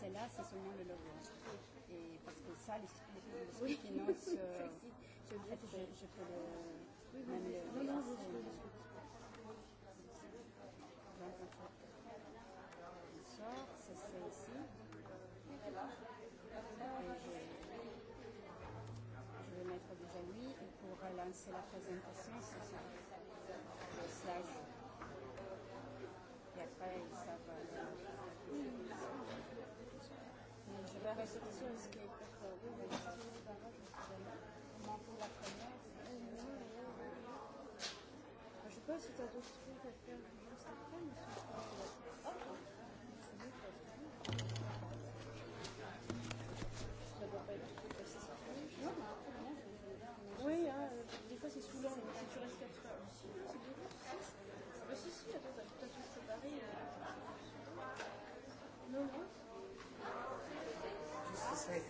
Celle-là, c'est seulement le logo. Et parce que ça, les, les, en fait, je, je peux le... même le, non, non, c'est ça ici. pour lancer la présentation, c'est ça. Et après, ils savent. Euh, Je vais rester sur ce qui est peut-être. mais comment pour la première. Je pense que tu as d'autres trucs à faire juste après,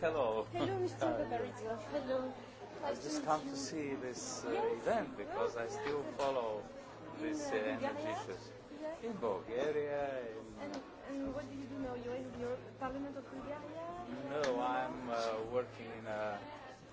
hello. Hello, Mr. Paparizzo. Hello. I just come you. to see this uh, yes. event because oh, I still yeah. follow this uh, uh energy issues. Yeah. In Bulgaria. In, and, and what do you do now? You're in the Parliament of Bulgaria? No, I'm uh, working in a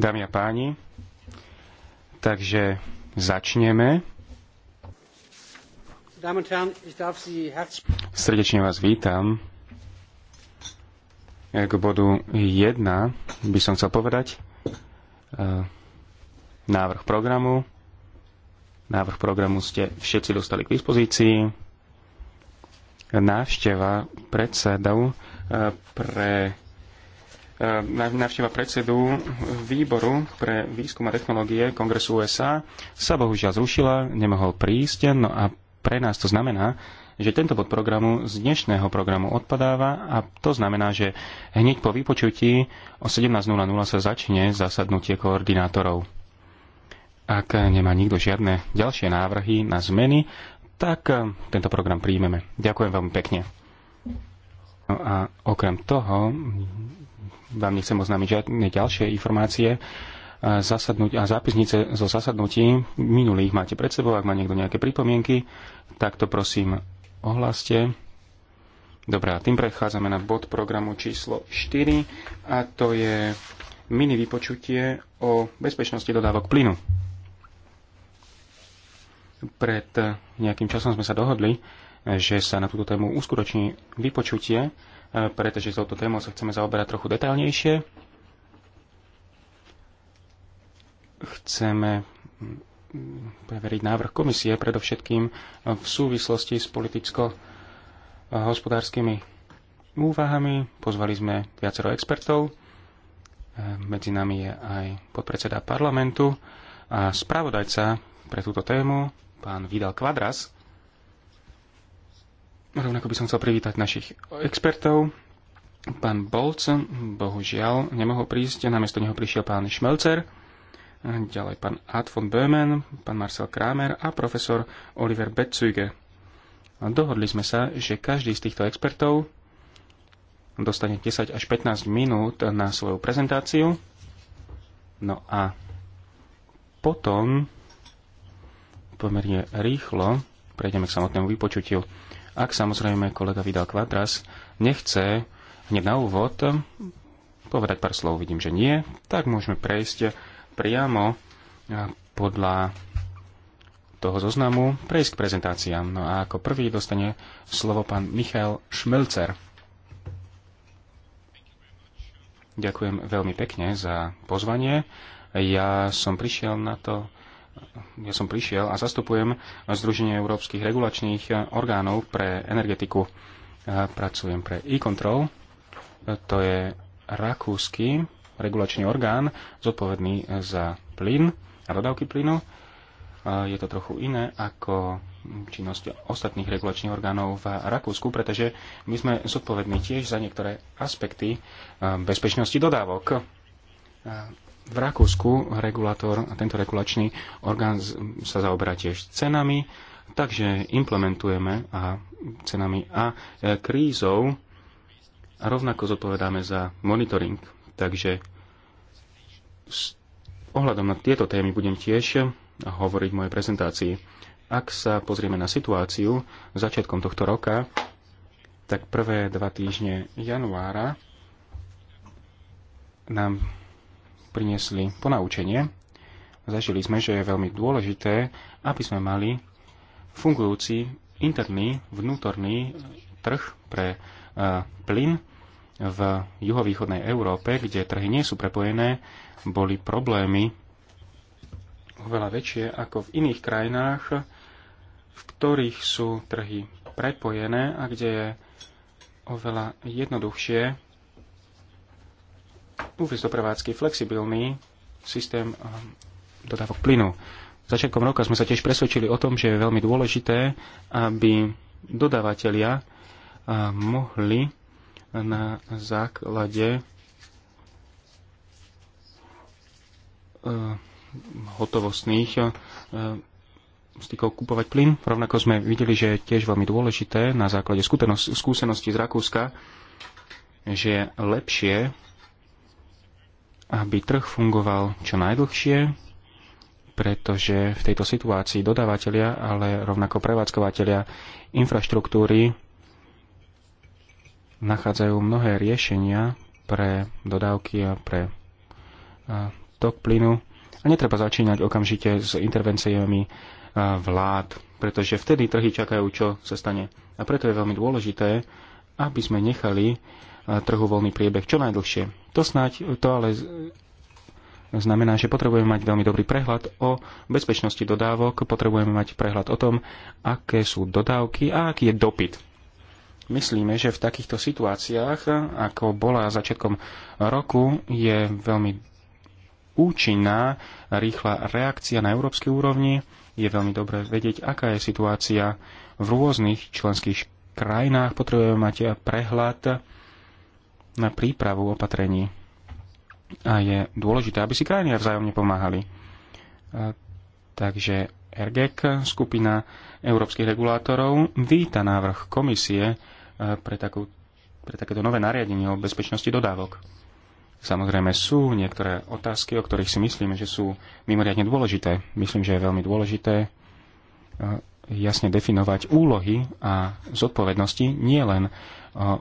Dámy a páni, takže začneme. Srdečne vás vítam. K bodu 1 by som chcel povedať e, návrh programu. Návrh programu ste všetci dostali k dispozícii návšteva predsedov e, pre e, návšteva predsedu výboru pre výskum a technológie Kongresu USA sa bohužiaľ zrušila, nemohol prísť, no a pre nás to znamená, že tento bod programu z dnešného programu odpadáva a to znamená, že hneď po vypočutí o 17.00 sa začne zasadnutie koordinátorov. Ak nemá nikto žiadne ďalšie návrhy na zmeny, tak eh, tento program príjmeme. Ďakujem veľmi pekne. No a okrem toho vám nechcem oznámiť žiadne ďalšie informácie. Eh, zasadnúť, a zápisnice zo zasadnutí minulých máte pred sebou. Ak má niekto nejaké pripomienky, tak to prosím ohláste. Dobre, a tým prechádzame na bod programu číslo 4 a to je mini vypočutie o bezpečnosti dodávok plynu. Pred nejakým časom sme sa dohodli, že sa na túto tému uskutoční vypočutie, e, pretože s touto témou sa chceme zaoberať trochu detailnejšie. Chceme mm, preveriť návrh komisie, predovšetkým v súvislosti s politicko-hospodárskymi úvahami. Pozvali sme viacero expertov. E, medzi nami je aj podpredseda parlamentu a spravodajca pre túto tému, pán Vidal Kvadras. Rovnako by som chcel privítať našich expertov. Pán Bolc, bohužiaľ, nemohol prísť, namiesto neho prišiel pán Šmelcer, ďalej pán Ad von Böhmen, pán Marcel Kramer a profesor Oliver Betzüge. Dohodli sme sa, že každý z týchto expertov dostane 10 až 15 minút na svoju prezentáciu. No a potom pomerne rýchlo prejdeme k samotnému vypočutiu. Ak samozrejme kolega Vidal Quadras nechce hneď na úvod povedať pár slov, vidím, že nie, tak môžeme prejsť priamo podľa toho zoznamu, prejsť k prezentáciám. No a ako prvý dostane slovo pán Michal Šmelcer. Ďakujem veľmi pekne za pozvanie. Ja som prišiel na to ja som prišiel a zastupujem Združenie európskych regulačných eh, orgánov pre energetiku. Pracujem pre e-control, to je rakúsky regulačný orgán zodpovedný eh, za plyn a dodávky plynu. Je to trochu iné ako činnosť ostatných regulačných orgánov v Rakúsku, pretože my sme zodpovední tiež za niektoré aspekty eh, bezpečnosti dodávok v Rakúsku regulátor, tento regulačný orgán sa zaoberá tiež cenami, takže implementujeme a cenami a e, krízou a rovnako zodpovedáme za monitoring. Takže s ohľadom na tieto témy budem tiež hovoriť v mojej prezentácii. Ak sa pozrieme na situáciu začiatkom tohto roka, tak prvé dva týždne januára nám priniesli ponaučenie. Zažili sme, že je veľmi dôležité, aby sme mali fungujúci interný vnútorný trh pre e, plyn v juhovýchodnej Európe, kde trhy nie sú prepojené, boli problémy oveľa väčšie ako v iných krajinách, v ktorých sú trhy prepojené a kde je oveľa jednoduchšie uviezť do prevádzky flexibilný systém um, dodávok plynu. Začiatkom roka sme sa tiež presvedčili o tom, že je veľmi dôležité, aby dodávateľia um, mohli na základe um, hotovostných stykov kupovať plyn. Rovnako sme videli, že je tiež veľmi dôležité na základe skúsenosti z Rakúska, že je lepšie aby trh fungoval čo najdlhšie, pretože v tejto situácii dodávateľia, ale rovnako prevádzkovateľia infraštruktúry nachádzajú mnohé riešenia pre dodávky a pre tok plynu. A netreba začínať okamžite s intervenciami vlád, pretože vtedy trhy čakajú, čo sa stane. A preto je veľmi dôležité, aby sme nechali trhu voľný priebeh čo najdlhšie. To snáď to ale znamená, že potrebujeme mať veľmi dobrý prehľad o bezpečnosti dodávok, potrebujeme mať prehľad o tom, aké sú dodávky a aký je dopyt. Myslíme, že v takýchto situáciách, ako bola začiatkom roku, je veľmi účinná rýchla reakcia na európskej úrovni. Je veľmi dobré vedieť, aká je situácia v rôznych členských krajinách. Potrebujeme mať prehľad na prípravu opatrení. A je dôležité, aby si krajiny vzájomne pomáhali. A, takže RGEC, skupina európskych regulátorov, víta návrh komisie pre, takú, pre takéto nové nariadenie o bezpečnosti dodávok. Samozrejme sú niektoré otázky, o ktorých si myslíme, že sú mimoriadne dôležité. Myslím, že je veľmi dôležité jasne definovať úlohy a zodpovednosti nielen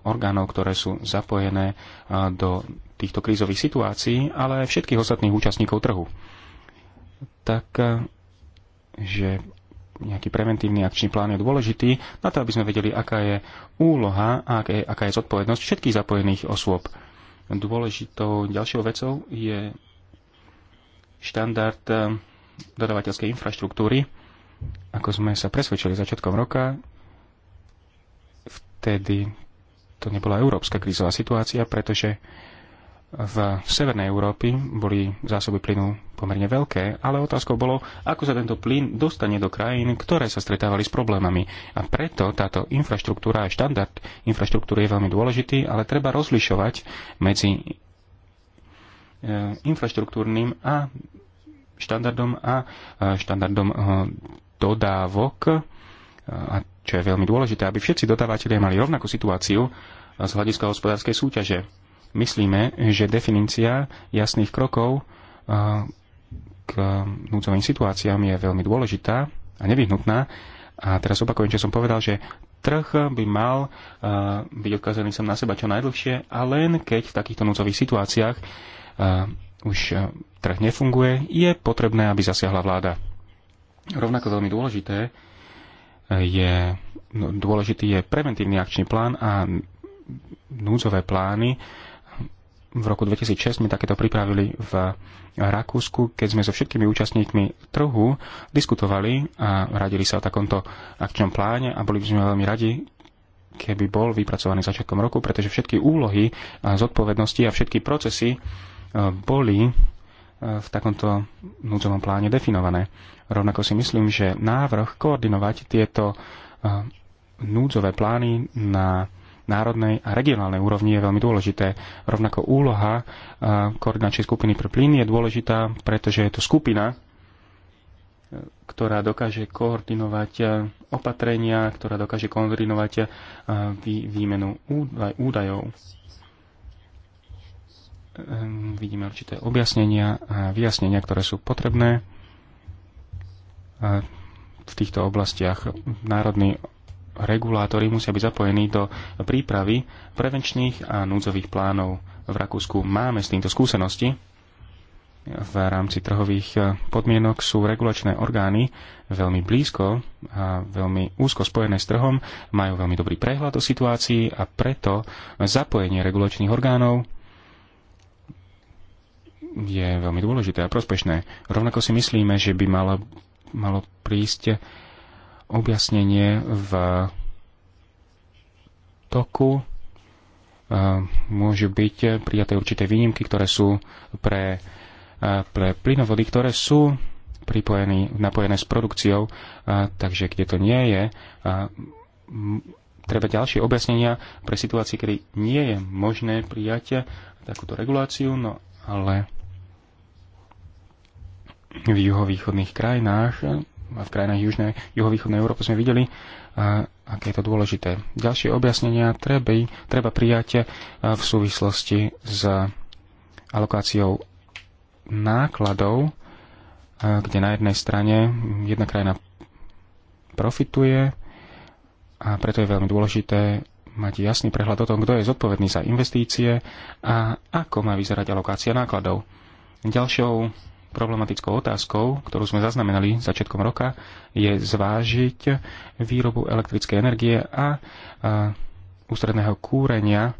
orgánov, ktoré sú zapojené do týchto krízových situácií, ale aj všetkých ostatných účastníkov trhu. Tak, že nejaký preventívny akčný plán je dôležitý na to, aby sme vedeli, aká je úloha a aká je, aká je zodpovednosť všetkých zapojených osôb. Dôležitou ďalšou vecou je štandard dodavateľskej infraštruktúry. Ako sme sa presvedčili začiatkom roka, vtedy to nebola európska krízová situácia, pretože v severnej Európy boli zásoby plynu pomerne veľké, ale otázkou bolo, ako sa tento plyn dostane do krajín, ktoré sa stretávali s problémami. A preto táto infraštruktúra a štandard infraštruktúry je veľmi dôležitý, ale treba rozlišovať medzi e, infraštruktúrnym a štandardom a e, štandardom e, dodávok a čo je veľmi dôležité, aby všetci dodávateľia mali rovnakú situáciu z hľadiska hospodárskej súťaže. Myslíme, že definícia jasných krokov eh, k núdzovým situáciám je veľmi dôležitá a nevyhnutná. A teraz opakujem, čo som povedal, že trh by mal eh, byť odkazený som na seba čo najdlhšie a len keď v takýchto núdzových situáciách eh, už trh nefunguje, je potrebné, aby zasiahla vláda. Rovnako veľmi dôležité je no, dôležitý je preventívny akčný plán a núdzové plány. V roku 2006 sme takéto pripravili v Rakúsku, keď sme so všetkými účastníkmi trhu diskutovali a radili sa o takomto akčnom pláne a boli by sme veľmi radi, keby bol vypracovaný začiatkom roku, pretože všetky úlohy a zodpovednosti a všetky procesy e, boli v takomto núdzovom pláne definované. Rovnako si myslím, že návrh koordinovať tieto eh, núdzové plány na národnej a regionálnej úrovni je veľmi dôležité. Rovnako úloha eh, koordinačnej skupiny pre plyn je dôležitá, pretože je to skupina, eh, ktorá dokáže koordinovať opatrenia, ktorá dokáže koordinovať výmenu údajov Ehm, vidíme určité objasnenia a vyjasnenia, ktoré sú potrebné v týchto oblastiach. Národní regulátori musia byť zapojení do prípravy prevenčných a núdzových plánov. V Rakúsku máme s týmto skúsenosti. V rámci trhových e, podmienok sú regulačné orgány veľmi blízko a veľmi úzko spojené s trhom, majú veľmi dobrý prehľad o situácii a preto zapojenie regulačných orgánov je veľmi dôležité a prospešné. Rovnako si myslíme, že by malo, malo prísť objasnenie v toku môžu byť prijaté určité výnimky, ktoré sú pre, pre plynovody, ktoré sú pripojené napojené s produkciou, takže kde to nie je, treba ďalšie objasnenia pre situácie, kedy nie je možné prijať takúto reguláciu, no ale v juhovýchodných krajinách, v krajinách južnej, juhovýchodnej Európy sme videli, aké je to dôležité. Ďalšie objasnenia treba, treba prijať v súvislosti s alokáciou nákladov, kde na jednej strane jedna krajina profituje a preto je veľmi dôležité mať jasný prehľad o tom, kto je zodpovedný za investície a ako má vyzerať alokácia nákladov. Ďalšou problematickou otázkou, ktorú sme zaznamenali začiatkom roka, je zvážiť výrobu elektrickej energie a, ústredného kúrenia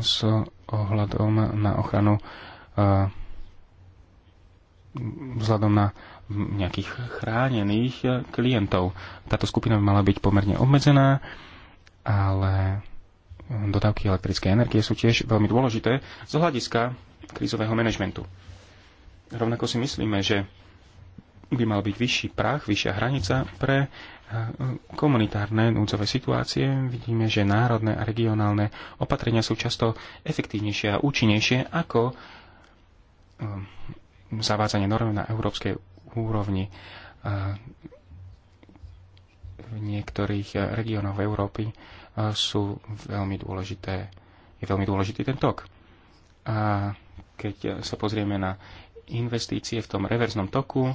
s ohľadom na ochranu vzhľadom na nejakých chránených klientov. Táto skupina by mala byť pomerne obmedzená, ale dodávky elektrickej energie sú tiež veľmi dôležité z hľadiska krízového manažmentu. Rovnako si myslíme, že by mal byť vyšší prach, vyššia hranica pre eh, komunitárne núdzové situácie. Vidíme, že národné a regionálne opatrenia sú často efektívnejšie a účinnejšie ako eh, zavádzanie norm na európskej úrovni. Eh, v niektorých regiónoch v Európy sú veľmi dôležité, je veľmi dôležitý ten tok. A keď sa pozrieme na investície v tom reverznom toku eh,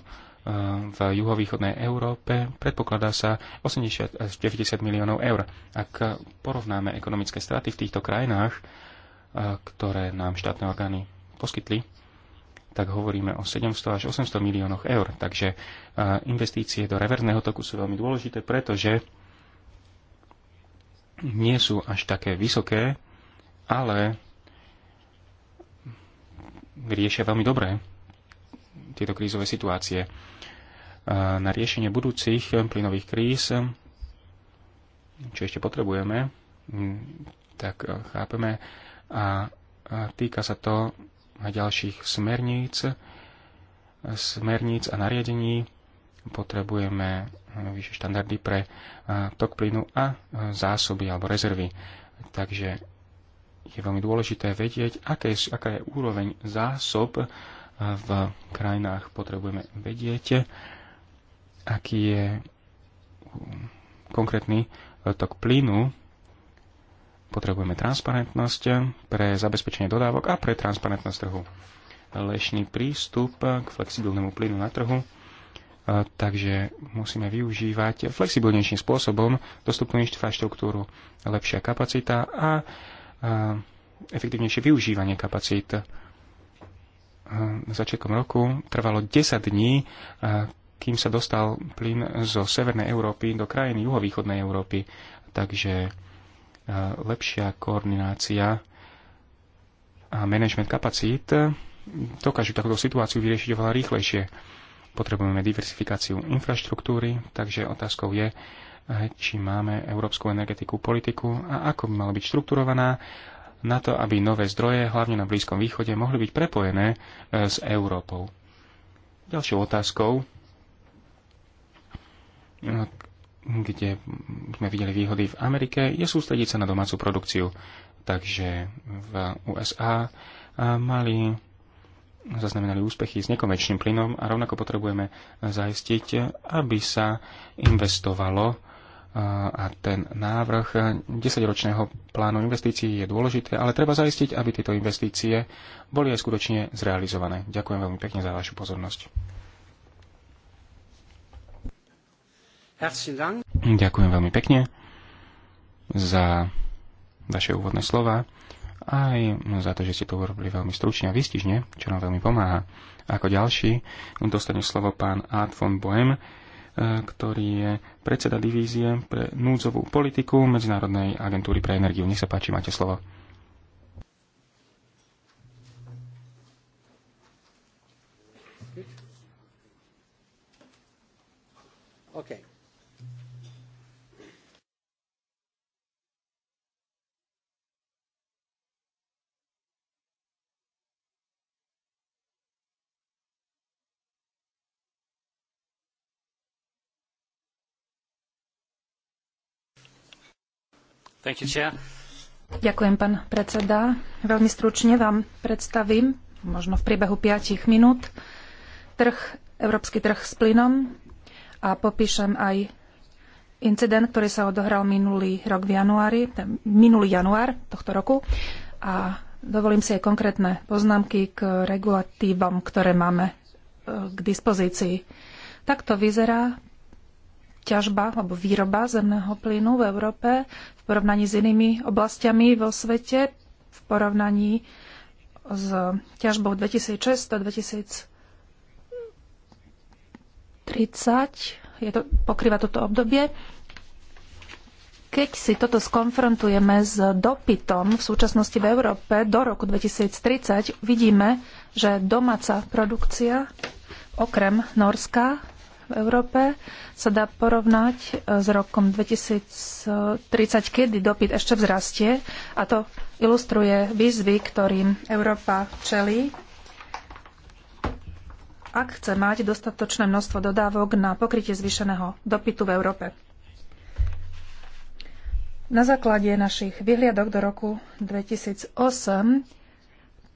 v juhovýchodnej Európe predpokladá sa 80 až 90 miliónov eur. Ak porovnáme ekonomické straty v týchto krajinách, eh, ktoré nám štátne orgány poskytli, tak hovoríme o 700 až 800 miliónoch eur. Takže eh, investície do reverzného toku sú veľmi dôležité, pretože nie sú až také vysoké, ale riešia veľmi dobré tieto krízové situácie. E, na riešenie budúcich plynových kríz, čo ešte potrebujeme, tak e, chápeme a týka sa to aj ďalších smerníc, smerníc a nariadení. Potrebujeme e, vyššie štandardy pre tok plynu a zásoby alebo rezervy. Takže je veľmi dôležité vedieť, aké, aká je úroveň zásob v krajinách. Potrebujeme vedieť, aký je um, konkrétny e, tok plynu. Potrebujeme transparentnosť pre zabezpečenie dodávok a pre transparentnosť trhu. Lešný prístup k flexibilnému plynu na trhu e, takže musíme využívať flexibilnejším spôsobom dostupnú infraštruktúru, lepšia kapacita a efektívnejšie využívanie kapacít začiatkom roku trvalo 10 dní, kým sa dostal plyn zo Severnej Európy do krajiny juhovýchodnej Európy. Takže lepšia koordinácia a management kapacít dokážu takúto situáciu vyriešiť oveľa rýchlejšie. Potrebujeme diversifikáciu infraštruktúry, takže otázkou je, či máme európsku energetickú politiku a ako by mala byť štrukturovaná na to, aby nové zdroje, hlavne na Blízkom východe, mohli byť prepojené e, s Európou. Ďalšou otázkou, no, kde sme videli výhody v Amerike, je sústrediť sa na domácu produkciu. Takže v USA e, mali zaznamenali úspechy s nekomerčným plynom a rovnako potrebujeme zaistiť, aby sa investovalo a ten návrh 10-ročného plánu investícií je dôležité, ale treba zaistiť, aby tieto investície boli aj skutočne zrealizované. Ďakujem veľmi pekne za vašu pozornosť. Ďakujem veľmi pekne za vaše úvodné slova aj za to, že ste to urobili veľmi stručne a výstižne, čo nám veľmi pomáha. Ako ďalší dostane slovo pán Art von Bohem, ktorý je predseda divízie pre núdzovú politiku Medzinárodnej agentúry pre energiu. Nech sa páči, máte slovo. Okay. You, Ďakujem, pán predseda. Veľmi stručne vám predstavím, možno v priebehu 5 minút, trh, európsky trh s plynom a popíšem aj incident, ktorý sa odohral minulý rok v januári, minulý január tohto roku a dovolím si aj konkrétne poznámky k regulatívam, ktoré máme e, k dispozícii. Takto vyzerá ťažba alebo výroba zemného plynu v Európe v porovnaní s inými oblastiami vo svete, v porovnaní s ťažbou a 2030 Je to, pokrýva toto obdobie. Keď si toto skonfrontujeme s dopytom v súčasnosti v Európe do roku 2030, vidíme, že domáca produkcia okrem Norska Európe sa dá porovnať e, s rokom 2030, kedy dopyt ešte vzrastie a to ilustruje výzvy, ktorým Európa čelí. Ak chce mať dostatočné množstvo dodávok na pokrytie zvýšeného dopytu v Európe. Na základe našich vyhliadok do roku 2008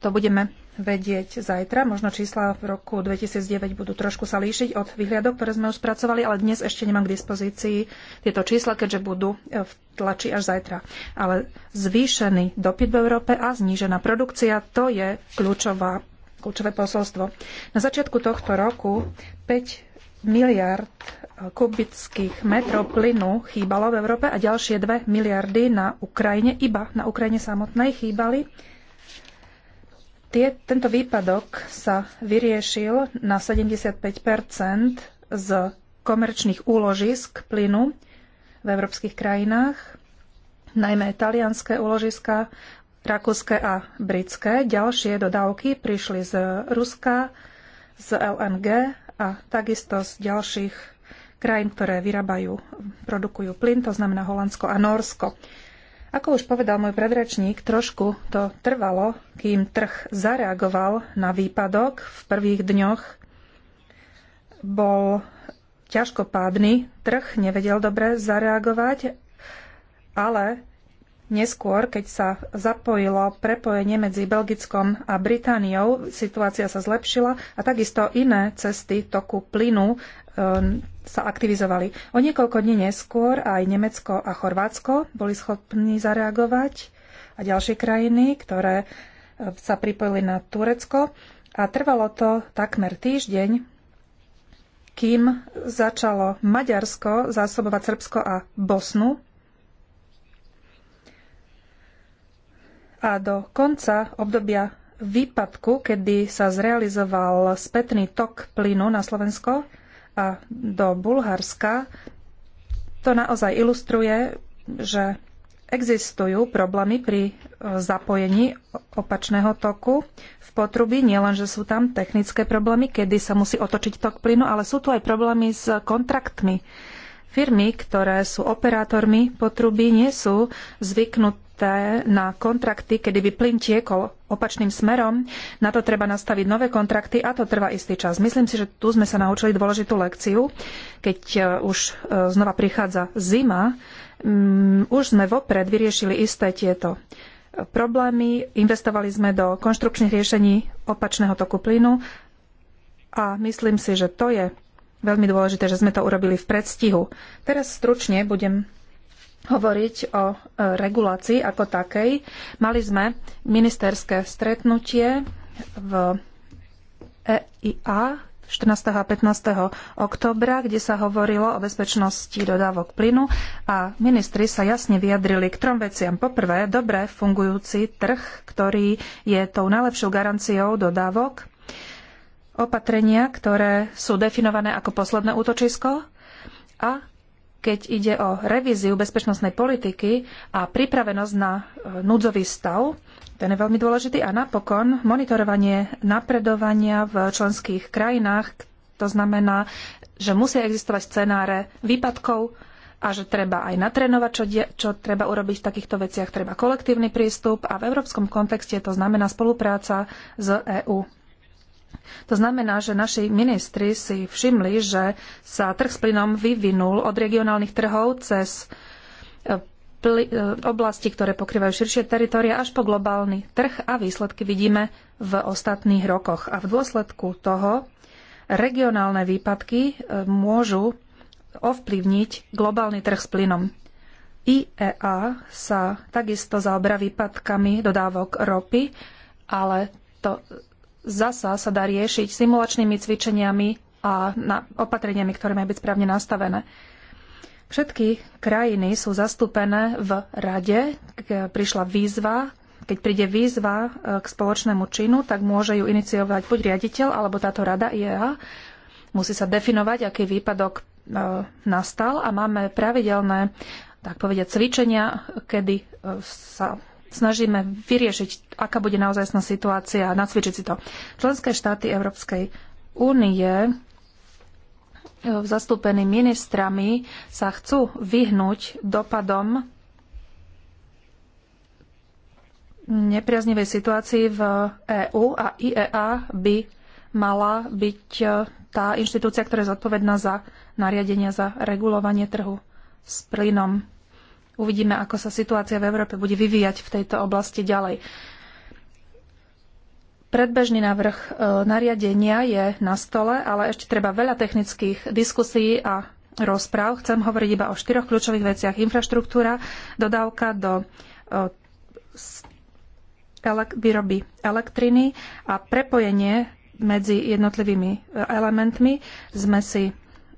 to budeme vedieť zajtra. Možno čísla v roku 2009 budú trošku sa líšiť od vyhliadok, ktoré sme už spracovali, ale dnes ešte nemám k dispozícii tieto čísla, keďže budú e, v tlači až zajtra. Ale zvýšený dopyt v Európe a znížená produkcia, to je kľúčová, kľúčové posolstvo. Na začiatku tohto roku 5 miliard e, kubických metrov plynu chýbalo v Európe a ďalšie 2 miliardy na Ukrajine, iba na Ukrajine samotnej chýbali Tie, tento výpadok sa vyriešil na 75 z komerčných úložisk plynu v európskych krajinách, najmä talianské úložiska, rakúske a britské. Ďalšie dodávky prišli z Ruska, z LNG a takisto z ďalších krajín, ktoré vyrábajú, produkujú plyn, to znamená Holandsko a Norsko. Ako už povedal môj predračník, trošku to trvalo, kým trh zareagoval na výpadok v prvých dňoch. Bol ťažkopádny, trh nevedel dobre zareagovať, ale Neskôr, keď sa zapojilo prepojenie medzi Belgickom a Britániou, situácia sa zlepšila a takisto iné cesty toku plynu um, sa aktivizovali. O niekoľko dní neskôr aj Nemecko a Chorvátsko boli schopní zareagovať a ďalšie krajiny, ktoré um, sa pripojili na Turecko a trvalo to takmer týždeň, kým začalo Maďarsko zásobovať Srbsko a Bosnu a do konca obdobia výpadku, kedy sa zrealizoval spätný tok plynu na Slovensko a do Bulharska, to naozaj ilustruje, že existujú problémy pri e, zapojení opačného toku v potrubí. Nielenže že sú tam technické problémy, kedy sa musí otočiť tok plynu, ale sú tu aj problémy s kontraktmi. Firmy, ktoré sú operátormi potrubí, nie sú zvyknuté zvyknuté na kontrakty, kedy by plyn tiekol opačným smerom. Na to treba nastaviť nové kontrakty a to trvá istý čas. Myslím si, že tu sme sa naučili dôležitú lekciu. Keď e, už e, znova prichádza zima, mm, už sme vopred vyriešili isté tieto problémy. Investovali sme do konštrukčných riešení opačného toku plynu a myslím si, že to je veľmi dôležité, že sme to urobili v predstihu. Teraz stručne budem hovoriť o e, regulácii ako takej. Mali sme ministerské stretnutie v EIA 14. a 15. oktobra, kde sa hovorilo o bezpečnosti dodávok plynu a ministri sa jasne vyjadrili k trom veciam. Poprvé, dobre fungujúci trh, ktorý je tou najlepšou garanciou dodávok, opatrenia, ktoré sú definované ako posledné útočisko a keď ide o revíziu bezpečnostnej politiky a pripravenosť na e, núdzový stav, ten je veľmi dôležitý, a napokon monitorovanie napredovania v členských krajinách, to znamená, že musia existovať scenáre výpadkov a že treba aj natrénovať, čo, die, čo treba urobiť v takýchto veciach, treba kolektívny prístup a v európskom kontexte to znamená spolupráca s EÚ. To znamená, že naši ministri si všimli, že sa trh s plynom vyvinul od regionálnych trhov cez e, e, oblasti, ktoré pokrývajú širšie teritoria až po globálny trh a výsledky vidíme v ostatných rokoch. A v dôsledku toho regionálne výpadky e, môžu ovplyvniť globálny trh s plynom. IEA sa takisto zaoberá výpadkami dodávok ropy, ale to zasa sa dá riešiť simulačnými cvičeniami a opatreniami, ktoré majú byť správne nastavené. Všetky krajiny sú zastúpené v rade. Keď prišla výzva, keď príde výzva e, k spoločnému činu, tak môže ju iniciovať buď riaditeľ alebo táto rada IEA. Musí sa definovať, aký výpadok e, nastal a máme pravidelné tak povedia cvičenia, kedy e, sa snažíme vyriešiť, aká bude naozaj situácia a nacvičiť si to. Členské štáty Európskej únie e, zastúpení ministrami sa chcú vyhnúť dopadom nepriaznivej situácii v EÚ a IEA by mala byť e, tá inštitúcia, ktorá je zodpovedná za nariadenia za regulovanie trhu s plynom. Uvidíme, ako sa situácia v Európe bude vyvíjať v tejto oblasti ďalej. Predbežný návrh e, nariadenia je na stole, ale ešte treba veľa technických diskusí a rozpráv. Chcem hovoriť iba o štyroch kľúčových veciach. Infraštruktúra, dodávka do e, výroby elektriny a prepojenie medzi jednotlivými e, elementmi. Sme si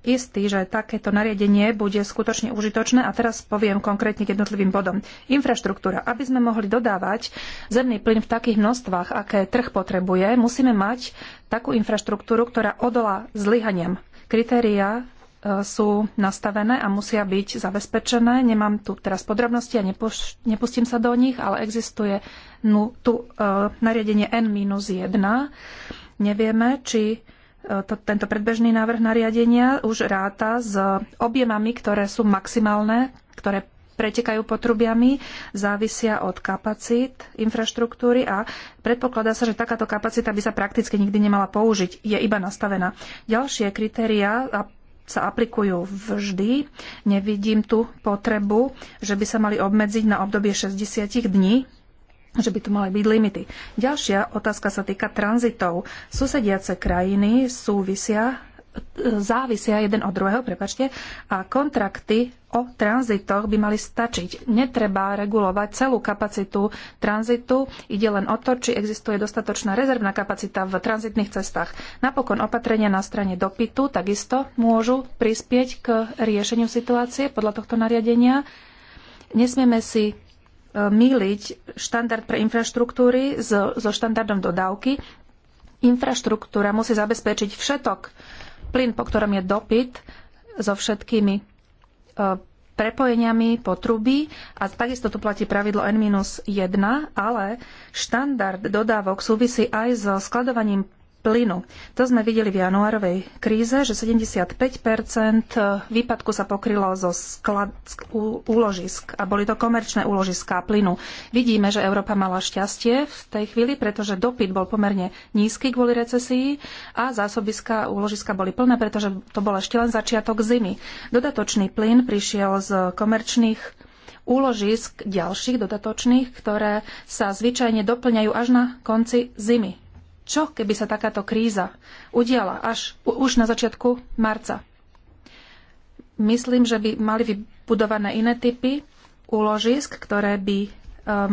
istý, že takéto nariadenie bude skutočne užitočné a teraz poviem konkrétne k jednotlivým bodom. Infraštruktúra. Aby sme mohli dodávať zemný plyn v takých množstvách, aké trh potrebuje, musíme mať takú infraštruktúru, ktorá odolá zlyhaniam. Kritéria e, sú nastavené a musia byť zabezpečené. Nemám tu teraz podrobnosti a nepustím sa do nich, ale existuje tu e, nariadenie N-1. Nevieme, či E, to, tento predbežný návrh nariadenia už ráta s objemami, ktoré sú maximálne, ktoré pretekajú potrubiami, závisia od kapacít infraštruktúry a predpokladá sa, že takáto kapacita by sa prakticky nikdy nemala použiť. Je iba nastavená. Ďalšie kritéria sa aplikujú vždy. Nevidím tu potrebu, že by sa mali obmedziť na obdobie 60 dní že by tu mali byť limity. Ďalšia otázka sa týka tranzitov. Susediace krajiny súvisia e, závisia jeden od druhého, prepačte, a kontrakty o tranzitoch by mali stačiť. Netreba regulovať celú kapacitu tranzitu, ide len o to, či existuje dostatočná rezervná kapacita v tranzitných cestách. Napokon opatrenia na strane dopytu takisto môžu prispieť k riešeniu situácie podľa tohto nariadenia. Nesmieme si E, míliť štandard pre infraštruktúry so, so štandardom dodávky. Infraštruktúra musí zabezpečiť všetok plyn, po ktorom je dopyt, so všetkými e, prepojeniami po a takisto tu platí pravidlo N-1, ale štandard dodávok súvisí aj so skladovaním plynu. To sme videli v januárovej kríze, že 75 výpadku sa pokrylo zo sklad, úložisk a boli to komerčné úložiská plynu. Vidíme, že Európa mala šťastie v tej chvíli, pretože dopyt bol pomerne nízky kvôli recesii a zásobiska úložiska boli plné, pretože to bol ešte len začiatok zimy. Dodatočný plyn prišiel z komerčných úložisk ďalších dodatočných, ktoré sa zvyčajne doplňajú až na konci zimy čo keby sa takáto kríza udiala až už na začiatku marca? Myslím, že by mali vybudované iné typy úložisk, ktoré by e,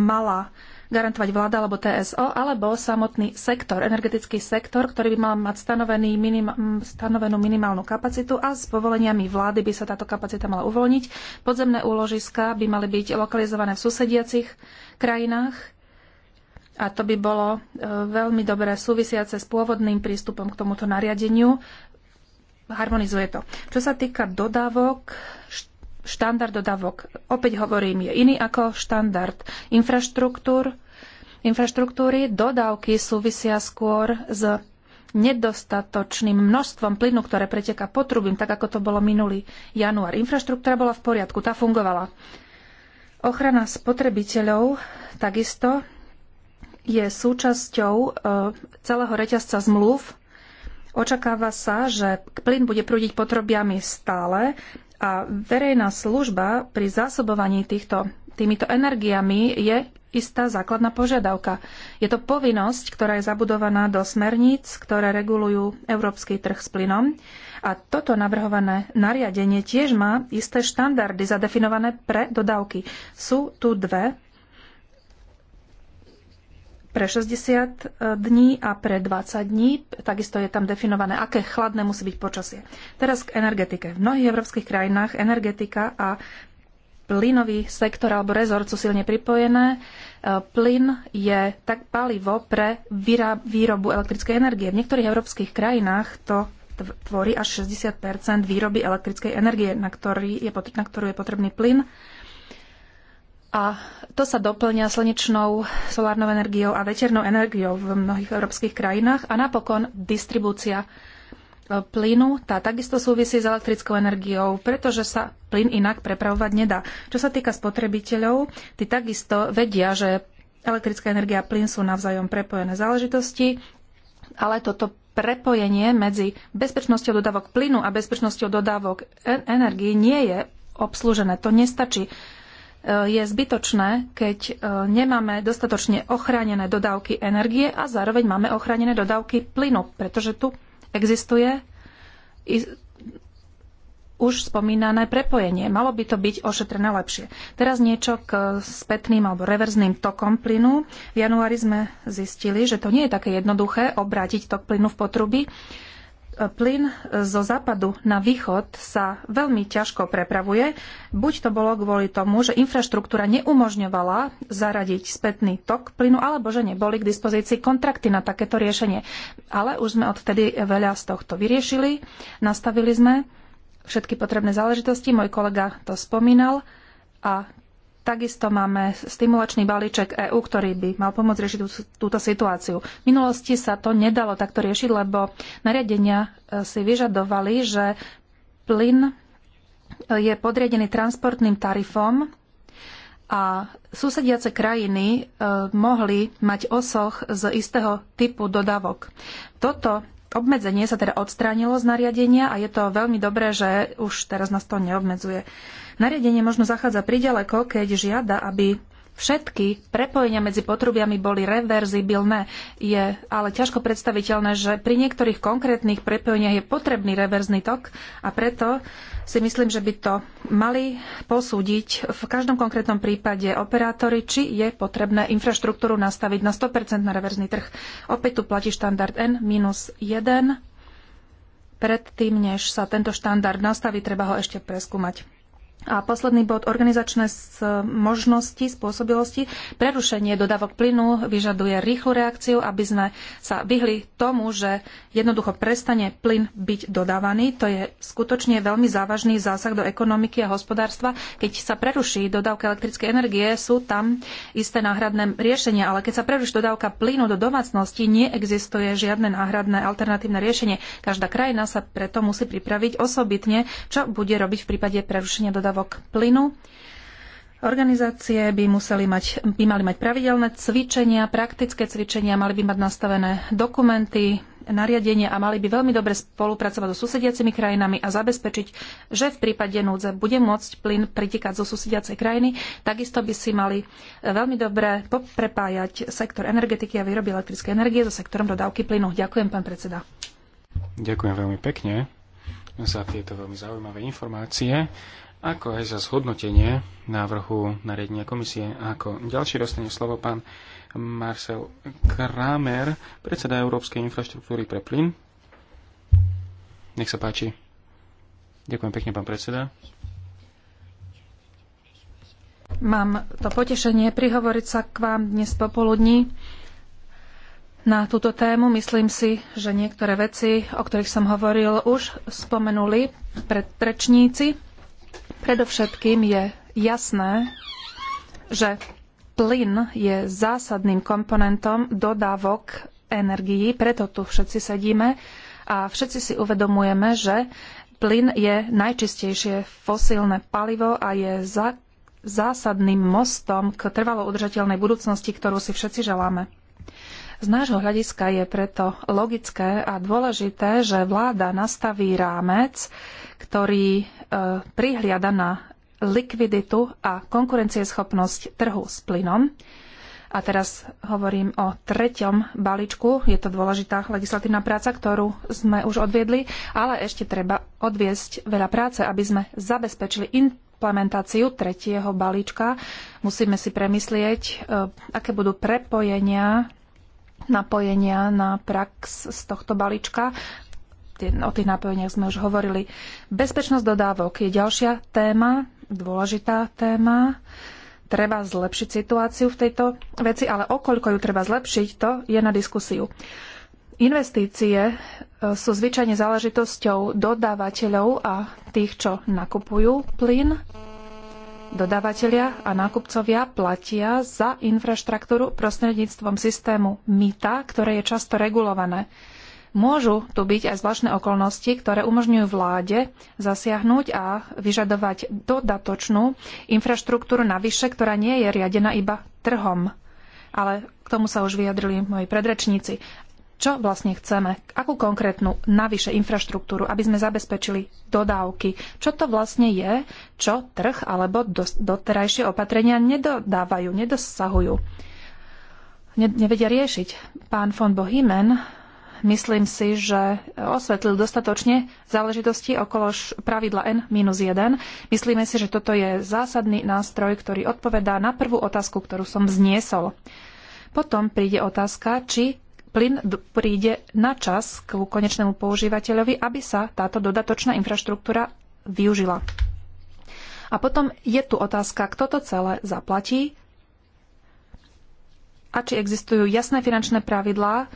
mala garantovať vláda alebo TSO, alebo samotný sektor, energetický sektor, ktorý by mal mať stanovený minim, stanovenú minimálnu kapacitu a s povoleniami vlády by sa táto kapacita mala uvoľniť. Podzemné úložiska by mali byť lokalizované v susediacich krajinách a to by bolo e, veľmi dobré súvisiace s pôvodným prístupom k tomuto nariadeniu. Harmonizuje to. Čo sa týka dodávok, štandard dodávok, opäť hovorím, je iný ako štandard infraštruktúr. Infraštruktúry dodávky súvisia skôr s nedostatočným množstvom plynu, ktoré preteká potrubím, tak ako to bolo minulý január. Infraštruktúra bola v poriadku, tá fungovala. Ochrana spotrebiteľov takisto je súčasťou e, celého reťazca zmluv. Očakáva sa, že plyn bude prúdiť potrobiami stále a verejná služba pri zásobovaní týchto, týmito energiami je istá základná požiadavka. Je to povinnosť, ktorá je zabudovaná do smerníc, ktoré regulujú európsky trh s plynom. A toto navrhované nariadenie tiež má isté štandardy zadefinované pre dodávky. Sú tu dve pre 60 e, dní a pre 20 dní. Takisto je tam definované, aké chladné musí byť počasie. Teraz k energetike. V mnohých európskych krajinách energetika a plynový sektor alebo rezort sú silne pripojené. E, plyn je tak palivo pre výrobu elektrickej energie. V niektorých európskych krajinách to tvorí až 60 výroby elektrickej energie, na, ktorý je, na ktorú je potrebný plyn a to sa doplňa slnečnou, solárnou energiou a veternou energiou v mnohých európskych krajinách. A napokon distribúcia e, plynu, tá takisto súvisí s elektrickou energiou, pretože sa plyn inak prepravovať nedá. Čo sa týka spotrebiteľov, tí takisto vedia, že elektrická energia a plyn sú navzájom prepojené záležitosti, ale toto prepojenie medzi bezpečnosťou dodávok plynu a bezpečnosťou dodávok energii nie je obslužené. To nestačí je zbytočné, keď e, nemáme dostatočne ochránené dodávky energie a zároveň máme ochránené dodávky plynu, pretože tu existuje už spomínané prepojenie. Malo by to byť ošetrené lepšie. Teraz niečo k spätným alebo reverzným tokom plynu. V januári sme zistili, že to nie je také jednoduché obrátiť tok plynu v potruby plyn zo západu na východ sa veľmi ťažko prepravuje. Buď to bolo kvôli tomu, že infraštruktúra neumožňovala zaradiť spätný tok plynu, alebo že neboli k dispozícii kontrakty na takéto riešenie. Ale už sme odtedy veľa z tohto vyriešili. Nastavili sme všetky potrebné záležitosti. Môj kolega to spomínal. A Takisto máme stimulačný balíček EÚ, ktorý by mal pomôcť riešiť túto situáciu. V minulosti sa to nedalo takto riešiť, lebo nariadenia e, si vyžadovali, že plyn e, je podriadený transportným tarifom a susediace krajiny e, mohli mať osoch z istého typu dodavok. Toto Obmedzenie sa teda odstránilo z nariadenia a je to veľmi dobré, že už teraz nás to neobmedzuje. Nariadenie možno zachádza priďaleko, keď žiada, aby všetky prepojenia medzi potrubiami boli reverzibilné. Je ale ťažko predstaviteľné, že pri niektorých konkrétnych prepojeniach je potrebný reverzný tok a preto si myslím, že by to mali posúdiť v každom konkrétnom prípade operátori, či je potrebné infraštruktúru nastaviť na 100% na reverzný trh. Opäť tu platí štandard N-1. Predtým, než sa tento štandard nastaví, treba ho ešte preskúmať. A posledný bod, organizačné možnosti, spôsobilosti. Prerušenie dodávok plynu vyžaduje rýchlu reakciu, aby sme sa vyhli tomu, že jednoducho prestane plyn byť dodávaný. To je skutočne veľmi závažný zásah do ekonomiky a hospodárstva. Keď sa preruší dodávka elektrickej energie, sú tam isté náhradné riešenia, ale keď sa preruší dodávka plynu do domácnosti, neexistuje žiadne náhradné alternatívne riešenie. Každá krajina sa preto musí pripraviť osobitne, čo bude robiť v prípade prerušenia dodávok dodávok plynu. Organizácie by, museli mať, by mali mať pravidelné cvičenia, praktické cvičenia, mali by mať nastavené dokumenty, nariadenia a mali by veľmi dobre spolupracovať so susediacimi krajinami a zabezpečiť, že v prípade núdze bude môcť plyn pritikať zo susediacej krajiny. Takisto by si mali eh, veľmi dobre prepájať sektor energetiky a výroby elektrickej energie so sektorom dodávky plynu. Ďakujem, pán predseda. Ďakujem veľmi pekne za tieto veľmi zaujímavé informácie ako aj za zhodnotenie návrhu nariadenia komisie. A ako ďalší dostane slovo pán Marcel Kramer, predseda Európskej infraštruktúry pre plyn. Nech sa páči. Ďakujem pekne, pán predseda. Mám to potešenie prihovoriť sa k vám dnes popoludní na túto tému. Myslím si, že niektoré veci, o ktorých som hovoril, už spomenuli predtrečníci. Predovšetkým je jasné, že plyn je zásadným komponentom dodávok energií, preto tu všetci sedíme a všetci si uvedomujeme, že plyn je najčistejšie fosílne palivo a je za, zásadným mostom k trvalo udržateľnej budúcnosti, ktorú si všetci želáme. Z nášho hľadiska je preto logické a dôležité, že vláda nastaví rámec, ktorý prihliada na likviditu a konkurencieschopnosť trhu s plynom. A teraz hovorím o treťom balíčku. Je to dôležitá legislatívna práca, ktorú sme už odviedli, ale ešte treba odviesť veľa práce, aby sme zabezpečili implementáciu tretieho balíčka. Musíme si premyslieť, e, aké budú prepojenia napojenia na prax z tohto balíčka o tých nápojeniach sme už hovorili. Bezpečnosť dodávok je ďalšia téma, dôležitá téma. Treba zlepšiť situáciu v tejto veci, ale okoľko ju treba zlepšiť, to je na diskusiu. Investície e, sú zvyčajne záležitosťou dodávateľov a tých, čo nakupujú plyn. Dodávateľia a nákupcovia platia za infraštruktúru prostredníctvom systému mýta, ktoré je často regulované. Môžu tu byť aj zvláštne okolnosti, ktoré umožňujú vláde zasiahnuť a vyžadovať dodatočnú infraštruktúru navyše, ktorá nie je riadená iba trhom. Ale k tomu sa už vyjadrili moji predrečníci. Čo vlastne chceme? Akú konkrétnu navyše infraštruktúru, aby sme zabezpečili dodávky? Čo to vlastne je, čo trh alebo doterajšie opatrenia nedodávajú, nedosahujú? nevedia riešiť. Pán von Bohimen myslím si, že osvetlil dostatočne záležitosti okolo pravidla N-1. Myslíme si, že toto je zásadný nástroj, ktorý odpovedá na prvú otázku, ktorú som vzniesol. Potom príde otázka, či plyn príde na čas k konečnému používateľovi, aby sa táto dodatočná infraštruktúra využila. A potom je tu otázka, kto to celé zaplatí a či existujú jasné finančné pravidlá,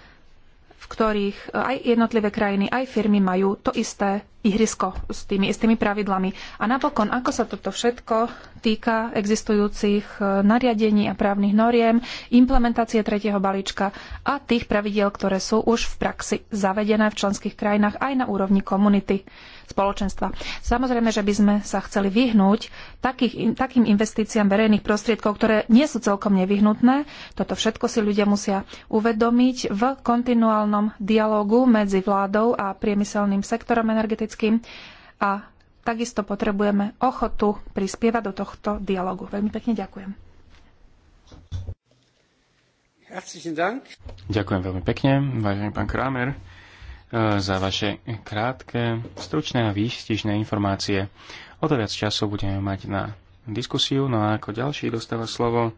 v ktorých e, aj jednotlivé krajiny, aj firmy majú to isté ihrisko s tými istými pravidlami. A napokon, ako sa toto všetko týka existujúcich e, nariadení a právnych noriem, implementácie tretieho balíčka a tých pravidiel, ktoré sú už v praxi zavedené v členských krajinách aj na úrovni komunity spoločenstva. Samozrejme, že by sme sa chceli vyhnúť takých, takým investíciám verejných prostriedkov, ktoré nie sú celkom nevyhnutné. Toto všetko si ľudia musia uvedomiť v kontinuálnom dialogu medzi vládou a priemyselným sektorom energetickým a takisto potrebujeme ochotu prispievať do tohto dialogu. Veľmi pekne ďakujem. Ďakujem veľmi pekne, vážený pán Kramer za vaše krátke, stručné a výstižné informácie. O to viac času budeme mať na diskusiu. No a ako ďalší dostáva slovo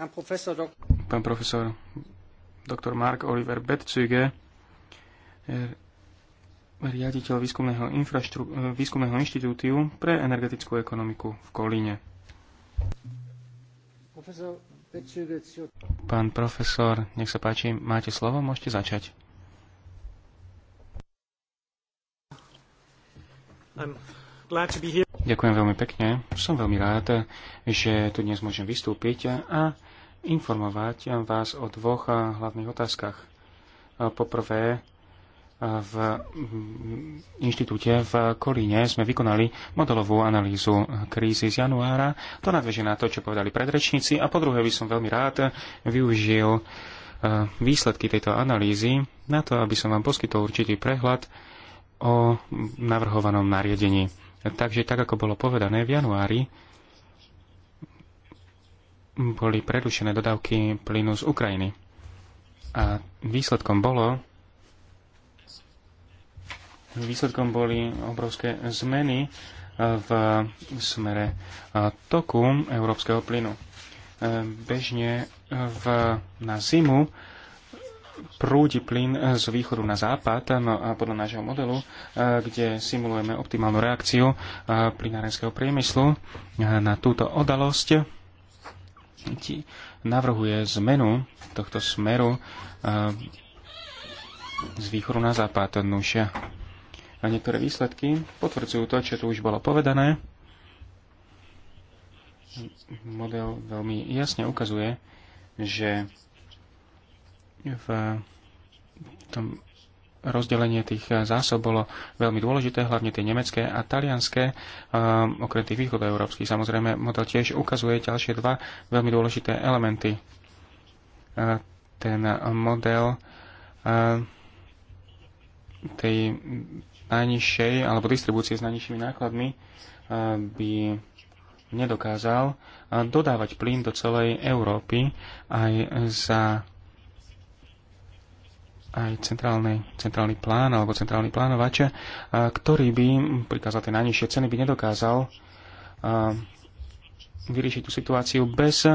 Pán profesor, dok- Pán profesor doktor Mark Oliver Betzüge, er, riaditeľ výskumného, výskumného inštitútiu pre energetickú ekonomiku v Kolíne. Profesor Pán profesor, nech sa páči, máte slovo, môžete začať. Ďakujem veľmi pekne. Som veľmi rád, že tu dnes môžem vystúpiť a informovať vás o dvoch hlavných otázkach. Poprvé, v mm, inštitúte v Kolíne sme vykonali modelovú analýzu krízy z januára. To nadvežie na to, čo povedali predrečníci. A po druhé by som veľmi rád využil e, výsledky tejto analýzy na to, aby som vám poskytol určitý prehľad o navrhovanom nariadení. Takže tak, ako bolo povedané v januári, boli prerušené dodávky plynu z Ukrajiny. A výsledkom bolo, Výsledkom boli obrovské zmeny e, v smere e, toku európskeho plynu. E, bežne v, na zimu prúdi plyn z východu na západ no a podľa nášho modelu, kde simulujeme optimálnu reakciu plynárenského priemyslu na túto odalosť, ti navrhuje zmenu tohto smeru z východu na západ. Nuž, a niektoré výsledky potvrdzujú to, čo tu už bolo povedané. Model veľmi jasne ukazuje, že v tom rozdelenie tých zásob bolo veľmi dôležité, hlavne tie nemecké a talianské, um, okrem tých východoeurópskych. Samozrejme, model tiež ukazuje ďalšie dva veľmi dôležité elementy. Uh, ten model uh, tej najnižšej alebo distribúcie s najnižšími nákladmi eh, by nedokázal eh, dodávať plyn do celej Európy aj za aj centrálny, centrálny plán alebo centrálny plánovač, eh, ktorý by prikázal tie najnižšie ceny, by nedokázal vyriešiť tú situáciu bez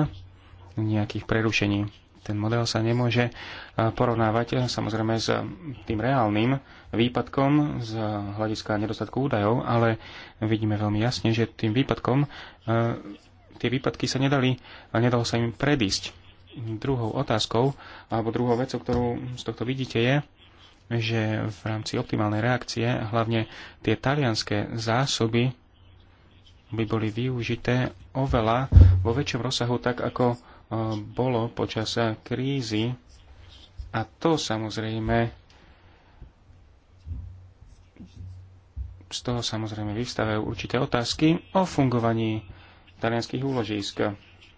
nejakých prerušení ten model sa nemôže e, porovnávať e, samozrejme s e, tým reálnym výpadkom z hľadiska nedostatku údajov, ale vidíme veľmi jasne, že tým výpadkom tie výpadky sa nedali, nedalo sa im predísť. Druhou otázkou, alebo druhou vecou, ktorú z tohto vidíte, je, že v rámci optimálnej reakcie hlavne tie talianské zásoby by boli využité oveľa vo väčšom rozsahu, tak ako bolo počas krízy a to samozrejme z toho samozrejme vystavajú určité otázky o fungovaní talianských úložísk.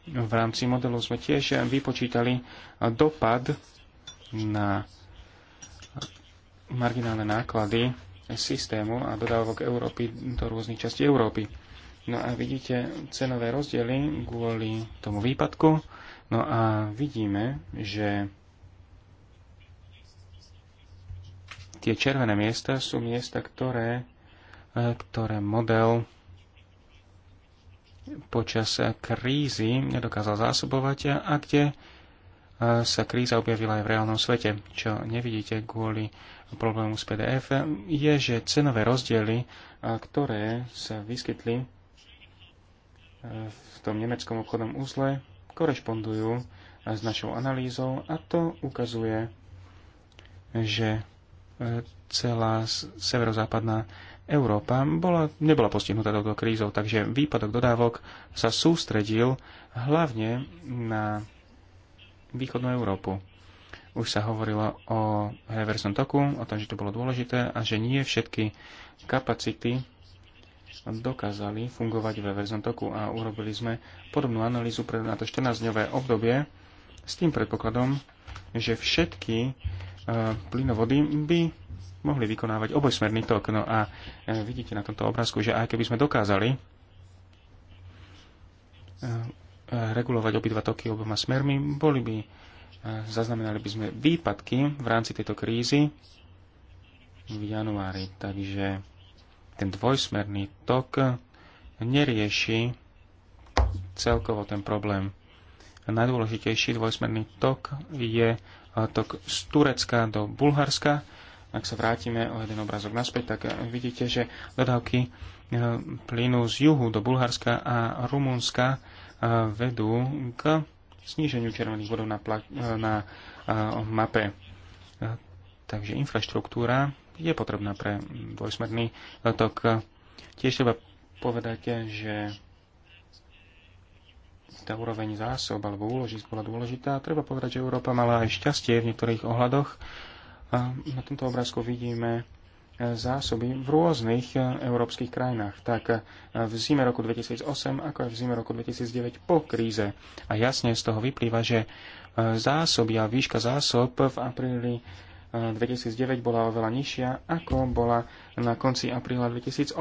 V rámci modelu sme tiež vypočítali dopad na marginálne náklady systému a dodávok Európy do rôznych častí Európy. No a vidíte cenové rozdiely kvôli tomu výpadku No a vidíme, že tie červené miesta sú miesta, ktoré, e, ktoré model počas krízy nedokázal zásobovať a kde e, sa kríza objavila aj v reálnom svete. Čo nevidíte kvôli problému s PDF, je, že cenové rozdiely, e, ktoré sa vyskytli v tom nemeckom obchodnom úzle, korešpondujú s našou analýzou a to ukazuje, že e, celá severozápadná Európa bola, nebola postihnutá touto krízou, takže výpadok dodávok sa sústredil hlavne na východnú Európu. Už sa hovorilo o reverznom toku, o tom, že to bolo dôležité a že nie všetky kapacity dokázali fungovať v verznom toku a urobili sme podobnú analýzu pre na to 14-dňové obdobie s tým predpokladom, že všetky e, plynovody by mohli vykonávať obojsmerný tok. No a e, vidíte na tomto obrázku, že aj keby sme dokázali e, regulovať obidva toky oboma smermi, boli by, zaznamenali by sme výpadky v rámci tejto krízy v januári. Takže ten dvojsmerný tok nerieši celkovo ten problém. Najdôležitejší dvojsmerný tok je e, tok z Turecka do Bulharska. Ak sa vrátime o jeden obrázok naspäť, tak e, vidíte, že dodávky e, plynu z juhu do Bulharska a Rumunska vedú k sníženiu červených bodov na, na mape. Takže infraštruktúra je potrebná pre dvojsmerný letok. Tiež treba povedať, že tá úroveň zásob alebo úložisk bola dôležitá. Treba povedať, že Európa mala aj šťastie v niektorých ohľadoch. A na tomto obrázku vidíme zásoby v rôznych európskych krajinách. Tak v zime roku 2008, ako aj v zime roku 2009 po kríze. A jasne z toho vyplýva, že zásoby a výška zásob v apríli 2009 bola oveľa nižšia, ako bola na konci apríla 2008.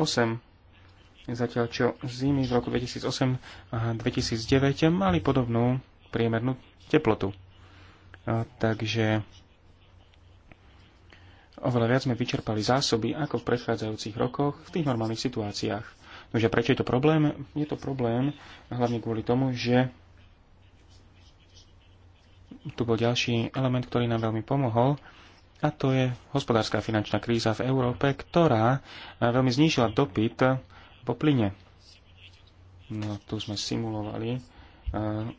Zatiaľ čo zimy z roku 2008 a 2009 mali podobnú priemernú teplotu. Takže oveľa viac sme vyčerpali zásoby ako v predchádzajúcich rokoch v tých normálnych situáciách. Nože prečo je to problém? Je to problém hlavne kvôli tomu, že tu bol ďalší element, ktorý nám veľmi pomohol a to je hospodárska finančná kríza v Európe, ktorá eh, veľmi znížila dopyt eh, po plyne. No, tu sme simulovali eh,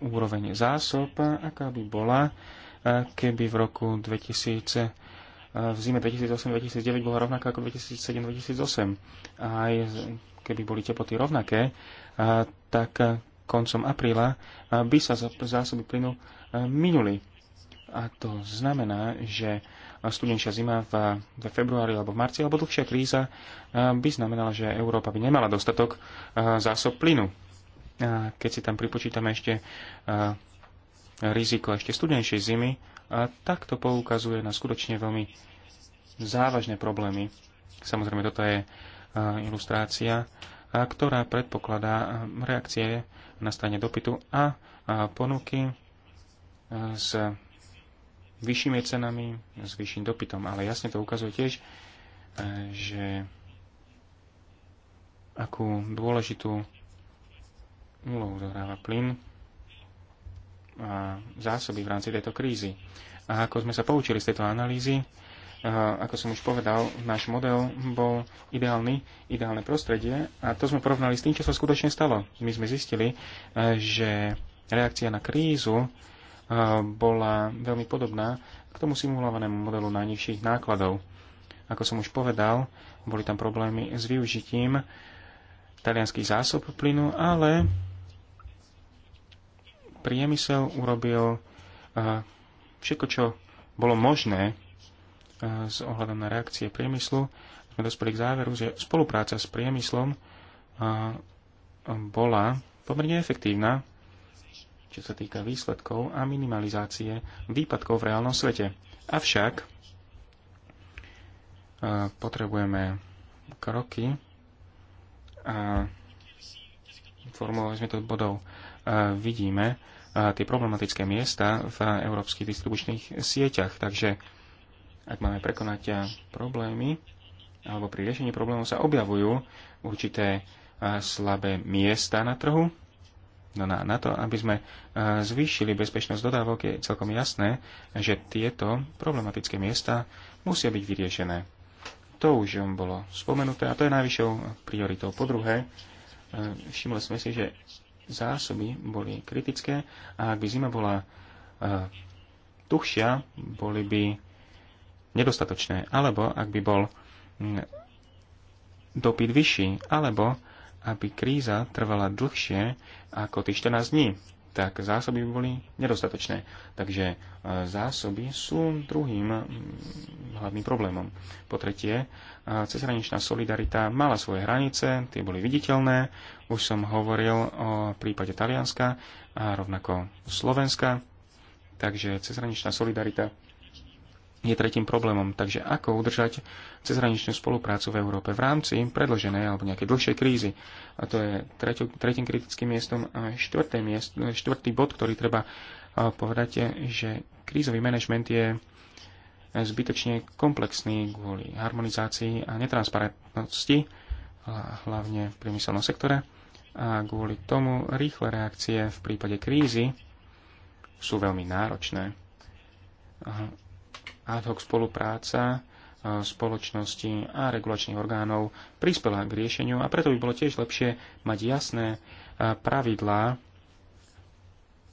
úroveň zásob, aká by bola, keby v roku 2000 v zime 2008-2009 bola rovnaká ako 2007-2008. A aj keby boli teploty rovnaké, tak koncom apríla by sa zásoby plynu minuli. A to znamená, že studenšia zima v, v februári alebo v marci, alebo dlhšia kríza by znamenala, že Európa by nemala dostatok zásob plynu. Keď si tam pripočítame ešte riziko ešte studenšej zimy, tak to poukazuje na skutočne veľmi závažné problémy. Samozrejme, toto je ilustrácia, ktorá predpokladá reakcie na strane dopytu a ponuky z vyššími cenami, s vyšším dopytom. Ale jasne to ukazuje tiež, e, že akú dôležitú úlohu zohráva plyn a zásoby v rámci tejto krízy. A ako sme sa poučili z tejto analýzy, e, ako som už povedal, náš model bol ideálny, ideálne prostredie a to sme porovnali s tým, čo sa skutočne stalo. My sme zistili, e, že reakcia na krízu bola veľmi podobná k tomu simulovanému modelu najnižších nákladov. Ako som už povedal, boli tam problémy s využitím talianských zásob plynu, ale priemysel urobil všetko, čo bolo možné s ohľadom na reakcie priemyslu. Sme dospeli k záveru, že spolupráca s priemyslom bola pomerne efektívna čo sa týka výsledkov a minimalizácie výpadkov v reálnom svete. Avšak e, potrebujeme kroky a formulovali sme to bodov. E, vidíme e, tie problematické miesta v európskych distribučných sieťach, takže ak máme prekonať problémy, alebo pri riešení problémov sa objavujú určité slabé miesta na trhu, No na, na to, aby sme e, zvýšili bezpečnosť dodávok, je celkom jasné, že tieto problematické miesta musia byť vyriešené. To už bolo spomenuté a to je najvyššou prioritou. Po druhé, e, všimli sme si, že zásoby boli kritické a ak by zima bola e, tuhšia, boli by nedostatočné. Alebo ak by bol dopyt vyšší, alebo aby kríza trvala dlhšie ako tých 14 dní, tak zásoby by boli nedostatočné. Takže e, zásoby sú druhým hlavným problémom. Po tretie, e, cezhraničná solidarita mala svoje hranice, tie boli viditeľné. Už som hovoril o prípade Talianska a rovnako Slovenska. Takže cezhraničná solidarita je tretím problémom. Takže ako udržať cezhraničnú spoluprácu v Európe v rámci predloženej alebo nejakej dlhšej krízy. A to je tretím kritickým miestom. A štvrté miest, štvrtý bod, ktorý treba povedať, že krízový manažment je zbytočne komplexný kvôli harmonizácii a netransparentnosti, hlavne v priemyselnom sektore, a kvôli tomu rýchle reakcie v prípade krízy sú veľmi náročné. Aha ad hoc spolupráca e, spoločnosti a regulačných orgánov prispela k riešeniu a preto by bolo tiež lepšie mať jasné e, pravidlá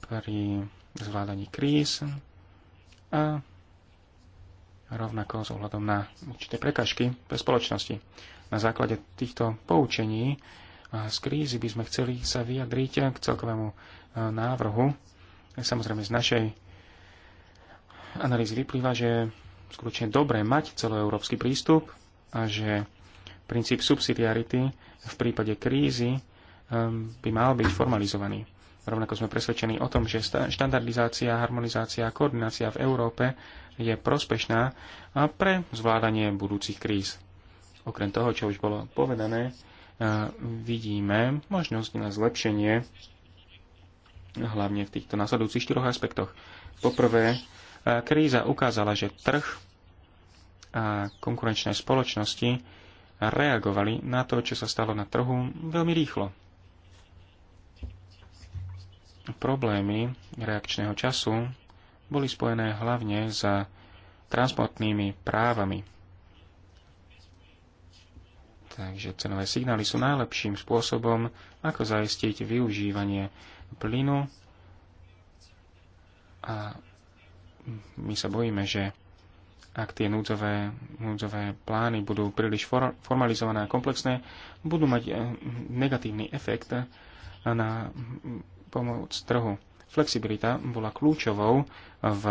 pri zvládaní kríz a rovnako s ohľadom na určité prekažky pre spoločnosti. Na základe týchto poučení e, z krízy by sme chceli sa vyjadriť k celkovému návrhu, samozrejme z našej analýzy vyplýva, že je skutočne dobré mať celoeurópsky prístup a že princíp subsidiarity v prípade krízy um, by mal byť formalizovaný. Rovnako sme presvedčení o tom, že štandardizácia, harmonizácia a koordinácia v Európe je prospešná pre zvládanie budúcich kríz. Okrem toho, čo už bolo povedané, uh, vidíme možnosť na zlepšenie hlavne v týchto nasledujúcich štyroch aspektoch. Poprvé, Kríza ukázala, že trh a konkurenčné spoločnosti reagovali na to, čo sa stalo na trhu veľmi rýchlo. Problémy reakčného času boli spojené hlavne s transportnými právami. Takže cenové signály sú najlepším spôsobom, ako zaistiť využívanie plynu a my sa bojíme, že ak tie núdzové, núdzové plány budú príliš for, formalizované a komplexné, budú mať eh, negatívny efekt na pomoc trhu. Flexibilita bola kľúčovou v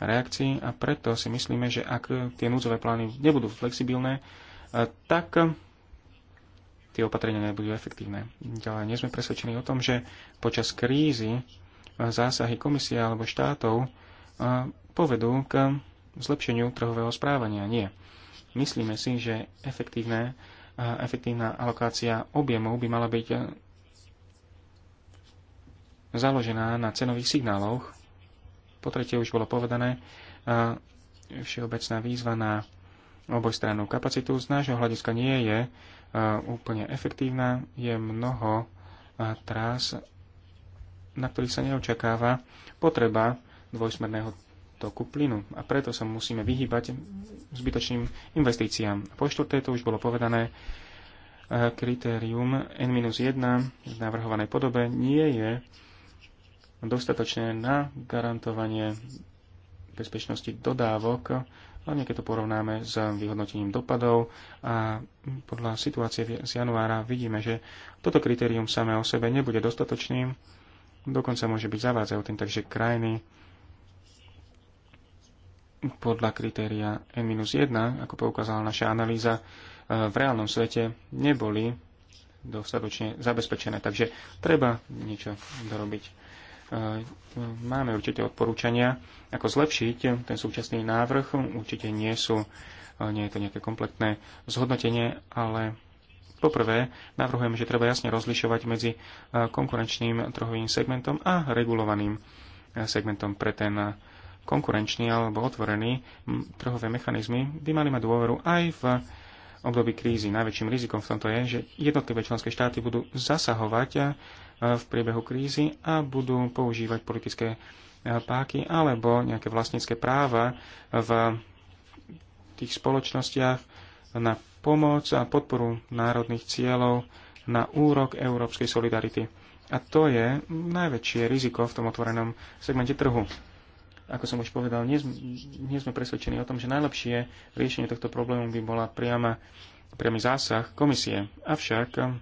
reakcii a preto si myslíme, že ak tie núdzové plány nebudú flexibilné, eh, tak tie opatrenia nebudú efektívne. Ďalej nie sme presvedčení o tom, že počas krízy zásahy komisie alebo štátov povedú k zlepšeniu trhového správania. Nie. Myslíme si, že efektívne, efektívna alokácia objemov by mala byť založená na cenových signáloch. Po tretie už bolo povedané, všeobecná výzva na obojstrannú kapacitu z nášho hľadiska nie je úplne efektívna. Je mnoho trás na ktorých sa neočakáva potreba dvojsmerného toku plynu. A preto sa musíme vyhýbať zbytočným investíciám. Po štvrté, to už bolo povedané, eh, kritérium N-1 v navrhovanej podobe nie je dostatočné na garantovanie bezpečnosti dodávok, hlavne keď to porovnáme s vyhodnotením dopadov a podľa situácie z januára vidíme, že toto kritérium samé o sebe nebude dostatočným dokonca môže byť zavádzajúcim, takže krajiny podľa kritéria N-1, ako poukázala naša analýza, e, v reálnom svete neboli dostatočne zabezpečené. Takže treba niečo dorobiť. E, máme určite odporúčania, ako zlepšiť ten súčasný návrh. Určite nie sú, e, nie je to nejaké kompletné zhodnotenie, ale Poprvé, navrhujeme, že treba jasne rozlišovať medzi e, konkurenčným trhovým segmentom a regulovaným e, segmentom pre ten e, konkurenčný alebo otvorený trhové mechanizmy by mali mať dôveru aj v období krízy. Najväčším rizikom v tomto je, že jednotlivé členské štáty budú zasahovať v priebehu krízy a budú používať politické páky alebo nejaké vlastnícke práva v tých spoločnostiach na pomoc a podporu národných cieľov na úrok európskej solidarity. A to je najväčšie riziko v tom otvorenom segmente trhu. Ako som už povedal, nie, nie sme presvedčení o tom, že najlepšie riešenie tohto problému by bola priama, priamy zásah komisie. Avšak um,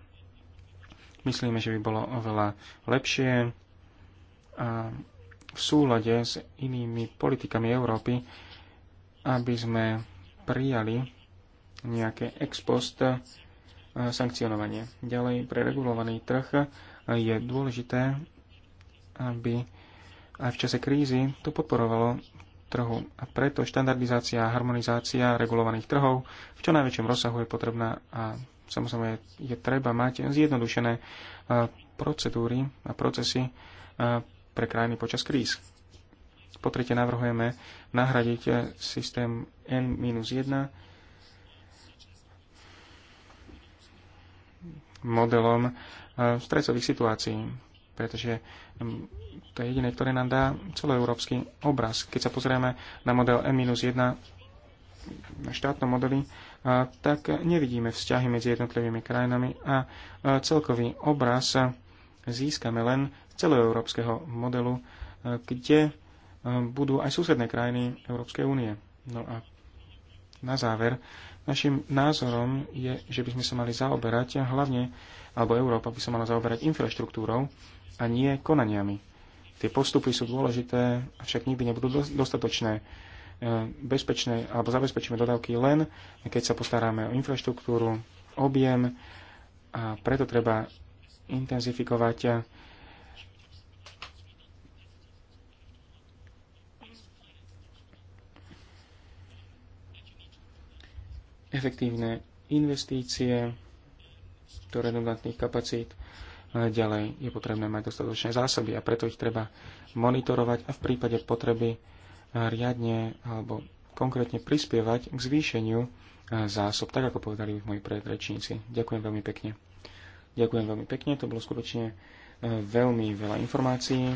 myslíme, že by bolo oveľa lepšie a um, v súlade s inými politikami Európy, aby sme prijali nejaké ex post eh, sankcionovanie. Ďalej, pre regulovaný trh eh, je dôležité, aby aj v čase krízy to podporovalo trhu. A preto štandardizácia a harmonizácia regulovaných trhov v čo najväčšom rozsahu je potrebná a samozrejme je, treba mať zjednodušené eh, procedúry a procesy pre krajiny počas kríz. Po tretie navrhujeme nahradiť systém N-1 modelom e, stresových situácií, pretože mm, to je jediné, ktoré nám dá celoeurópsky obraz. Keď sa pozrieme na model M-1 na štátnom modeli, e, tak nevidíme vzťahy medzi jednotlivými krajinami a e, celkový obraz získame len z celoeurópskeho modelu, kde budú aj susedné krajiny Európskej únie. No a na záver Našim názorom je, že by sme sa mali zaoberať hlavne, alebo Európa by sa mala zaoberať infraštruktúrou a nie konaniami. Tie postupy sú dôležité, avšak nikdy nebudú dostatočné. E, bezpečné, alebo zabezpečíme dodávky len, keď sa postaráme o infraštruktúru, objem a preto treba intenzifikovať efektívne investície do redundantných kapacít. Ďalej je potrebné mať dostatočné zásoby a preto ich treba monitorovať a v prípade potreby eh, riadne alebo konkrétne prispievať k zvýšeniu eh, zásob, tak ako povedali moji predrečníci. Ďakujem veľmi pekne. Ďakujem veľmi pekne, to bolo skutočne eh, veľmi veľa informácií,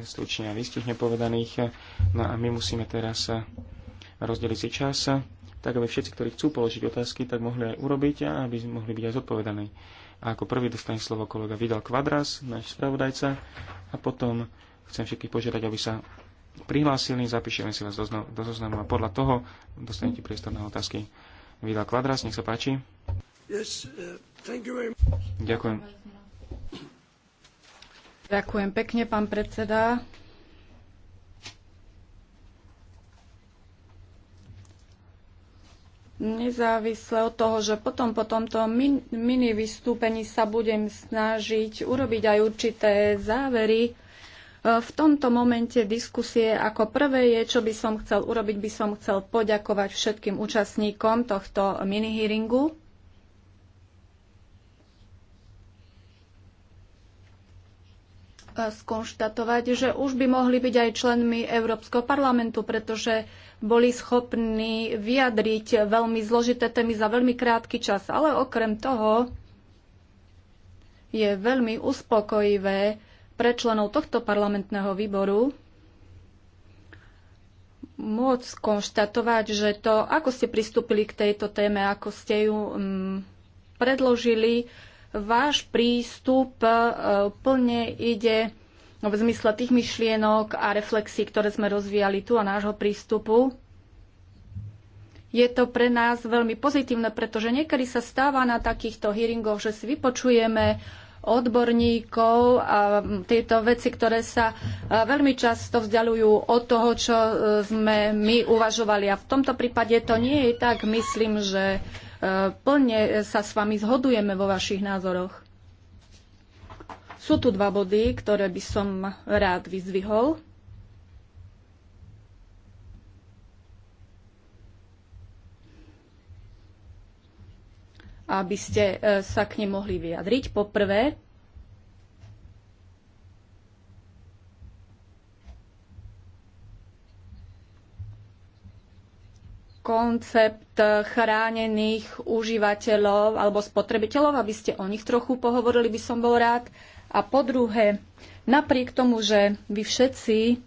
stručne a výstihne povedaných. No a my musíme teraz rozdeliť si čas tak aby všetci, ktorí chcú položiť otázky, tak mohli aj urobiť a aby mohli byť aj zodpovedaní. A ako prvý dostane slovo kolega Vidal Kvadras, náš spravodajca, a potom chcem všetkých požiadať, aby sa prihlásili, zapíšeme si vás do zoznamu a podľa toho dostanete priestor na otázky. Vidal Kvadras, nech sa páči. Yes, uh, thank you very much. Ďakujem. Ďakujem pekne, pán predseda. Nezávisle od toho, že potom po tomto min, mini vystúpení sa budem snažiť urobiť aj určité závery, e, v tomto momente diskusie ako prvé je, čo by som chcel urobiť, by som chcel poďakovať všetkým účastníkom tohto mini-hearingu. E, skonštatovať, že už by mohli byť aj členmi Európskeho parlamentu, pretože boli schopní vyjadriť veľmi zložité témy za veľmi krátky čas. Ale okrem toho je veľmi uspokojivé pre členov tohto parlamentného výboru môcť skonštatovať, že to, ako ste pristúpili k tejto téme, ako ste ju mm, predložili, váš prístup e, plne ide v zmysle tých myšlienok a reflexí, ktoré sme rozvíjali tu a nášho prístupu. Je to pre nás veľmi pozitívne, pretože niekedy sa stáva na takýchto hearingoch, že si vypočujeme odborníkov a tieto veci, ktoré sa e, veľmi často vzdialujú od toho, čo e, sme my uvažovali. A v tomto prípade to nie je tak. Myslím, že Plne sa s vami zhodujeme vo vašich názoroch. Sú tu dva body, ktoré by som rád vyzvihol. aby ste eh, sa k nim mohli vyjadriť. Poprvé, koncept chránených užívateľov alebo spotrebiteľov, aby ste o nich trochu pohovorili, by som bol rád. A po druhé, napriek tomu, že vy všetci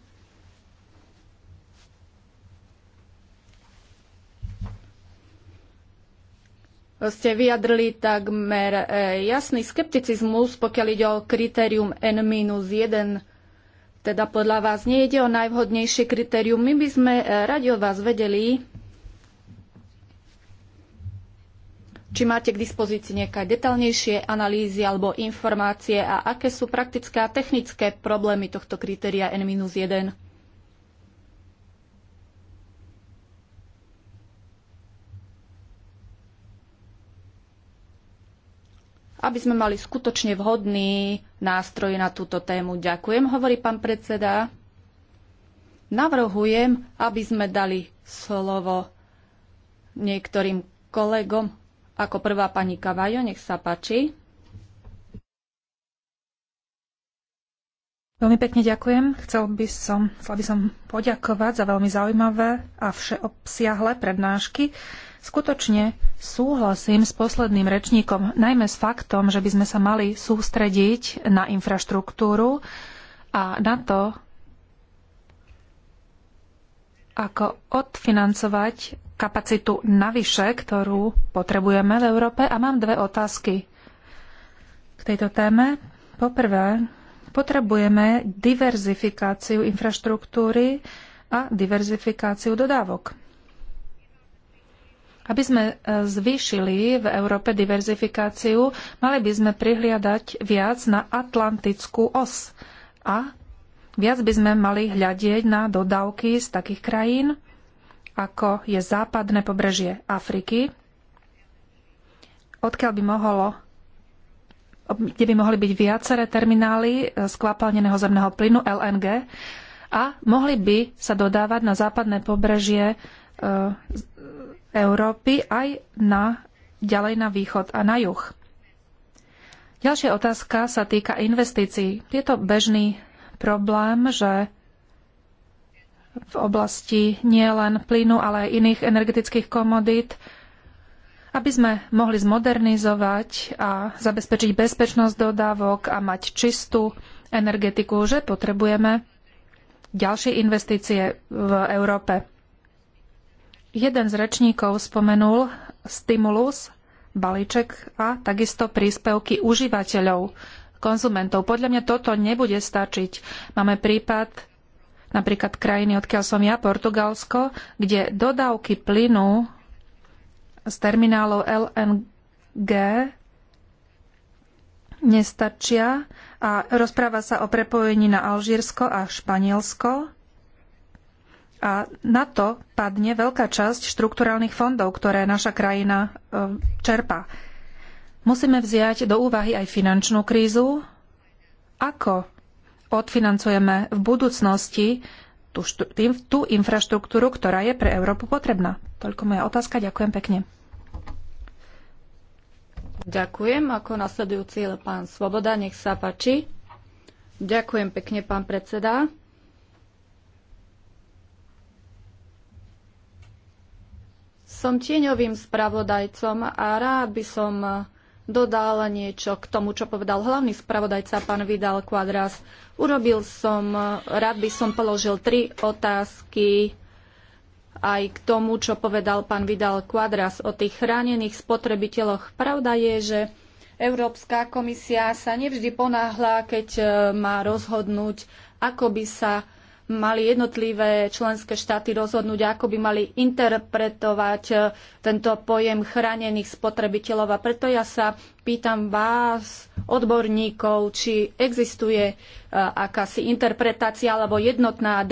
ste vyjadrili takmer eh, jasný skepticizmus, pokiaľ ide o kritérium N-1 teda podľa vás nejde o najvhodnejšie kritérium. My by sme eh, radi od vás vedeli, či máte k dispozícii nejaké detálnejšie analýzy alebo informácie a aké sú praktické a technické problémy tohto kritéria N-1? aby sme mali skutočne vhodný nástroj na túto tému. Ďakujem, hovorí pán predseda. Navrhujem, aby sme dali slovo niektorým kolegom ako prvá pani Kavajo, nech sa páči. Veľmi pekne ďakujem. Chcel by som, chcel by som poďakovať za veľmi zaujímavé a všeobsiahle prednášky. Skutočne súhlasím s posledným rečníkom, najmä s faktom, že by sme sa mali sústrediť na infraštruktúru a na to, ako odfinancovať kapacitu navyše, ktorú potrebujeme v Európe. A mám dve otázky k tejto téme. Poprvé, potrebujeme diverzifikáciu infraštruktúry a diverzifikáciu dodávok. Aby sme e, zvýšili v Európe diverzifikáciu, mali by sme prihliadať viac na Atlantickú os a viac by sme mali hľadieť na dodávky z takých krajín, ako je západné pobrežie Afriky, odkiaľ by mohlo kde by mohli byť viaceré terminály e, skvapalneného zemného plynu LNG a mohli by sa dodávať na západné pobrežie e, e, Európy aj na, ďalej na východ a na juh. Ďalšia otázka sa týka investícií. Je to bežný problém, že v oblasti nielen plynu, ale aj iných energetických komodít, aby sme mohli zmodernizovať a zabezpečiť bezpečnosť dodávok a mať čistú energetiku, že potrebujeme ďalšie investície v Európe. Jeden z rečníkov spomenul stimulus, balíček a takisto príspevky užívateľov, konzumentov. Podľa mňa toto nebude stačiť. Máme prípad napríklad krajiny, odkiaľ som ja, Portugalsko, kde dodávky plynu z terminálov LNG nestačia a rozpráva sa o prepojení na Alžírsko a Španielsko. A na to padne veľká časť štrukturálnych fondov, ktoré naša krajina e, čerpá. Musíme vziať do úvahy aj finančnú krízu. Ako podfinancujeme v budúcnosti tú, tú infraštruktúru, ktorá je pre Európu potrebná. Toľko moja otázka. Ďakujem pekne. Ďakujem. Ako nasledujúci je pán Svoboda. Nech sa páči. Ďakujem pekne, pán predseda. Som tieňovým spravodajcom a rád by som dodal niečo k tomu, čo povedal hlavný spravodajca, pán Vidal Quadras. Urobil som, rád by som položil tri otázky aj k tomu, čo povedal pán Vidal Quadras o tých chránených spotrebiteľoch. Pravda je, že Európska komisia sa nevždy ponáhla, keď eh, má rozhodnúť, ako by sa mali jednotlivé členské štáty rozhodnúť, ako by mali interpretovať eh, tento pojem chránených spotrebiteľov. A preto ja sa pýtam vás, odborníkov, či existuje eh, akási interpretácia alebo jednotná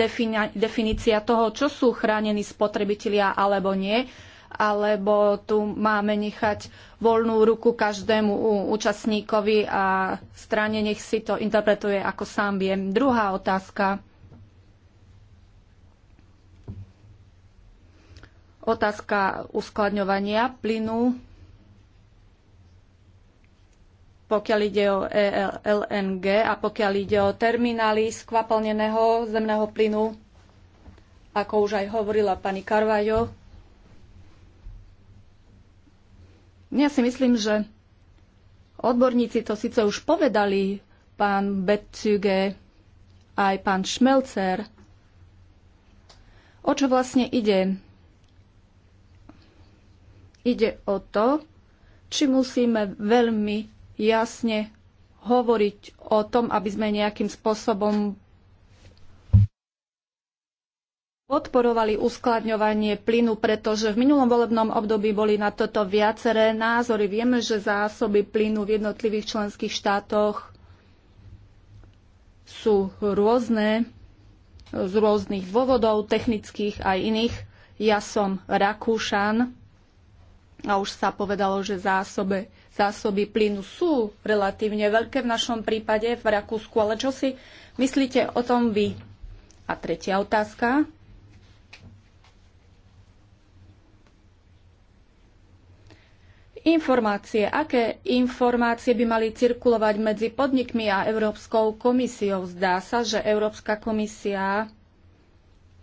definícia toho, čo sú chránení spotrebitelia alebo nie alebo tu máme nechať voľnú ruku každému účastníkovi a strane nech si to interpretuje, ako sám viem. Druhá otázka. otázka uskladňovania plynu, pokiaľ ide o e LNG a pokiaľ ide o terminály skvapalneného zemného plynu, ako už aj hovorila pani Carvajo. Ja si myslím, že odborníci to síce už povedali, pán Betzüge, aj pán Šmelcer, o čo vlastne ide? Ide o to, či musíme veľmi jasne hovoriť o tom, aby sme nejakým spôsobom podporovali uskladňovanie plynu, pretože v minulom volebnom období boli na toto viaceré názory. Vieme, že zásoby plynu v jednotlivých členských štátoch sú rôzne, z rôznych dôvodov, technických aj iných. Ja som Rakúšan a už sa povedalo, že zásobe, zásoby plynu sú relatívne veľké v našom prípade v Rakúsku, ale čo si myslíte o tom vy? A tretia otázka. Informácie. Aké informácie by mali cirkulovať medzi podnikmi a Európskou komisiou? Zdá sa, že Európska komisia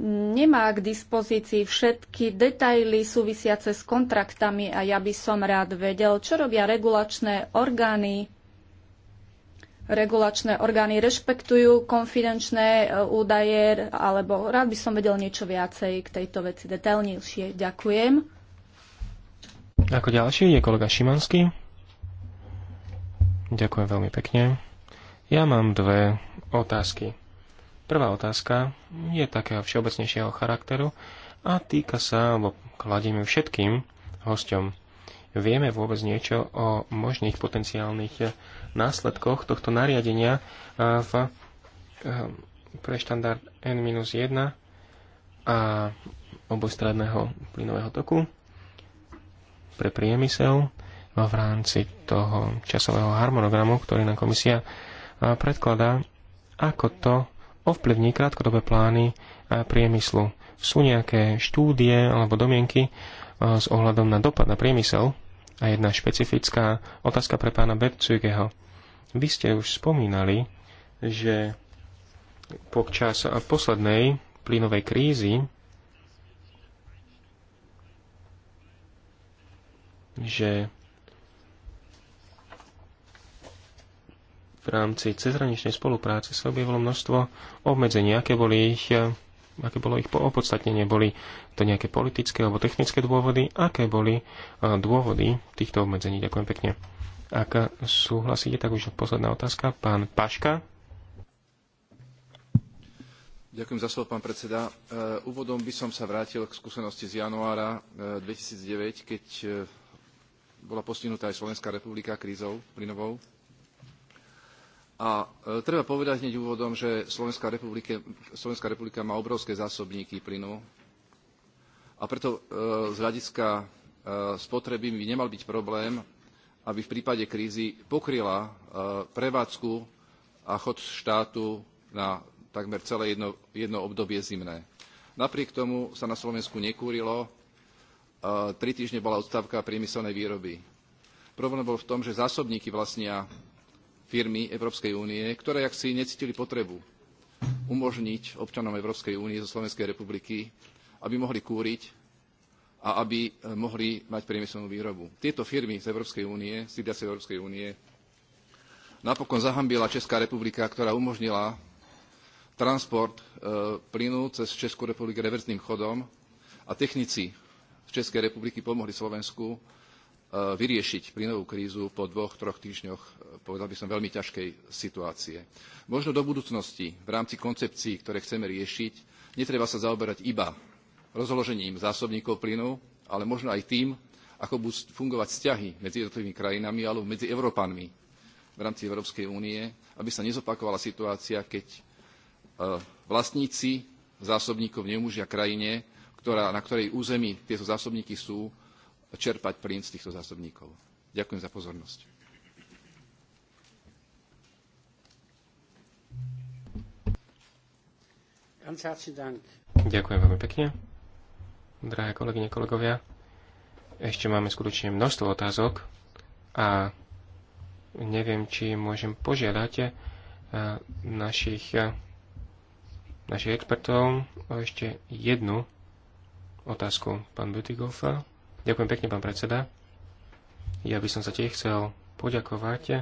nemá k dispozícii všetky detaily súvisiace s kontraktami a ja by som rád vedel, čo robia regulačné orgány. Regulačné orgány rešpektujú konfidenčné e, údaje, alebo rád by som vedel niečo viacej k tejto veci detailnejšie. Ďakujem. Ako ďalší je kolega Šimanský. Ďakujem veľmi pekne. Ja mám dve otázky. Prvá otázka je takého všeobecnejšieho charakteru a týka sa, alebo kladieme všetkým hosťom. Vieme vôbec niečo o možných potenciálnych následkoch tohto nariadenia eh, v, eh, pre štandard N-1 a obojstradného plynového toku pre priemysel v rámci toho časového harmonogramu, ktorý nám komisia eh, predkladá, ako to ovplyvní krátkodobé plány e, priemyslu. Sú nejaké štúdie alebo domienky e, s ohľadom na dopad na priemysel? A jedna špecifická otázka pre pána Bercugeho. Vy ste už spomínali, že počas poslednej plynovej krízy že v rámci cezhraničnej spolupráce sa objavilo množstvo obmedzení, aké boli ich eh, aké bolo ich opodstatnenie, boli to nejaké politické alebo technické dôvody, aké boli eh, dôvody týchto obmedzení. Ďakujem pekne. Ak súhlasíte, tak už posledná otázka. Pán Paška. Ďakujem za slovo, pán predseda. Eh, úvodom by som sa vrátil k skúsenosti z januára 2009, keď bola postihnutá aj Slovenská republika krízou plynovou. A e, treba povedať hneď úvodom, že Slovenská republika, Slovenská republika má obrovské zásobníky plynu a preto e, z hľadiska e, spotreby by nemal byť problém, aby v prípade krízy pokryla prevádzku a chod štátu na takmer celé jedno, jedno obdobie zimné. Napriek tomu sa na Slovensku nekúrilo, tri týždne bola odstavka priemyselnej výroby. Problém bol v tom, že zásobníky vlastnia firmy Európskej únie, ktoré ak si necítili potrebu umožniť občanom Európskej únie zo Slovenskej republiky, aby mohli kúriť a aby eh, mohli mať priemyselnú výrobu. Tieto firmy z Európskej únie, sídliace v Európskej únie, napokon zahambila Česká republika, ktorá umožnila transport eh, plynu cez Českú republiku reverzným chodom a technici z Českej republiky pomohli Slovensku E, vyriešiť plynovú krízu po dvoch, troch týždňoch, e, povedal by som, veľmi ťažkej situácie. Možno do budúcnosti v rámci koncepcií, ktoré chceme riešiť, netreba sa zaoberať iba rozložením zásobníkov plynu, ale možno aj tým, ako budú fungovať vzťahy medzi jednotlivými krajinami alebo medzi Európanmi v rámci Európskej únie, aby sa nezopakovala situácia, keď e, vlastníci zásobníkov neumožnia krajine, ktorá, na ktorej území tieto zásobníky sú, čerpať plyn z týchto zásobníkov. Ďakujem za pozornosť. Ďakujem veľmi pekne. Drahé kolegyne, kolegovia, ešte máme skutočne množstvo otázok a neviem, či môžem požiadať eh, našich, našich expertov o ešte jednu otázku. Pán Butigofa. Ďakujem pekne, pán predseda. Ja by som sa tiež chcel poďakovať eh,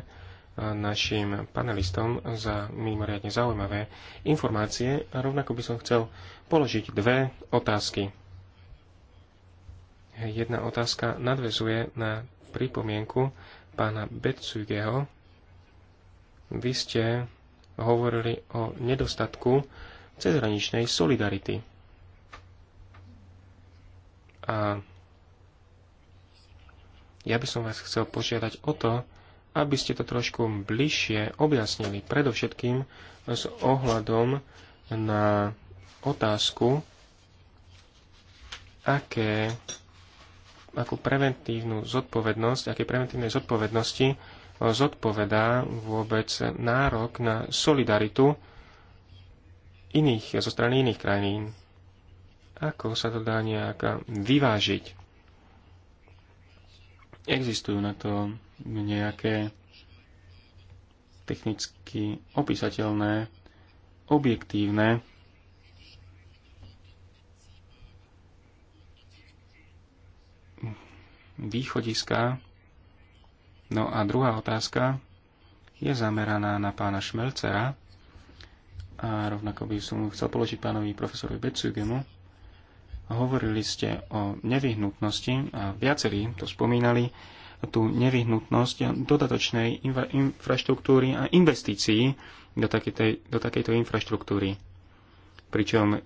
našim panelistom za mimoriadne zaujímavé informácie a rovnako by som chcel položiť dve otázky. Jedna otázka nadvezuje na pripomienku pána Betsugeho. Vy ste hovorili o nedostatku cezhraničnej solidarity. A ja by som vás chcel požiadať o to, aby ste to trošku bližšie objasnili, predovšetkým s ohľadom na otázku, aké, akú preventívnu zodpovednosť, aké preventívnej zodpovednosti zodpovedá vôbec nárok na solidaritu iných, zo strany iných krajín. Ako sa to dá nejak vyvážiť? Existujú na to nejaké technicky opísateľné, objektívne východiska. No a druhá otázka je zameraná na pána Šmelcera a rovnako by som chcel položiť pánovi profesorovi Becugemu. Hovorili ste o nevyhnutnosti, a viacerí to spomínali, tú nevyhnutnosť dodatočnej infraštruktúry a investícií do, takej, do takejto infraštruktúry. Pričom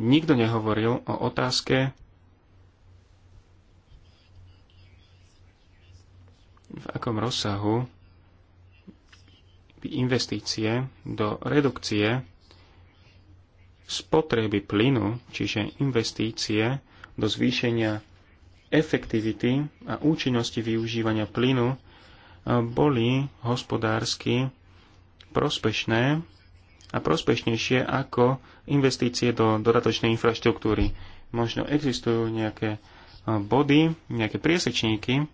nikto nehovoril o otázke, v akom rozsahu investície do redukcie spotreby plynu, čiže investície do zvýšenia efektivity a účinnosti využívania plynu e, boli hospodársky prospešné a prospešnejšie ako investície do dodatočnej infraštruktúry. Možno existujú nejaké e, body, nejaké priesečníky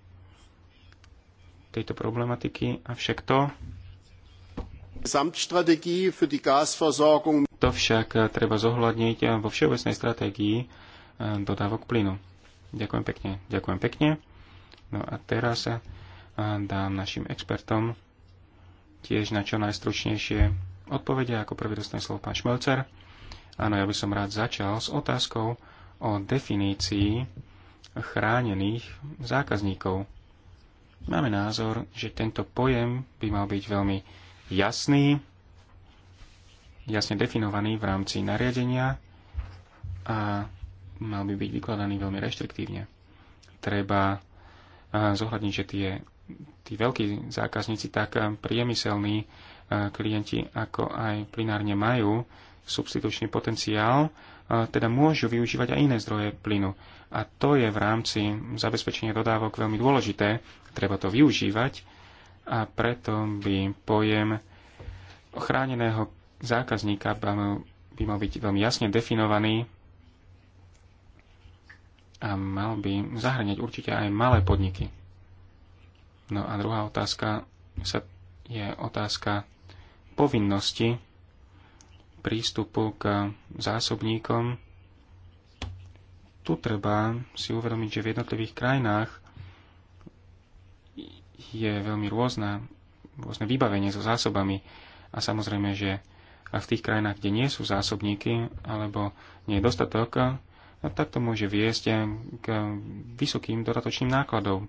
tejto problematiky, avšak to to však eh, treba zohľadniť eh, vo všeobecnej stratégii eh, dodávok plynu. Ďakujem pekne. Ďakujem pekne. No a teraz dám našim expertom tiež na čo najstručnejšie odpovede. Ako prvý dostane slovo pán Šmelcer. Áno, ja by som rád začal s otázkou o definícii chránených zákazníkov. Máme názor, že tento pojem by mal byť veľmi jasný, jasne definovaný v rámci nariadenia a mal by byť vykladaný veľmi reštriktívne. Treba eh, zohľadniť, že tie, tí veľkí zákazníci, tak eh, priemyselní eh, klienti, ako aj plinárne majú substitučný potenciál, teda môžu využívať aj iné zdroje plynu. A to je v rámci zabezpečenia dodávok veľmi dôležité. Treba to využívať a preto by pojem chráneného zákazníka by mal byť veľmi jasne definovaný a mal by zahrňať určite aj malé podniky. No a druhá otázka sa je otázka povinnosti prístupu k zásobníkom. Tu treba si uvedomiť, že v jednotlivých krajinách je veľmi rôzna, rôzne vybavenie so zásobami a samozrejme, že v tých krajinách, kde nie sú zásobníky alebo nie je dostatok, no tak to môže viesť k vysokým dodatočným nákladom.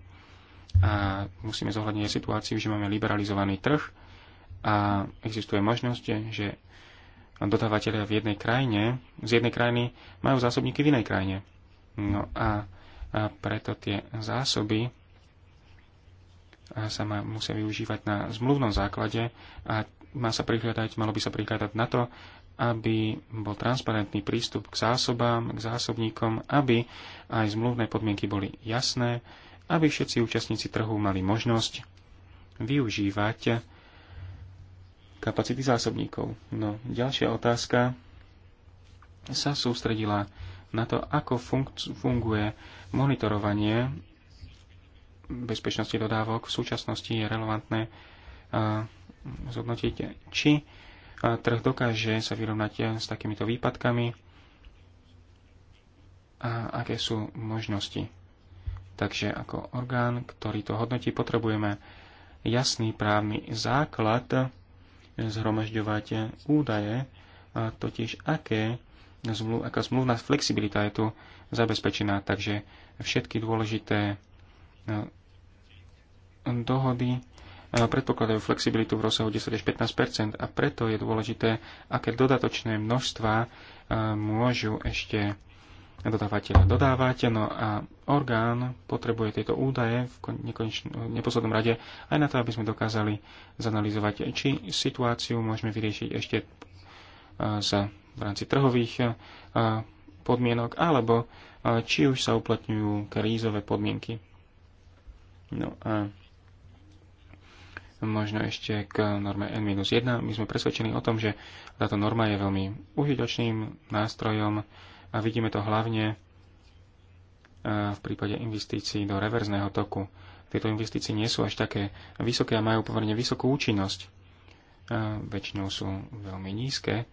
A musíme zohľadniť aj situáciu, že máme liberalizovaný trh a existuje možnosť, že dodávateľia v jednej krajine, z jednej krajiny majú zásobníky v inej krajine. No a, a preto tie zásoby sa má, musia využívať na zmluvnom základe a má sa prihľadať, malo by sa prihľadať na to, aby bol transparentný prístup k zásobám, k zásobníkom, aby aj zmluvné podmienky boli jasné, aby všetci účastníci trhu mali možnosť využívať kapacity zásobníkov. No, ďalšia otázka sa sústredila na to, ako funguje monitorovanie bezpečnosti dodávok v súčasnosti je relevantné e, zhodnotiť, či e, trh dokáže sa vyrovnať e, s takýmito výpadkami a aké sú možnosti. Takže ako orgán, ktorý to hodnotí, potrebujeme jasný právny základ zhromažďovať údaje, totiž aké zmluv, aká zmluvná flexibilita je tu zabezpečená. Takže všetky dôležité dohody e, predpokladajú flexibilitu v rozsahu 10 až 15 a preto je dôležité, aké dodatočné množstva e, môžu ešte dodávateľa dodávať. No a orgán potrebuje tieto údaje v neposlednom rade aj na to, aby sme dokázali zanalizovať, či situáciu môžeme vyriešiť ešte e, z, v rámci trhových podmienok, alebo či už sa uplatňujú krízové podmienky. No a Možno ešte k norme N-1. My sme presvedčení o tom, že táto norma je veľmi užitočným nástrojom a vidíme to hlavne e, v prípade investícií do reverzného toku. Tieto investície nie sú až také vysoké a majú pomerne vysokú účinnosť. E, väčšinou sú veľmi nízke e,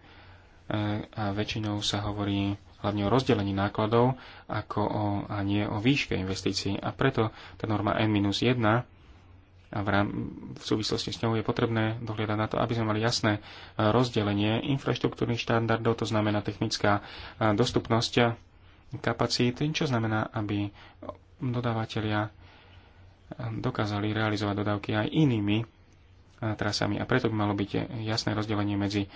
a väčšinou sa hovorí hlavne o rozdelení nákladov ako o, a nie o výške investícií. A preto tá norma N-1 a v, rám, v súvislosti s ňou je potrebné dohliadať na to, aby sme mali jasné e, rozdelenie infraštruktúrnych štandardov, to znamená technická e, dostupnosť kapacít, čo znamená, aby dodávateľia e, dokázali realizovať dodávky aj inými trasami. A preto by malo byť jasné rozdelenie medzi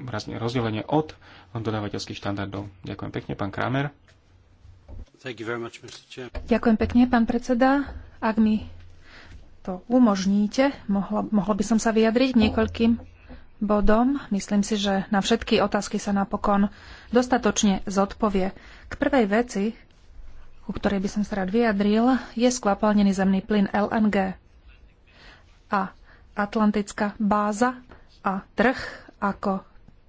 vlastne rozdelenie od dodávateľských štandardov. Ďakujem pekne, pán Kramer. Much, Ďakujem pekne, pán predseda. Ak mi to umožníte, mohla, mohla by som sa vyjadriť niekoľkým bodom. Myslím si, že na všetky otázky sa napokon dostatočne zodpovie. K prvej veci, ku ktorej by som sa rád vyjadril, je skvapalnený zemný plyn LNG a atlantická báza a trh, ako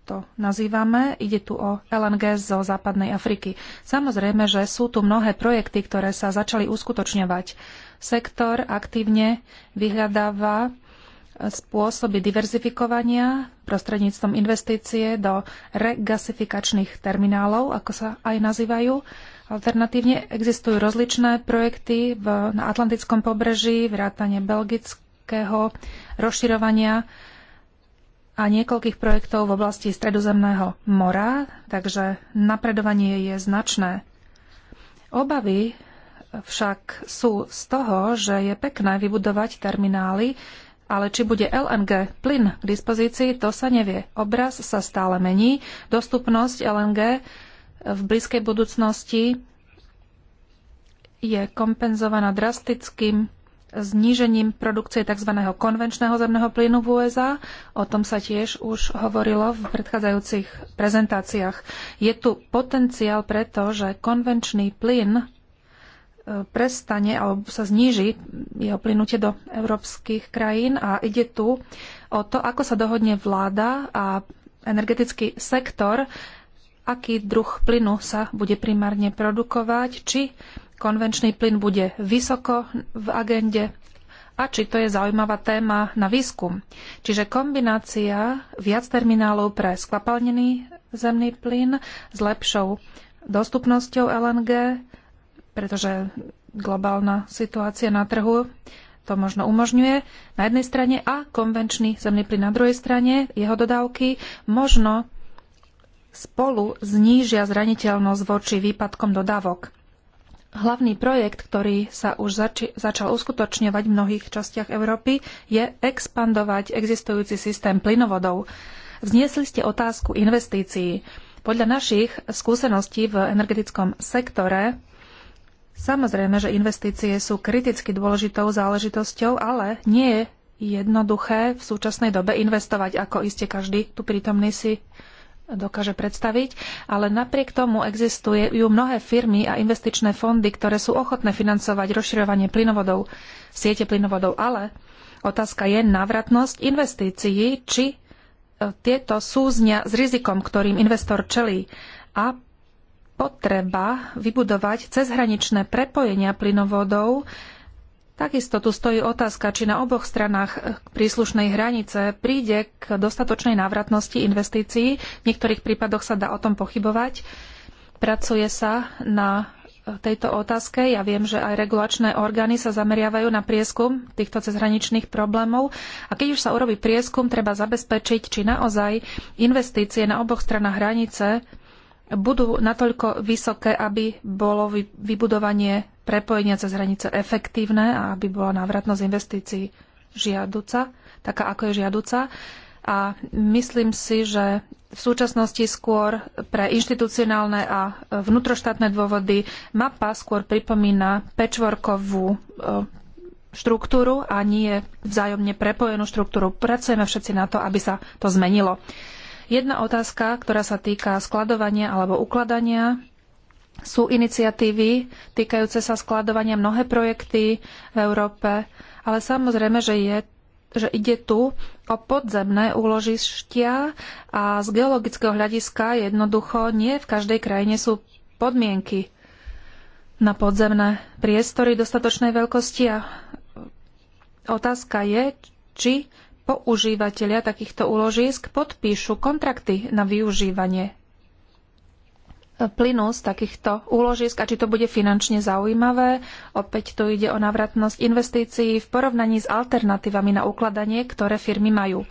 to nazývame. Ide tu o LNG zo západnej Afriky. Samozrejme, že sú tu mnohé projekty, ktoré sa začali uskutočňovať Sektor aktívne vyhľadáva spôsoby diverzifikovania prostredníctvom investície do regasifikačných terminálov, ako sa aj nazývajú. Alternatívne existujú rozličné projekty v, na Atlantickom pobreží, vrátane belgického rozširovania a niekoľkých projektov v oblasti Stredozemného mora, takže napredovanie je značné. Obavy však sú z toho, že je pekné vybudovať terminály, ale či bude LNG plyn k dispozícii, to sa nevie. Obraz sa stále mení. Dostupnosť LNG v blízkej budúcnosti je kompenzovaná drastickým znížením produkcie tzv. konvenčného zemného plynu v USA. O tom sa tiež už hovorilo v predchádzajúcich prezentáciách. Je tu potenciál preto, že konvenčný plyn prestane alebo sa zníži jeho plynutie do európskych krajín a ide tu o to, ako sa dohodne vláda a energetický sektor, aký druh plynu sa bude primárne produkovať, či konvenčný plyn bude vysoko v agende a či to je zaujímavá téma na výskum. Čiže kombinácia viac terminálov pre skvapalnený zemný plyn s lepšou dostupnosťou LNG pretože globálna situácia na trhu to možno umožňuje na jednej strane a konvenčný zemný plyn na druhej strane, jeho dodávky možno spolu znížia zraniteľnosť voči výpadkom dodávok. Hlavný projekt, ktorý sa už zači- začal uskutočňovať v mnohých častiach Európy, je expandovať existujúci systém plynovodov. Vzniesli ste otázku investícií. Podľa našich skúseností v energetickom sektore Samozrejme, že investície sú kriticky dôležitou záležitosťou, ale nie je jednoduché v súčasnej dobe investovať, ako iste každý tu prítomný si dokáže predstaviť, ale napriek tomu existuje ju mnohé firmy a investičné fondy, ktoré sú ochotné financovať rozširovanie plynovodov, siete plynovodov, ale otázka je návratnosť investícií, či e, tieto súznia s rizikom, ktorým investor čelí a potreba vybudovať cezhraničné prepojenia plynovodov. Takisto tu stojí otázka, či na oboch stranách príslušnej hranice príde k dostatočnej návratnosti investícií. V niektorých prípadoch sa dá o tom pochybovať. Pracuje sa na tejto otázke. Ja viem, že aj regulačné orgány sa zameriavajú na prieskum týchto cezhraničných problémov. A keď už sa urobí prieskum, treba zabezpečiť, či naozaj investície na oboch stranách hranice budú natoľko vysoké, aby bolo vybudovanie prepojenia cez hranice efektívne a aby bola návratnosť investícií žiaduca, taká ako je žiaduca. A myslím si, že v súčasnosti skôr pre inštitucionálne a vnútroštátne dôvody mapa skôr pripomína pečvorkovú e, štruktúru a nie vzájomne prepojenú štruktúru. Pracujeme všetci na to, aby sa to zmenilo. Jedna otázka, ktorá sa týka skladovania alebo ukladania. Sú iniciatívy týkajúce sa skladovania mnohé projekty v Európe, ale samozrejme, že je že ide tu o podzemné úložištia a z geologického hľadiska jednoducho nie v každej krajine sú podmienky na podzemné priestory dostatočnej veľkosti a otázka je, či používateľia takýchto úložisk podpíšu kontrakty na využívanie plynu z takýchto úložisk a či to bude finančne zaujímavé. Opäť tu ide o navratnosť investícií v porovnaní s alternatívami na ukladanie, ktoré firmy majú.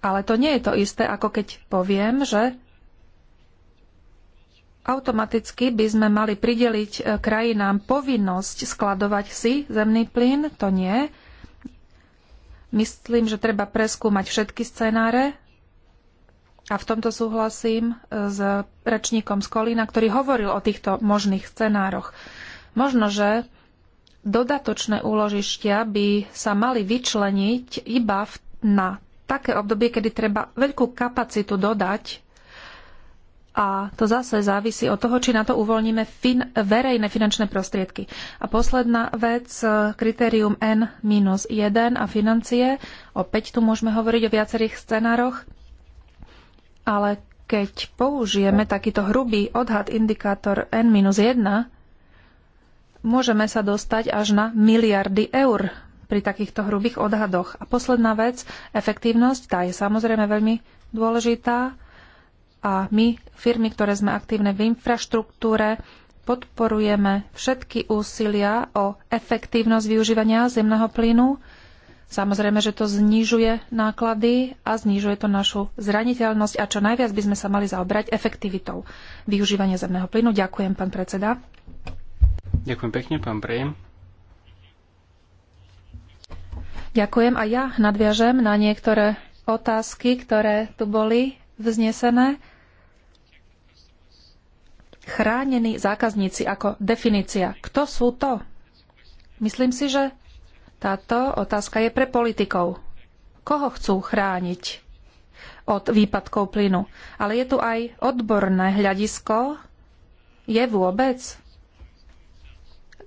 Ale to nie je to isté, ako keď poviem, že automaticky by sme mali prideliť eh, krajinám povinnosť skladovať si zemný plyn, to nie. Myslím, že treba preskúmať všetky scenáre a v tomto súhlasím e, s rečníkom z Kolína, ktorý hovoril o týchto možných scenároch. Možno, že dodatočné úložištia by sa mali vyčleniť iba na také obdobie, kedy treba veľkú kapacitu dodať a to zase závisí od toho, či na to uvoľníme fin- verejné finančné prostriedky. A posledná vec, e, kritérium N-1 a financie. Opäť tu môžeme hovoriť o viacerých scenároch, ale keď použijeme takýto hrubý odhad indikátor N-1, môžeme sa dostať až na miliardy eur pri takýchto hrubých odhadoch. A posledná vec, efektívnosť, tá je samozrejme veľmi dôležitá a my, firmy, ktoré sme aktívne v infraštruktúre, podporujeme všetky úsilia o efektívnosť využívania zemného plynu. Samozrejme, že to znižuje náklady a znižuje to našu zraniteľnosť a čo najviac by sme sa mali zaobrať efektivitou využívania zemného plynu. Ďakujem, pán predseda. Ďakujem pekne, pán Prejem. Ďakujem a ja nadviažem na niektoré otázky, ktoré tu boli vznesené chránení zákazníci ako definícia. Kto sú to? Myslím si, že táto otázka je pre politikov. Koho chcú chrániť od výpadkov plynu? Ale je tu aj odborné hľadisko. Je vôbec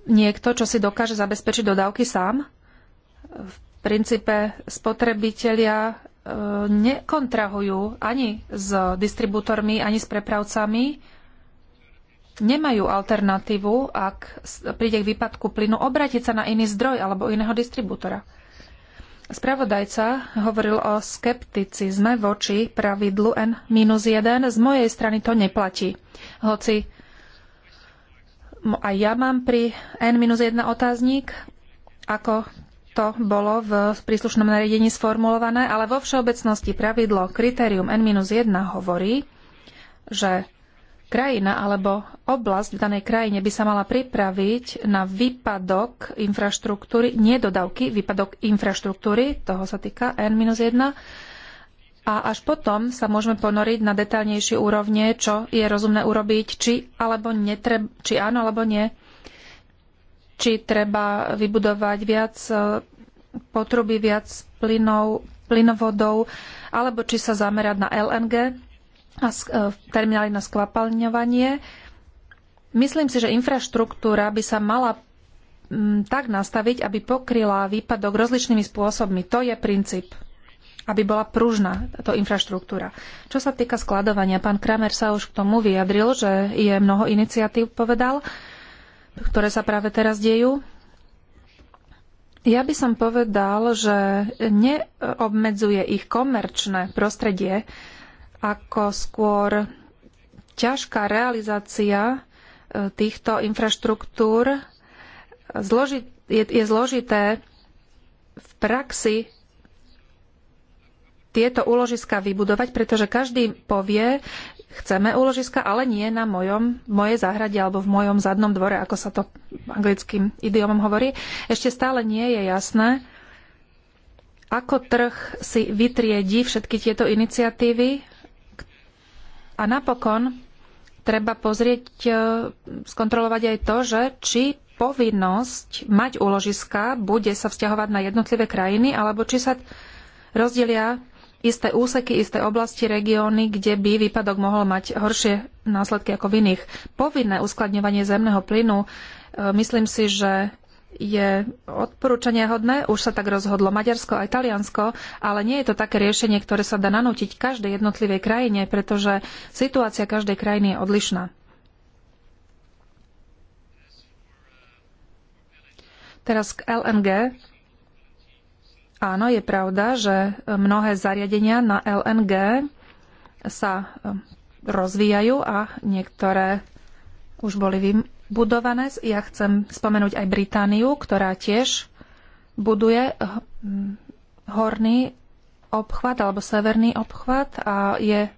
niekto, čo si dokáže zabezpečiť dodávky sám? V princípe spotrebitelia e, nekontrahujú ani s distribútormi, ani s prepravcami nemajú alternatívu, ak príde k výpadku plynu, obrátiť sa na iný zdroj alebo iného distribútora. Spravodajca hovoril o skepticizme voči pravidlu N-1. Z mojej strany to neplatí. Hoci aj ja mám pri N-1 otáznik, ako to bolo v príslušnom nariadení sformulované, ale vo všeobecnosti pravidlo kritérium N-1 hovorí, že Krajina alebo oblasť v danej krajine by sa mala pripraviť na výpadok infraštruktúry, nie dodavky, výpadok infraštruktúry, toho sa týka N-1, a až potom sa môžeme ponoriť na detaľnejšie úrovne, čo je rozumné urobiť, či, alebo netreb, či áno alebo nie, či treba vybudovať viac e, potruby, viac plynov, plynovodov, alebo či sa zamerať na LNG, a e, terminály na skvapalňovanie. Myslím si, že infraštruktúra by sa mala mm, tak nastaviť, aby pokryla výpadok rozličnými spôsobmi. To je princíp aby bola pružná táto infraštruktúra. Čo sa týka skladovania, pán Kramer sa už k tomu vyjadril, že je mnoho iniciatív, povedal, ktoré sa práve teraz dejú. Ja by som povedal, že neobmedzuje ich komerčné prostredie, ako skôr ťažká realizácia e, týchto infraštruktúr zloži, je, je zložité v praxi tieto úložiska vybudovať, pretože každý povie, chceme úložiska, ale nie na mojom, mojej záhrade alebo v mojom zadnom dvore, ako sa to anglickým idiomom hovorí. Ešte stále nie je jasné, ako trh si vytriedí všetky tieto iniciatívy a napokon treba pozrieť, e, skontrolovať aj to, že či povinnosť mať úložiska bude sa vzťahovať na jednotlivé krajiny, alebo či sa rozdelia isté úseky, isté oblasti, regióny, kde by výpadok mohol mať horšie následky ako v iných. Povinné uskladňovanie zemného plynu, e, myslím si, že je odporúčania hodné, už sa tak rozhodlo Maďarsko a Taliansko, ale nie je to také riešenie, ktoré sa dá nanútiť každej jednotlivej krajine, pretože situácia každej krajiny je odlišná. Teraz k LNG. Áno, je pravda, že mnohé zariadenia na LNG sa rozvíjajú a niektoré už boli vym- budované. Ja chcem spomenúť aj Britániu, ktorá tiež buduje horný obchvat alebo severný obchvat a je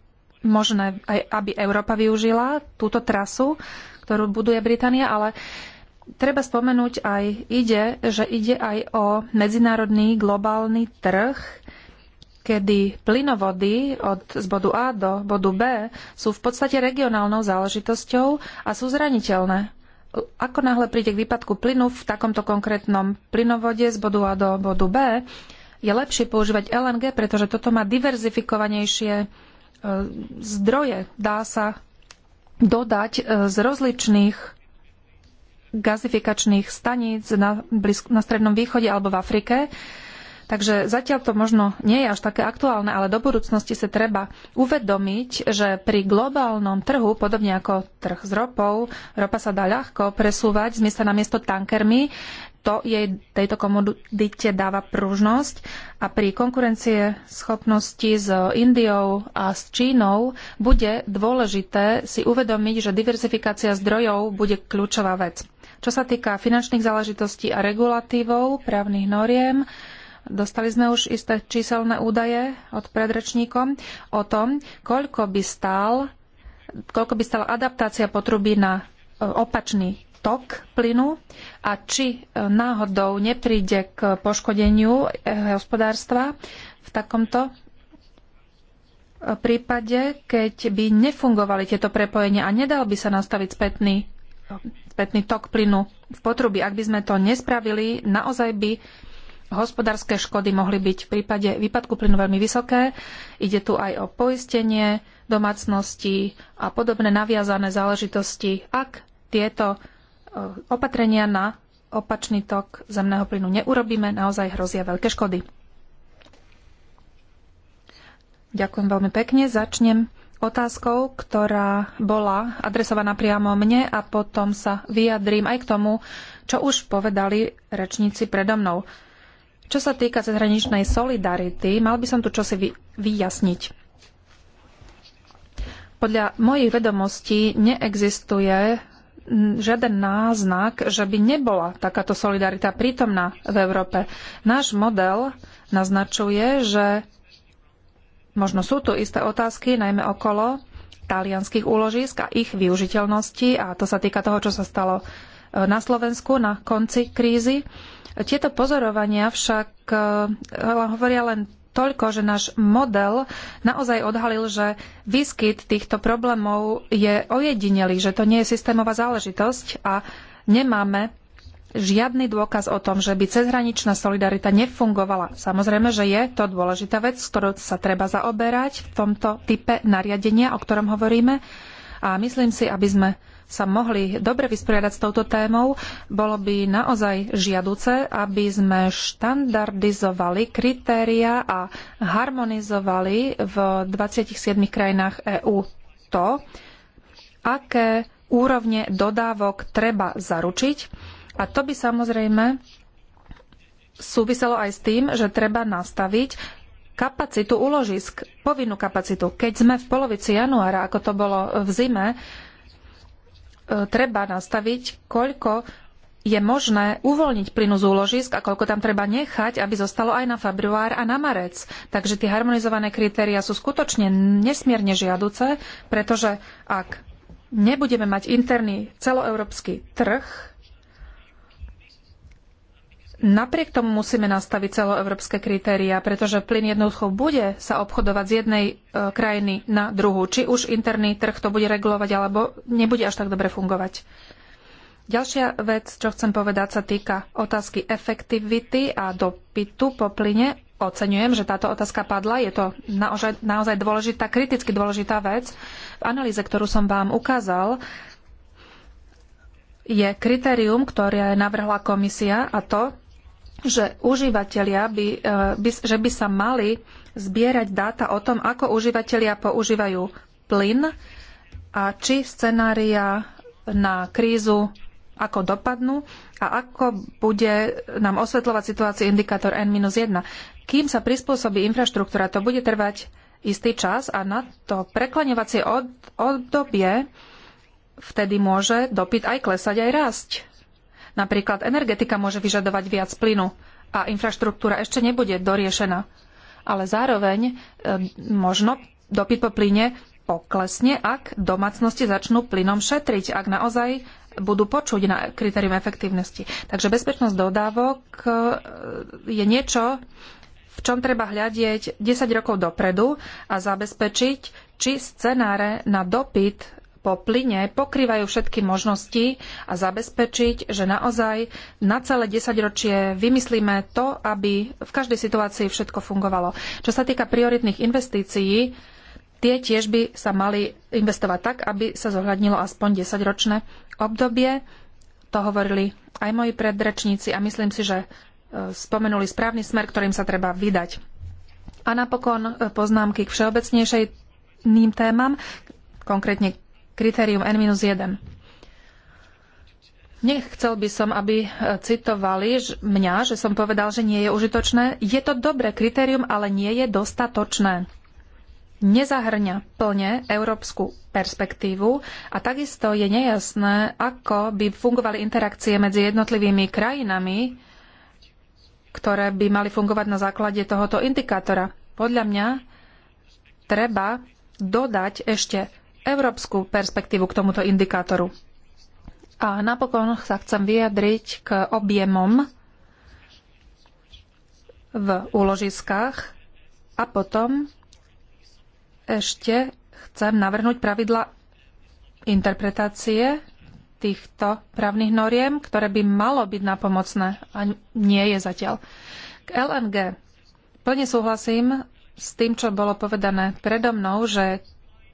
možné aj, aby Európa využila túto trasu, ktorú buduje Británia, ale treba spomenúť aj ide, že ide aj o medzinárodný globálny trh, kedy plynovody od, z bodu A do bodu B sú v podstate regionálnou záležitosťou a sú zraniteľné ako náhle príde k výpadku plynu v takomto konkrétnom plynovode z bodu A do bodu B, je lepšie používať LNG, pretože toto má diverzifikovanejšie e, zdroje. Dá sa dodať e, z rozličných gazifikačných staníc na, blízko, na Strednom východe alebo v Afrike Takže zatiaľ to možno nie je až také aktuálne, ale do budúcnosti sa treba uvedomiť, že pri globálnom trhu, podobne ako trh s ropou, ropa sa dá ľahko presúvať z miesta na miesto tankermi, to jej tejto komodite dáva pružnosť a pri konkurencie schopnosti s Indiou a s Čínou bude dôležité si uvedomiť, že diverzifikácia zdrojov bude kľúčová vec. Čo sa týka finančných záležitostí a regulatívov, právnych noriem, Dostali sme už isté číselné údaje od predrečníkom o tom, koľko by stál koľko by stala adaptácia potruby na e, opačný tok plynu a či e, náhodou nepríde k poškodeniu e, hospodárstva v takomto prípade, keď by nefungovali tieto prepojenia a nedal by sa nastaviť spätný, spätný tok plynu v potrubí. Ak by sme to nespravili, naozaj by hospodárske škody mohli byť v prípade výpadku plynu veľmi vysoké. Ide tu aj o poistenie domácnosti a podobné naviazané záležitosti, ak tieto e, opatrenia na opačný tok zemného plynu neurobíme, naozaj hrozia veľké škody. Ďakujem veľmi pekne. Začnem otázkou, ktorá bola adresovaná priamo mne a potom sa vyjadrím aj k tomu, čo už povedali rečníci predo mnou. Čo sa týka cezhraničnej solidarity, mal by som tu čosi vy, vyjasniť. Podľa mojich vedomosti neexistuje žiaden náznak, že by nebola takáto solidarita prítomná v Európe. Náš model naznačuje, že možno sú tu isté otázky, najmä okolo talianských úložisk a ich využiteľnosti, a to sa týka toho, čo sa stalo e, na Slovensku na konci krízy tieto pozorovania však e, hovoria len toľko, že náš model naozaj odhalil, že výskyt týchto problémov je ojedinelý, že to nie je systémová záležitosť a nemáme žiadny dôkaz o tom, že by cezhraničná solidarita nefungovala. Samozrejme, že je to dôležitá vec, s ktorou sa treba zaoberať v tomto type nariadenia, o ktorom hovoríme. A myslím si, aby sme sa mohli dobre vysporiadať s touto témou, bolo by naozaj žiaduce, aby sme štandardizovali kritéria a harmonizovali v 27 krajinách EÚ to, aké úrovne dodávok treba zaručiť. A to by samozrejme súviselo aj s tým, že treba nastaviť kapacitu úložisk, povinnú kapacitu. Keď sme v polovici januára, ako to bolo v zime, E, treba nastaviť, koľko je možné uvoľniť plynu z úložisk a koľko tam treba nechať, aby zostalo aj na február a na marec. Takže tie harmonizované kritéria sú skutočne nesmierne žiaduce, pretože ak nebudeme mať interný celoeurópsky trh, napriek tomu musíme nastaviť celoeurópske kritéria, pretože plyn jednoducho bude sa obchodovať z jednej e, krajiny na druhú. Či už interný trh to bude regulovať, alebo nebude až tak dobre fungovať. Ďalšia vec, čo chcem povedať, sa týka otázky efektivity a dopytu po plyne. Oceňujem, že táto otázka padla. Je to naozaj, naozaj dôležitá, kriticky dôležitá vec. V analýze, ktorú som vám ukázal, je kritérium, ktoré navrhla komisia a to že užívateľia by, e, by, že by sa mali zbierať dáta o tom, ako užívateľia používajú plyn a či scenária na krízu ako dopadnú a ako bude nám osvetľovať situáciu indikátor N-1. Kým sa prispôsobí infraštruktúra, to bude trvať istý čas a na to preklaňovacie obdobie vtedy môže dopyt aj klesať, aj rásť. Napríklad energetika môže vyžadovať viac plynu a infraštruktúra ešte nebude doriešená. Ale zároveň e, možno dopyt po plyne poklesne, ak domácnosti začnú plynom šetriť, ak naozaj budú počuť na kritérium efektívnosti. Takže bezpečnosť dodávok e, je niečo, v čom treba hľadieť 10 rokov dopredu a zabezpečiť, či scenáre na dopyt po plyne pokrývajú všetky možnosti a zabezpečiť, že naozaj na celé desaťročie vymyslíme to, aby v každej situácii všetko fungovalo. Čo sa týka prioritných investícií, tie tiež by sa mali investovať tak, aby sa zohľadnilo aspoň desaťročné obdobie. To hovorili aj moji predrečníci a myslím si, že e, spomenuli správny smer, ktorým sa treba vydať. A napokon e, poznámky k ným témam, konkrétne kritérium N-1. Nechcel by som, aby e, citovali mňa, že som povedal, že nie je užitočné. Je to dobré kritérium, ale nie je dostatočné. Nezahrňa plne európsku perspektívu a takisto je nejasné, ako by fungovali interakcie medzi jednotlivými krajinami, ktoré by mali fungovať na základe tohoto indikátora. Podľa mňa treba dodať ešte európsku perspektívu k tomuto indikátoru. A napokon sa chcem vyjadriť k objemom v úložiskách a potom ešte chcem navrhnúť pravidla interpretácie týchto právnych noriem, ktoré by malo byť napomocné a nie je zatiaľ. K LNG plne súhlasím s tým, čo bolo povedané predo mnou, že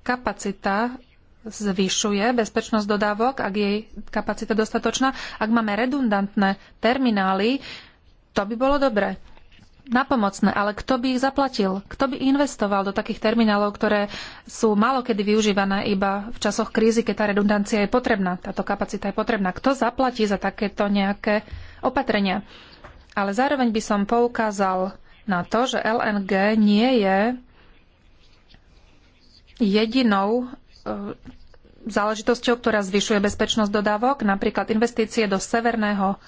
kapacita zvyšuje bezpečnosť dodávok, ak je kapacita dostatočná. Ak máme redundantné terminály, to by bolo dobre. Napomocné, ale kto by ich zaplatil? Kto by investoval do takých terminálov, ktoré sú malokedy využívané iba v časoch krízy, keď tá redundancia je potrebná, táto kapacita je potrebná? Kto zaplatí za takéto nejaké opatrenia? Ale zároveň by som poukázal na to, že LNG nie je jedinou e, záležitosťou, ktorá zvyšuje bezpečnosť dodávok, napríklad investície do severného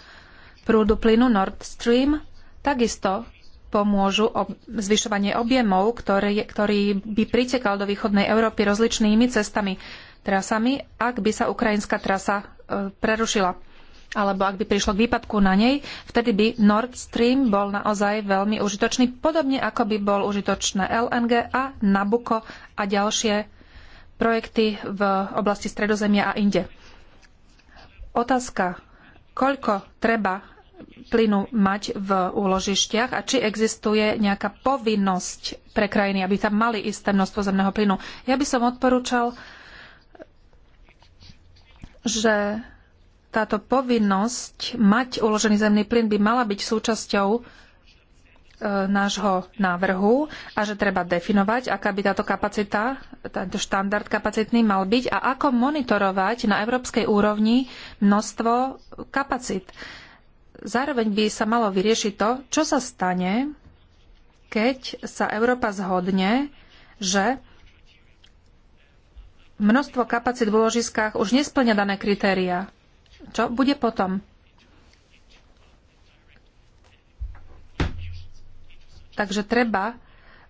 prúdu plynu Nord Stream, takisto pomôžu zvyšovanie objemov, ktorý, ktorý by pritekal do východnej Európy rozličnými cestami, trasami, ak by sa ukrajinská trasa e, prerušila alebo ak by prišlo k výpadku na nej, vtedy by Nord Stream bol naozaj veľmi užitočný, podobne ako by bol užitočné LNG a Nabuko a ďalšie projekty v oblasti Stredozemia a inde. Otázka, koľko treba plynu mať v úložištiach a či existuje nejaká povinnosť pre krajiny, aby tam mali isté množstvo zemného plynu. Ja by som odporúčal, že táto povinnosť mať uložený zemný plyn by mala byť súčasťou e, nášho návrhu a že treba definovať, aká by táto kapacita, tento štandard kapacitný mal byť a ako monitorovať na európskej úrovni množstvo kapacit. Zároveň by sa malo vyriešiť to, čo sa stane, keď sa Európa zhodne, že množstvo kapacít v úložiskách už nesplňa dané kritéria čo bude potom? Takže treba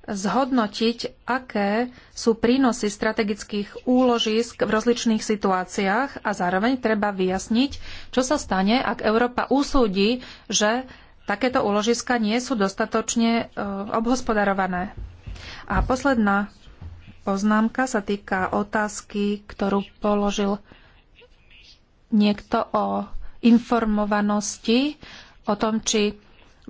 zhodnotiť, aké sú prínosy strategických úložisk v rozličných situáciách a zároveň treba vyjasniť, čo sa stane, ak Európa usúdi, že takéto úložiska nie sú dostatočne e, obhospodarované. A posledná poznámka sa týka otázky, ktorú položil niekto o informovanosti, o tom, či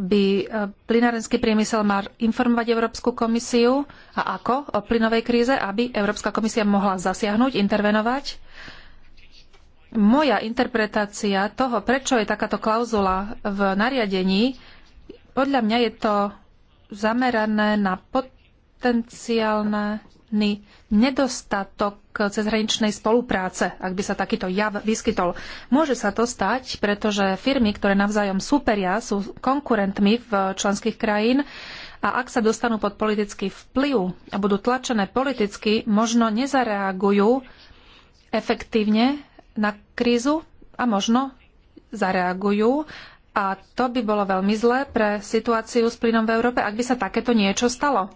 by e, plynárenský priemysel mal informovať Európsku komisiu a ako o plynovej kríze, aby Európska komisia mohla zasiahnuť, intervenovať. Moja interpretácia toho, prečo je takáto klauzula v nariadení, podľa mňa je to zamerané na potenciálny nedostatok cezhraničnej spolupráce, ak by sa takýto jav vyskytol. Môže sa to stať, pretože firmy, ktoré navzájom súperia, sú konkurentmi v členských krajín a ak sa dostanú pod politický vplyv a budú tlačené politicky, možno nezareagujú efektívne na krízu a možno zareagujú a to by bolo veľmi zlé pre situáciu s plynom v Európe, ak by sa takéto niečo stalo.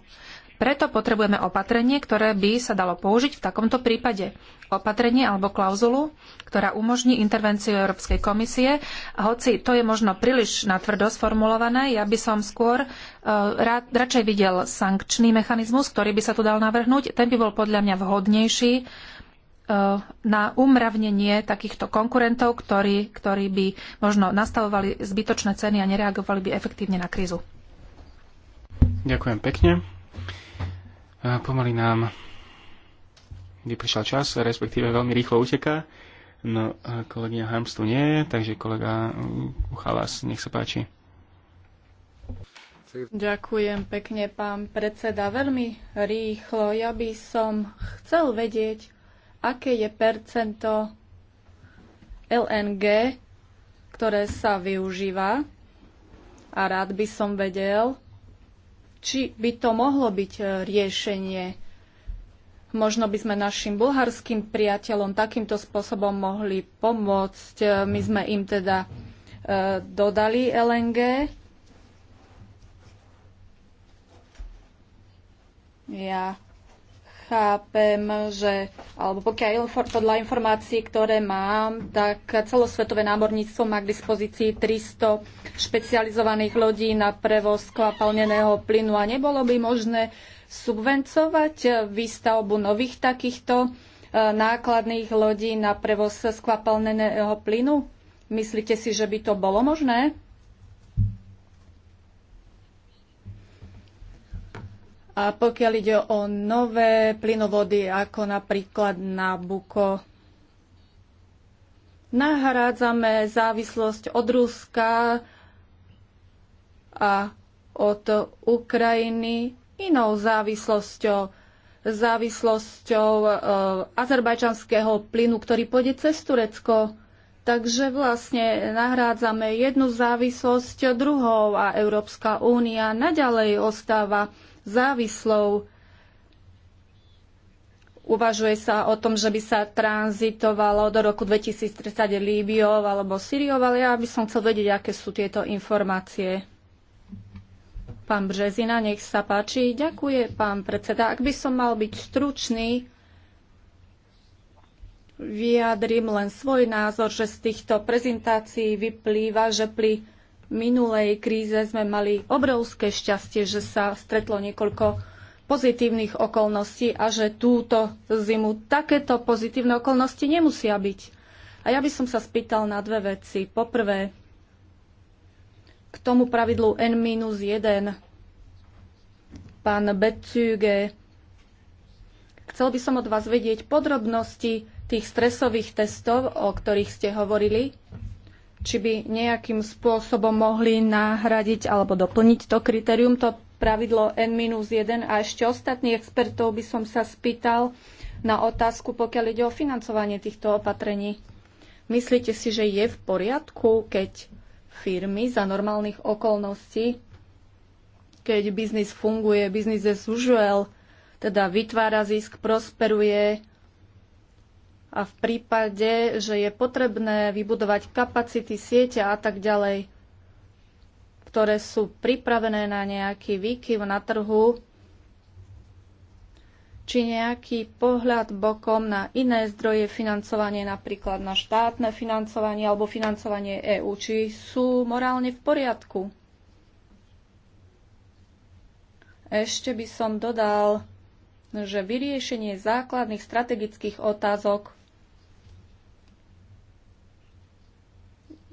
Preto potrebujeme opatrenie, ktoré by sa dalo použiť v takomto prípade. Opatrenie alebo klauzulu, ktorá umožní intervenciu Európskej komisie. A hoci to je možno príliš natvrdo sformulované, ja by som skôr uh, e, rád, radšej videl sankčný mechanizmus, ktorý by sa tu dal navrhnúť. Ten by bol podľa mňa vhodnejší uh, na umravnenie takýchto konkurentov, ktorí, ktorí by možno nastavovali zbytočné ceny a nereagovali by efektívne na krízu. Ďakujem pekne. Pomaly nám vypršal čas, respektíve veľmi rýchlo uteká. No, kolegyňa Harms tu nie je, takže kolega Uchalas, nech sa páči. Ďakujem pekne, pán predseda. Veľmi rýchlo. Ja by som chcel vedieť, aké je percento LNG, ktoré sa využíva. A rád by som vedel, či by to mohlo byť e, riešenie. Možno by sme našim bulharským priateľom takýmto spôsobom mohli pomôcť. E, my sme im teda e, dodali LNG. Ja chápem, že, alebo pokiaľ podľa informácií, ktoré mám, tak celosvetové námorníctvo má k dispozícii 300 špecializovaných lodí na prevoz skvapalneného plynu a nebolo by možné subvencovať výstavbu nových takýchto e, nákladných lodí na prevoz skvapalneného plynu? Myslíte si, že by to bolo možné? A pokiaľ ide o nové plynovody, ako napríklad Buko, nahrádzame závislosť od Ruska a od Ukrajiny inou závislosťou, závislosťou e, azerbajčanského plynu, ktorý pôjde cez Turecko. Takže vlastne nahrádzame jednu závislosť druhou a Európska únia naďalej ostáva závislou. Uvažuje sa o tom, že by sa tranzitovalo do roku 2030 Líbiou alebo Syriou, ale ja by som chcel vedieť, aké sú tieto informácie. Pán Březina, nech sa páči. Ďakuje, pán predseda. Ak by som mal byť stručný, vyjadrím len svoj názor, že z týchto prezentácií vyplýva, že pri minulej kríze sme mali obrovské šťastie, že sa stretlo niekoľko pozitívnych okolností a že túto zimu takéto pozitívne okolnosti nemusia byť. A ja by som sa spýtal na dve veci. Poprvé, k tomu pravidlu N-1. Pán Betüge, chcel by som od vás vedieť podrobnosti tých stresových testov, o ktorých ste hovorili, či by nejakým spôsobom mohli nahradiť alebo doplniť to kritérium, to pravidlo N-1. A ešte ostatných expertov by som sa spýtal na otázku, pokiaľ ide o financovanie týchto opatrení. Myslíte si, že je v poriadku, keď firmy za normálnych okolností, keď biznis funguje, biznis je usual, teda vytvára zisk, prosperuje a v prípade, že je potrebné vybudovať kapacity siete a tak ďalej, ktoré sú pripravené na nejaký výkyv na trhu, či nejaký pohľad bokom na iné zdroje financovanie, napríklad na štátne financovanie alebo financovanie EÚ, či sú morálne v poriadku. Ešte by som dodal, že vyriešenie základných strategických otázok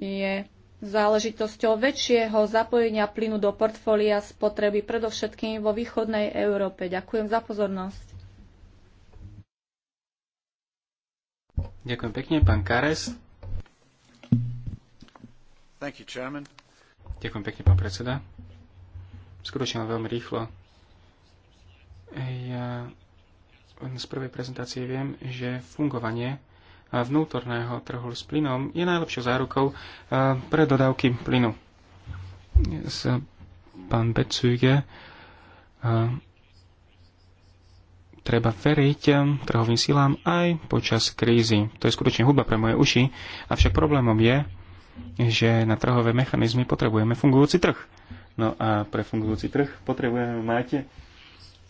je záležitosťou väčšieho zapojenia plynu do portfólia spotreby, predovšetkým vo východnej Európe. Ďakujem za pozornosť. Ďakujem pekne, pán Kares. Thank you, Chairman. Ďakujem pekne, pán predseda. Skutočne veľmi rýchlo. Ja z prvej prezentácie viem, že fungovanie vnútorného trhu s plynom je najlepšou zárukou eh, pre dodávky plynu. pán Becuje treba veriť trhovým silám aj počas krízy. To je skutočne hudba pre moje uši, avšak problémom je, že na trhové mechanizmy potrebujeme fungujúci trh. No a pre fungujúci trh potrebujeme mať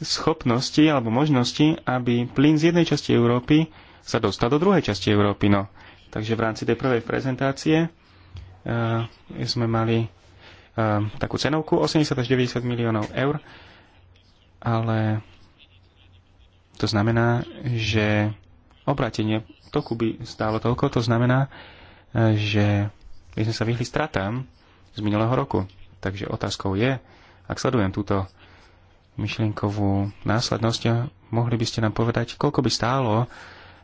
schopnosti alebo možnosti, aby plyn z jednej časti Európy sa dostal do druhej časti Európy. No. Takže v rámci tej prvej prezentácie uh, sme mali uh, takú cenovku 80 až 90 miliónov eur, ale to znamená, že obratenie toku by stálo toľko, to znamená, e, že by sme sa vyhli stratám z minulého roku. Takže otázkou je, ak sledujem túto myšlienkovú následnosť, mohli by ste nám povedať, koľko by stálo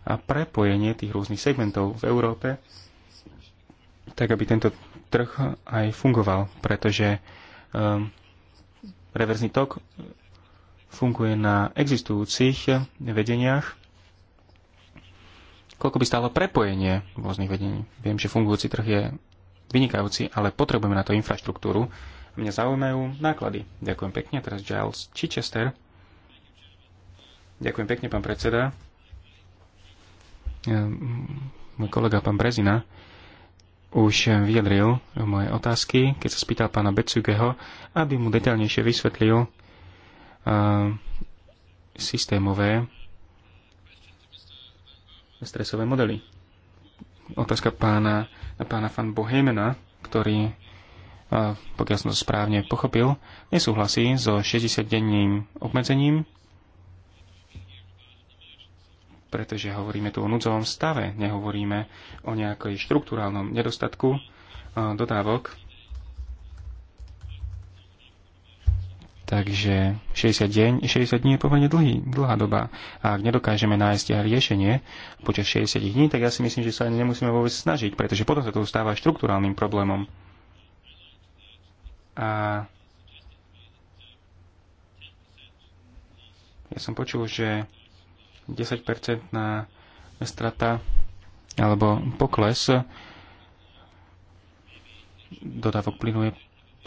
a prepojenie tých rôznych segmentov v Európe, tak aby tento trh aj fungoval, pretože um, reverzný tok funguje na existujúcich vedeniach, koľko by stálo prepojenie rôznych vedení. Viem, že fungujúci trh je vynikajúci, ale potrebujeme na to infraštruktúru. Mňa zaujímajú náklady. Ďakujem pekne. Teraz Giles Chichester. Ďakujem pekne, pán predseda. Môj kolega, pán Brezina, už vyjadril moje otázky, keď sa spýtal pána Becugeho, aby mu detailnejšie vysvetlil, systémové stresové modely. Otázka pána, pána Van Bohemena, ktorý, pokiaľ som to správne pochopil, nesúhlasí so 60-denným obmedzením, pretože hovoríme tu o núdzovom stave, nehovoríme o nejakej štruktúrálnom nedostatku dodávok Takže 60, deň, 60 dní je pomerne dlhý, dlhá doba. A ak nedokážeme nájsť riešenie počas 60 dní, tak ja si myslím, že sa ani nemusíme vôbec snažiť, pretože potom sa to stáva štruktúrálnym problémom. A ja som počul, že 10% na strata alebo pokles dodávok plynu je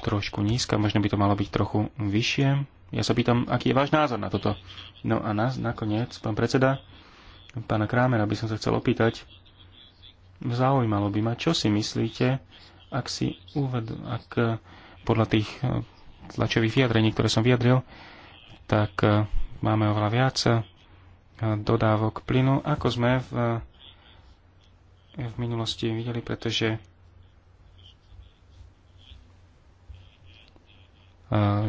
trošku nízka, možno by to malo byť trochu vyššie. Ja sa pýtam, aký je váš názor na toto. No a nás nakoniec, pán predseda, pána Krámera by som sa chcel opýtať, zaujímalo by ma, čo si myslíte, ak si uved, ak eh, podľa tých eh, tlačových vyjadrení, ktoré som vyjadril, tak eh, máme oveľa viac dodávok plynu, ako sme v, v minulosti videli, pretože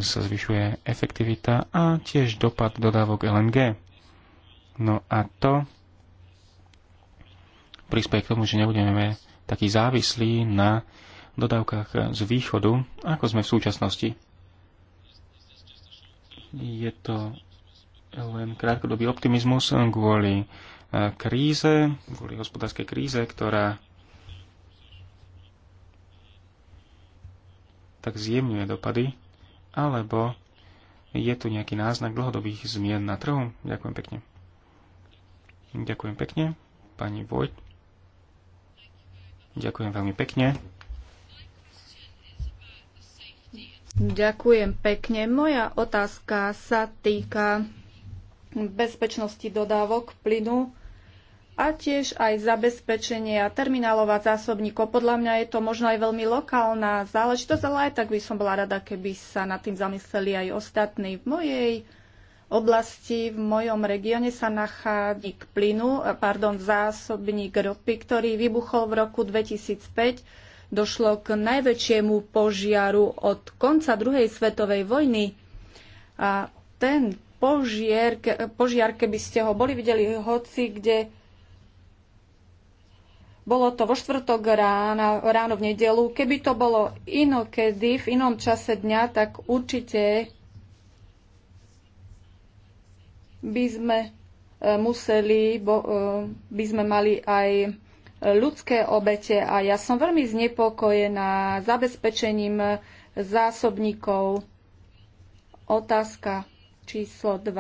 sa zvyšuje efektivita a tiež dopad dodávok LNG. No a to prispieje k tomu, že nebudeme takí závislí na dodávkach z východu, ako sme v súčasnosti. Je to len krátkodobý optimizmus kvôli e, kríze, kvôli hospodárskej kríze, ktorá tak zjemňuje dopady alebo je tu nejaký náznak dlhodobých zmien na trhu? Ďakujem pekne. Ďakujem pekne, pani Vojt. Ďakujem veľmi pekne. Ďakujem pekne. Moja otázka sa týka bezpečnosti dodávok plynu a tiež aj zabezpečenie a terminálov zásobníkov. Podľa mňa je to možno aj veľmi lokálna záležitosť, ale aj tak by som bola rada, keby sa nad tým zamysleli aj ostatní. V mojej oblasti, v mojom regióne sa nachádza k plynu, pardon, zásobník ropy, ktorý vybuchol v roku 2005. Došlo k najväčšiemu požiaru od konca druhej svetovej vojny. A ten požiar, požiar keby ste ho boli videli hoci, kde bolo to vo štvrtok rána, ráno v nedelu. Keby to bolo inokedy, v inom čase dňa, tak určite by sme e, museli, bo, e, by sme mali aj e, ľudské obete a ja som veľmi znepokojená zabezpečením zásobníkov. Otázka číslo 2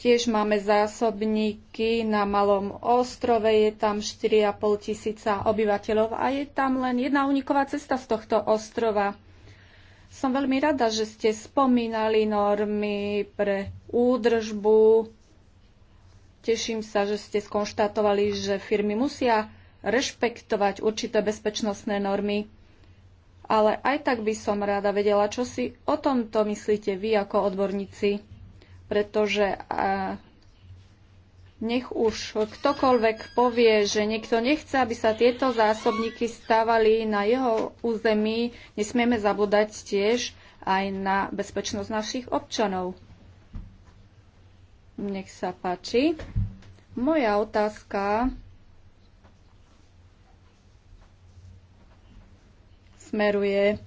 Tiež máme zásobníky na malom ostrove, je tam 4,5 tisíca obyvateľov a je tam len jedna uniková cesta z tohto ostrova. Som veľmi rada, že ste spomínali normy pre údržbu. Teším sa, že ste skonštatovali, že firmy musia rešpektovať určité bezpečnostné normy. Ale aj tak by som rada vedela, čo si o tomto myslíte vy ako odborníci pretože nech už ktokoľvek povie, že niekto nechce, aby sa tieto zásobníky stávali na jeho území, nesmieme zabúdať tiež aj na bezpečnosť našich občanov. Nech sa páči. Moja otázka smeruje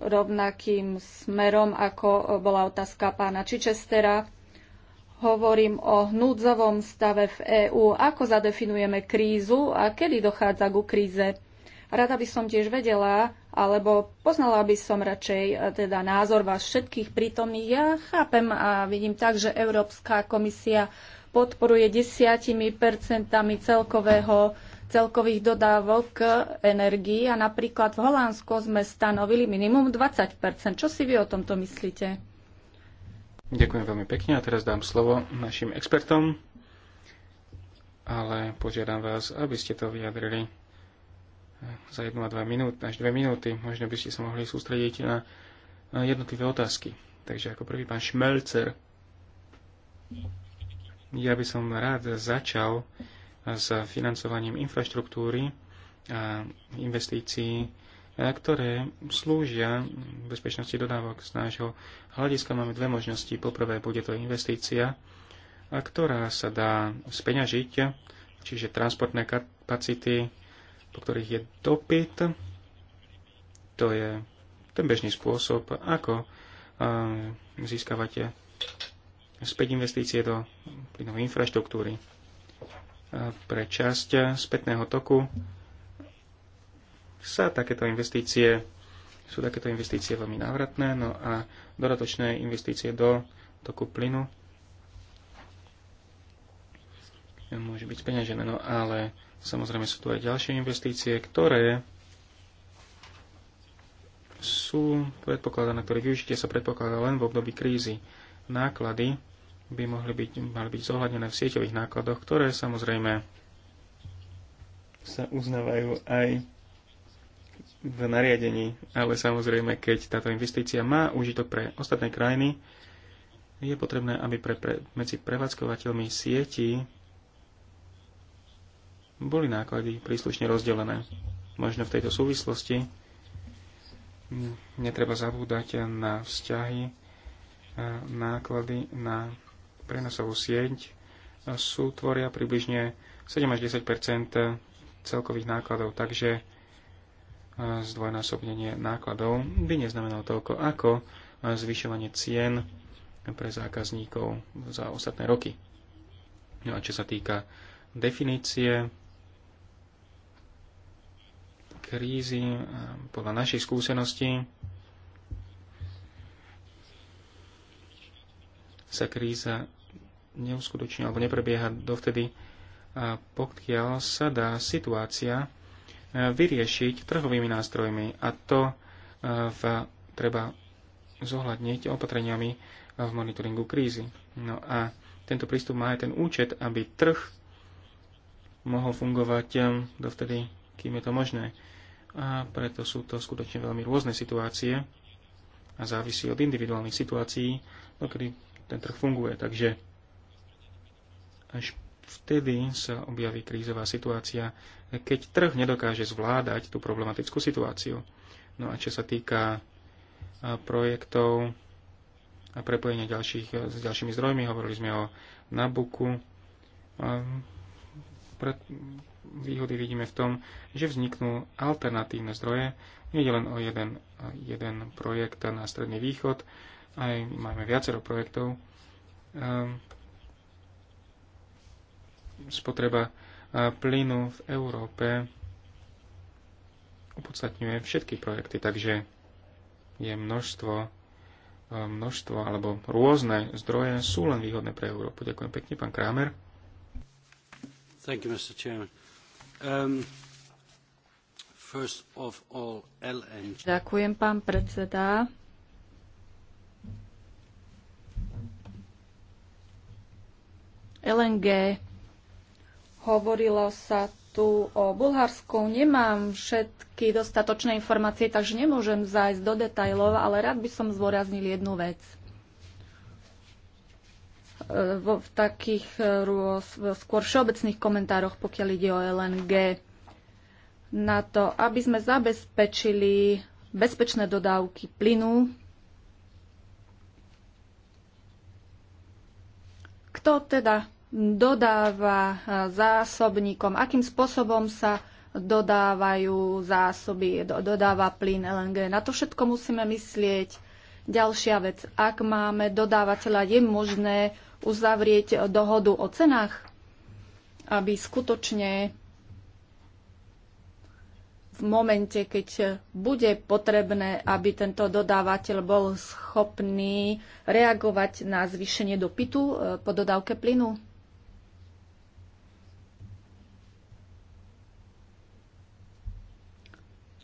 rovnakým smerom, ako bola otázka pána Čičestera. Hovorím o núdzovom stave v EÚ, ako zadefinujeme krízu a kedy dochádza ku kríze. Rada by som tiež vedela, alebo poznala by som radšej eh, teda názor vás všetkých prítomných. Ja chápem a vidím tak, že Európska komisia podporuje desiatimi percentami celkového celkových dodávok energii a napríklad v Holandsku sme stanovili minimum 20 Čo si vy o tomto myslíte? Ďakujem veľmi pekne a teraz dám slovo našim expertom, ale požiadam vás, aby ste to vyjadrili za 1 a 2 minút, až 2 minúty. Možno by ste sa mohli sústrediť na jednotlivé otázky. Takže ako prvý pán Šmelcer. Ja by som rád začal s financovaním infraštruktúry a investícií, e, ktoré slúžia bezpečnosti dodávok z nášho hľadiska. Máme dve možnosti. Poprvé bude to investícia, ktorá sa dá speňažiť, čiže transportné kapacity, po ktorých je dopyt. To je ten bežný spôsob, ako e, získavate späť investície do plynovej infraštruktúry pre časť spätného toku sa takéto investície sú takéto investície veľmi návratné, no a dodatočné investície do toku plynu môže byť peňažené, no ale samozrejme sú tu aj ďalšie investície, ktoré sú predpokladané, ktoré využitie sa predpokladá len v období krízy. Náklady by mohli byť, mali byť zohľadnené v sieťových nákladoch, ktoré samozrejme sa uznávajú aj v nariadení, ale samozrejme, keď táto investícia má užitok pre ostatné krajiny, je potrebné, aby pre, pre, medzi prevádzkovateľmi sieti boli náklady príslušne rozdelené. Možno v tejto súvislosti netreba zabúdať na vzťahy, náklady na prenosovú sieť sú tvoria približne 7 až 10 celkových nákladov, takže zdvojnásobnenie nákladov by neznamenalo toľko ako zvyšovanie cien pre zákazníkov za ostatné roky. No a čo sa týka definície krízy, podľa našich skúseností sa kríza neuskutoční alebo neprebieha dovtedy, pokiaľ sa dá situácia e, vyriešiť trhovými nástrojmi a to e, v, treba zohľadniť opatreniami v monitoringu krízy. No a tento prístup má aj ten účet, aby trh mohol fungovať e, dovtedy, kým je to možné. A preto sú to skutočne veľmi rôzne situácie a závisí od individuálnych situácií, dokedy ten trh funguje. Takže až vtedy sa objaví krízová situácia, keď trh nedokáže zvládať tú problematickú situáciu. No a čo sa týka projektov a prepojenia ďalších, s ďalšími zdrojmi, hovorili sme o Nabuku. výhody vidíme v tom, že vzniknú alternatívne zdroje. Nie je len o jeden, jeden projekt na Stredný východ, aj máme viacero projektov spotreba plynu v Európe opodstatňuje všetky projekty, takže je množstvo, množstvo alebo rôzne zdroje sú len výhodné pre Európu. Ďakujem pekne, pán Kramer. Thank you, Mr. Chairman. Um, first of all, LNG. Ďakujem, pán predseda. LNG Hovorilo sa tu o Bulharsku. Nemám všetky dostatočné informácie, takže nemôžem zájsť do detajlov, ale rád by som zvoraznil jednu vec e, v takých e, skôr všeobecných komentároch, pokiaľ ide o LNG, na to, aby sme zabezpečili bezpečné dodávky plynu. Kto teda dodáva e, zásobníkom, akým spôsobom sa dodávajú zásoby, dodáva plyn LNG. Na to všetko musíme myslieť. Ďalšia vec, ak máme dodávateľa, je možné uzavrieť dohodu o cenách, aby skutočne v momente, keď bude potrebné, aby tento dodávateľ bol schopný reagovať na zvýšenie dopytu e, po dodávke plynu?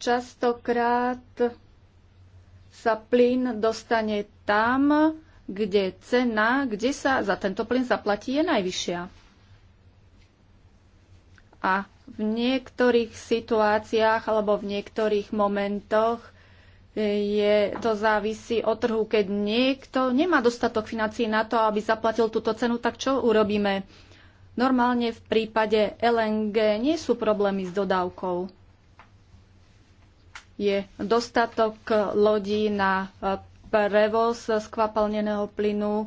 Častokrát sa plyn dostane tam, kde cena, kde sa za tento plyn zaplatí, je najvyššia. A v niektorých situáciách alebo v niektorých momentoch e, je, to závisí od trhu. Keď niekto nemá dostatok financií na to, aby zaplatil túto cenu, tak čo urobíme? Normálne v prípade LNG nie sú problémy s dodávkou je dostatok lodí na e, prevoz skvapalneného plynu.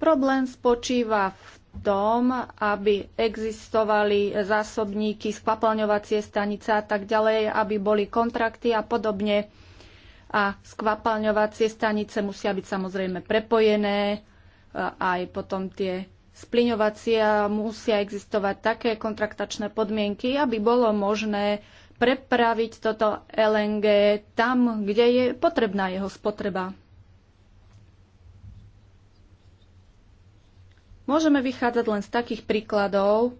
Problém spočíva v tom, aby existovali zásobníky, skvapalňovacie stanice a tak ďalej, aby boli kontrakty a podobne. A skvapalňovacie stanice musia byť samozrejme prepojené, e, aj potom tie splyňovacia musia existovať také kontraktačné podmienky, aby bolo možné prepraviť toto LNG tam, kde je potrebná jeho spotreba. Môžeme vychádzať len z takých príkladov,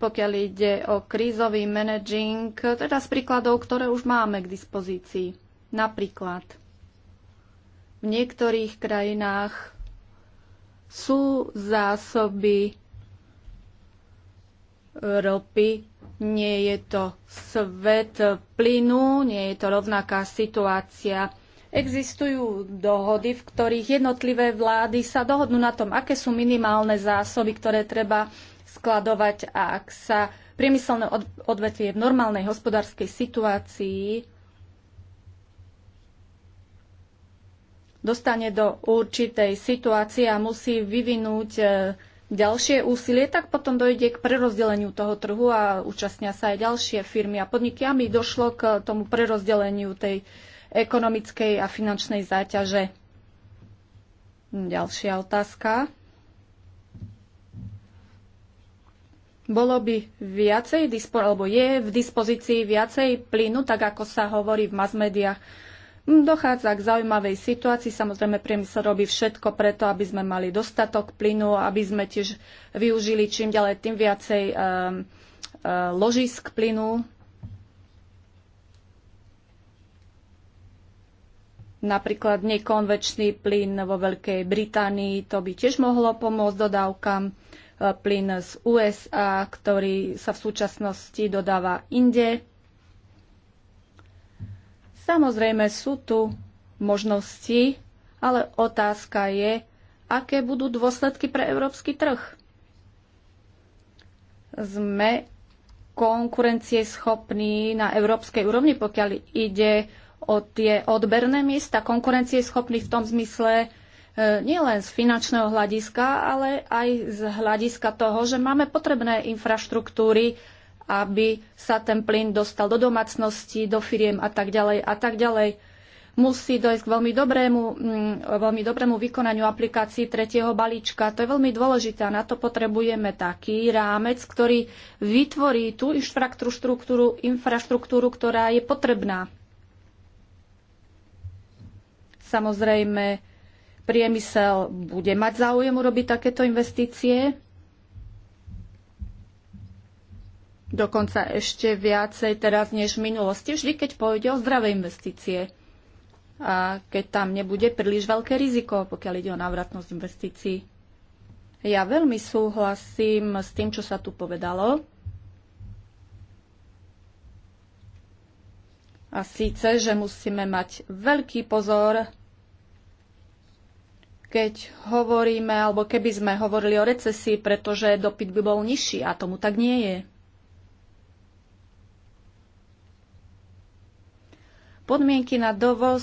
pokiaľ ide o krízový managing, teda z príkladov, ktoré už máme k dispozícii. Napríklad v niektorých krajinách sú zásoby ropy nie je to svet plynu, nie je to rovnaká situácia. Existujú dohody, v ktorých jednotlivé vlády sa dohodnú na tom, aké sú minimálne zásoby, ktoré treba skladovať a ak sa priemyselné odvetvie v normálnej hospodárskej situácii dostane do určitej situácie a musí vyvinúť e, ďalšie úsilie, tak potom dojde k prerozdeleniu toho trhu a účastnia sa aj ďalšie firmy a podniky. A došlo k tomu prerozdeleniu tej ekonomickej a finančnej záťaže. Ďalšia otázka. Bolo by viacej, alebo je v dispozícii viacej plynu, tak ako sa hovorí v masmediách. Dochádza k zaujímavej situácii. Samozrejme, priemysel robí všetko preto, aby sme mali dostatok plynu, aby sme tiež využili čím ďalej tým viacej e, e, ložisk plynu. Napríklad nekonvečný plyn vo Veľkej Británii, to by tiež mohlo pomôcť dodávkam eh, plyn z USA, ktorý sa v súčasnosti dodáva inde. Samozrejme sú tu možnosti, ale otázka je, aké budú dôsledky pre európsky trh. Sme konkurencieschopní na európskej úrovni, pokiaľ ide o tie odberné miesta, konkurencieschopní v tom zmysle, e, nielen z finančného hľadiska, ale aj z hľadiska toho, že máme potrebné infraštruktúry aby sa ten plyn dostal do domácnosti, do firiem a tak ďalej a tak ďalej. Musí dojsť k veľmi dobrému, mm, veľmi dobrému vykonaniu aplikácií tretieho balíčka. To je veľmi dôležité a na to potrebujeme taký rámec, ktorý vytvorí tú infraštruktúru, infraštruktúru ktorá je potrebná. Samozrejme, priemysel bude mať záujem urobiť takéto investície, dokonca ešte viacej teraz než v minulosti, vždy keď pôjde o zdravé investície a keď tam nebude príliš veľké riziko, pokiaľ ide o návratnosť investícií. Ja veľmi súhlasím s tým, čo sa tu povedalo. A síce, že musíme mať veľký pozor, keď hovoríme, alebo keby sme hovorili o recesii, pretože dopyt by bol nižší a tomu tak nie je. Podmienky na dovoz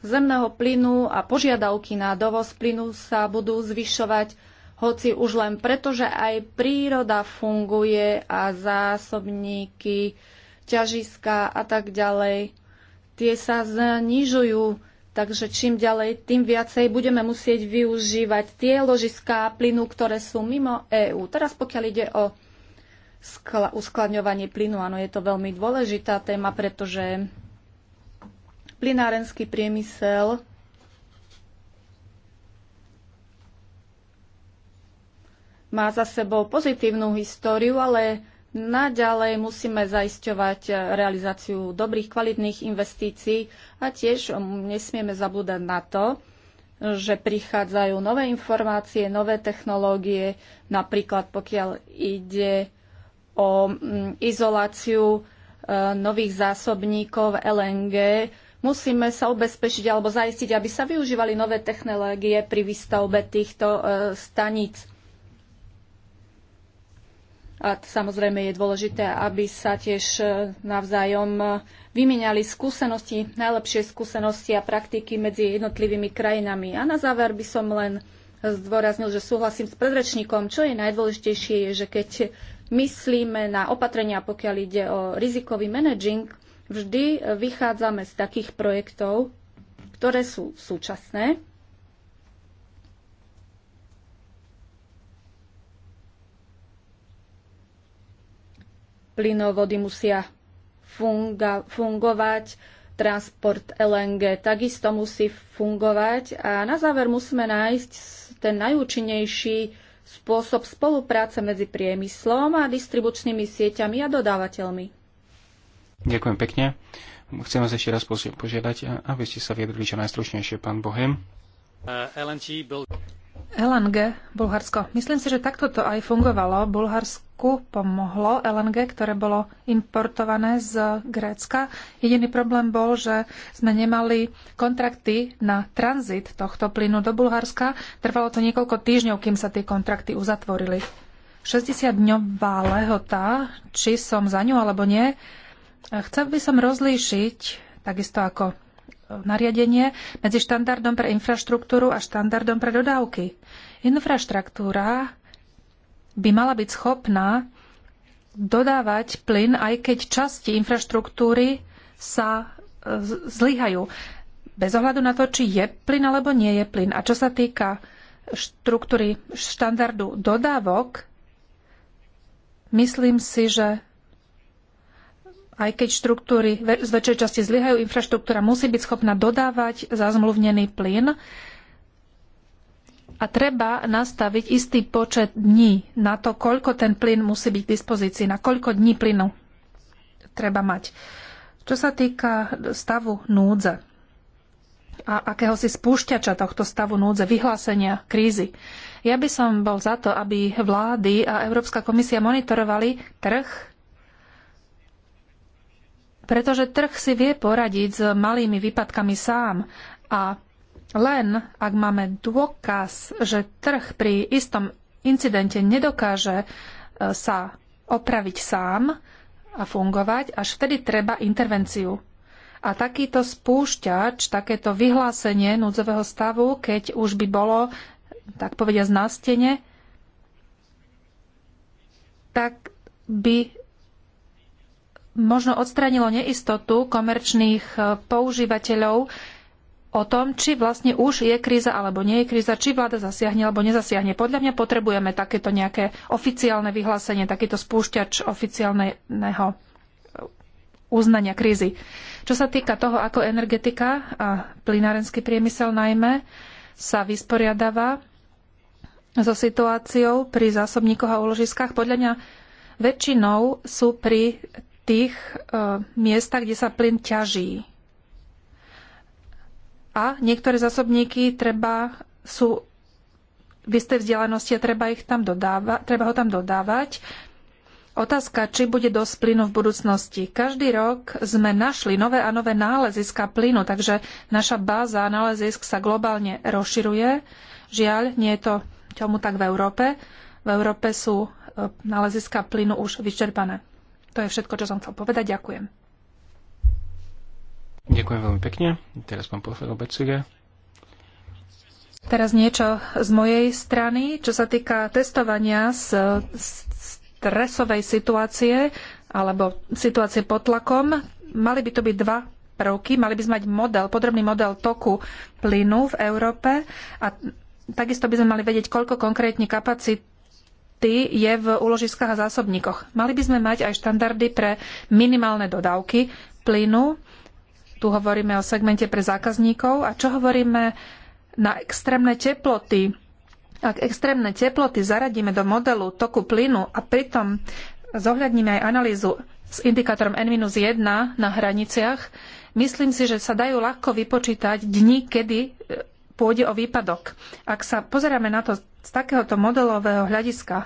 zemného plynu a požiadavky na dovoz plynu sa budú zvyšovať, hoci už len preto, že aj príroda funguje a zásobníky, ťažiska a tak ďalej, tie sa znižujú. Takže čím ďalej, tým viacej budeme musieť využívať tie ložiská plynu, ktoré sú mimo EÚ. Teraz pokiaľ ide o uskladňovanie plynu, áno, je to veľmi dôležitá téma, pretože Plinárenský priemysel má za sebou pozitívnu históriu, ale naďalej musíme zaisťovať realizáciu dobrých, kvalitných investícií a tiež nesmieme zabúdať na to, že prichádzajú nové informácie, nové technológie, napríklad pokiaľ ide o mm, izoláciu e, nových zásobníkov LNG, Musíme sa ubezpečiť alebo zaistiť, aby sa využívali nové technológie pri výstavbe týchto e, staníc. A samozrejme je dôležité, aby sa tiež e, navzájom e, vymieniali skúsenosti, najlepšie skúsenosti a praktiky medzi jednotlivými krajinami. A na záver by som len zdôraznil, že súhlasím s predrečníkom. Čo je najdôležitejšie, je, že keď myslíme na opatrenia, pokiaľ ide o rizikový managing, Vždy vychádzame z takých projektov, ktoré sú súčasné, plynovody musia funga- fungovať, transport LNG takisto musí fungovať a na záver musíme nájsť ten najúčinnejší spôsob spolupráce medzi priemyslom a distribučnými sieťami a dodávateľmi. Ďakujem pekne. Chcem vás ešte raz požiadať, eh, aby ste sa viedli čo najstručnejšie, pán Bohem. Eh, LNG, Bulharsko. Myslím si, že takto to aj fungovalo. Bulharsku pomohlo LNG, ktoré bolo importované z Grécka. Jediný problém bol, že sme nemali kontrakty na tranzit tohto plynu do Bulharska. Trvalo to niekoľko týždňov, kým sa tie kontrakty uzatvorili. 60-dňová lehota, či som za ňu alebo nie, Chcel by som rozlíšiť, takisto ako nariadenie, medzi štandardom pre infraštruktúru a štandardom pre dodávky. Infraštruktúra by mala byť schopná dodávať plyn, aj keď časti infraštruktúry sa e, zlyhajú. Bez ohľadu na to, či je plyn alebo nie je plyn. A čo sa týka štruktúry štandardu dodávok, myslím si, že aj keď štruktúry z väčšej časti zlyhajú, infraštruktúra musí byť schopná dodávať zazmluvnený plyn a treba nastaviť istý počet dní na to, koľko ten plyn musí byť k dispozícii, na koľko dní plynu treba mať. Čo sa týka stavu núdze a akéhosi spúšťača tohto stavu núdze, vyhlásenia krízy, ja by som bol za to, aby vlády a Európska komisia monitorovali trh pretože trh si vie poradiť s malými výpadkami sám a len ak máme dôkaz, že trh pri istom incidente nedokáže e, sa opraviť sám a fungovať, až vtedy treba intervenciu. A takýto spúšťač, takéto vyhlásenie núdzového stavu, keď už by bolo, tak povediať, z nástene, tak by možno odstránilo neistotu komerčných e, používateľov o tom, či vlastne už je kríza alebo nie je kríza, či vláda zasiahne alebo nezasiahne. Podľa mňa potrebujeme takéto nejaké oficiálne vyhlásenie, takýto spúšťač oficiálneho uznania krízy. Čo sa týka toho, ako energetika a plynárenský priemysel najmä sa vysporiadáva so situáciou pri zásobníkoch a úložiskách, podľa mňa väčšinou sú pri tých e, miestach, kde sa plyn ťaží. A niektoré zásobníky treba, sú v istej vzdialenosti a treba, ich tam dodáva, treba ho tam dodávať. Otázka, či bude dosť plynu v budúcnosti. Každý rok sme našli nové a nové náleziska plynu, takže naša báza nálezisk sa globálne rozširuje. Žiaľ, nie je to tomu tak v Európe. V Európe sú e, náleziska plynu už vyčerpané. To je všetko, čo som chcel povedať. Ďakujem. Ďakujem veľmi pekne. Teraz pán profesor Becige. Teraz niečo z mojej strany, čo sa týka testovania z stresovej situácie alebo situácie pod tlakom. Mali by to byť dva prvky. Mali by sme mať model, podrobný model toku plynu v Európe a takisto by sme mali vedieť, koľko konkrétne kapacít ty je v úložiskách a zásobníkoch. Mali by sme mať aj štandardy pre minimálne dodávky plynu. Tu hovoríme o segmente pre zákazníkov. A čo hovoríme na extrémne teploty? Ak extrémne teploty zaradíme do modelu toku plynu a pritom zohľadníme aj analýzu s indikátorom N-1 na hraniciach, myslím si, že sa dajú ľahko vypočítať dni, kedy pôjde o výpadok. Ak sa pozeráme na to z takéhoto modelového hľadiska,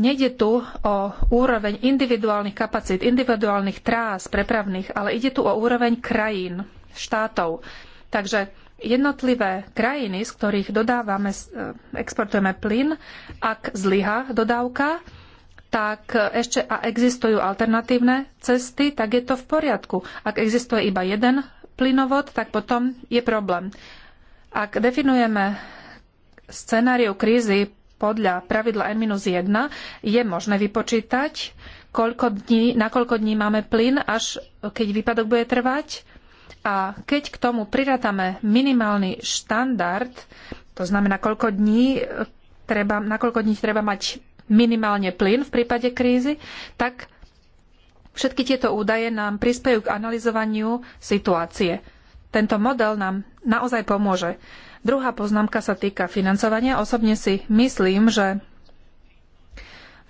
nejde tu o úroveň individuálnych kapacít, individuálnych trás prepravných, ale ide tu o úroveň krajín, štátov. Takže jednotlivé krajiny, z ktorých dodávame, exportujeme plyn, ak zlyha dodávka, tak ešte a existujú alternatívne cesty, tak je to v poriadku. Ak existuje iba jeden plynovod, tak potom je problém. Ak definujeme scenáriu krízy podľa pravidla N-1, je možné vypočítať, koľko dní, na koľko dní máme plyn, až keď výpadok bude trvať. A keď k tomu priratame minimálny štandard, to znamená, koľko dní e, treba, na koľko dní treba mať minimálne plyn v prípade krízy, tak Všetky tieto údaje nám prispejú k analyzovaniu situácie. Tento model nám naozaj pomôže. Druhá poznámka sa týka financovania. Osobne si myslím, že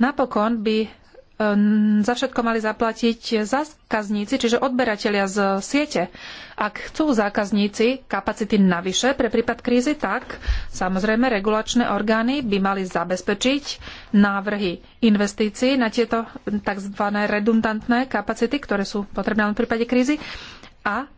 napokon by Ehm, za všetko mali zaplatiť zákazníci, čiže odberatelia z siete. Ak chcú zákazníci kapacity navyše pre prípad krízy, tak samozrejme regulačné orgány by mali zabezpečiť návrhy investícií na tieto tzv. redundantné kapacity, ktoré sú potrebné v prípade krízy a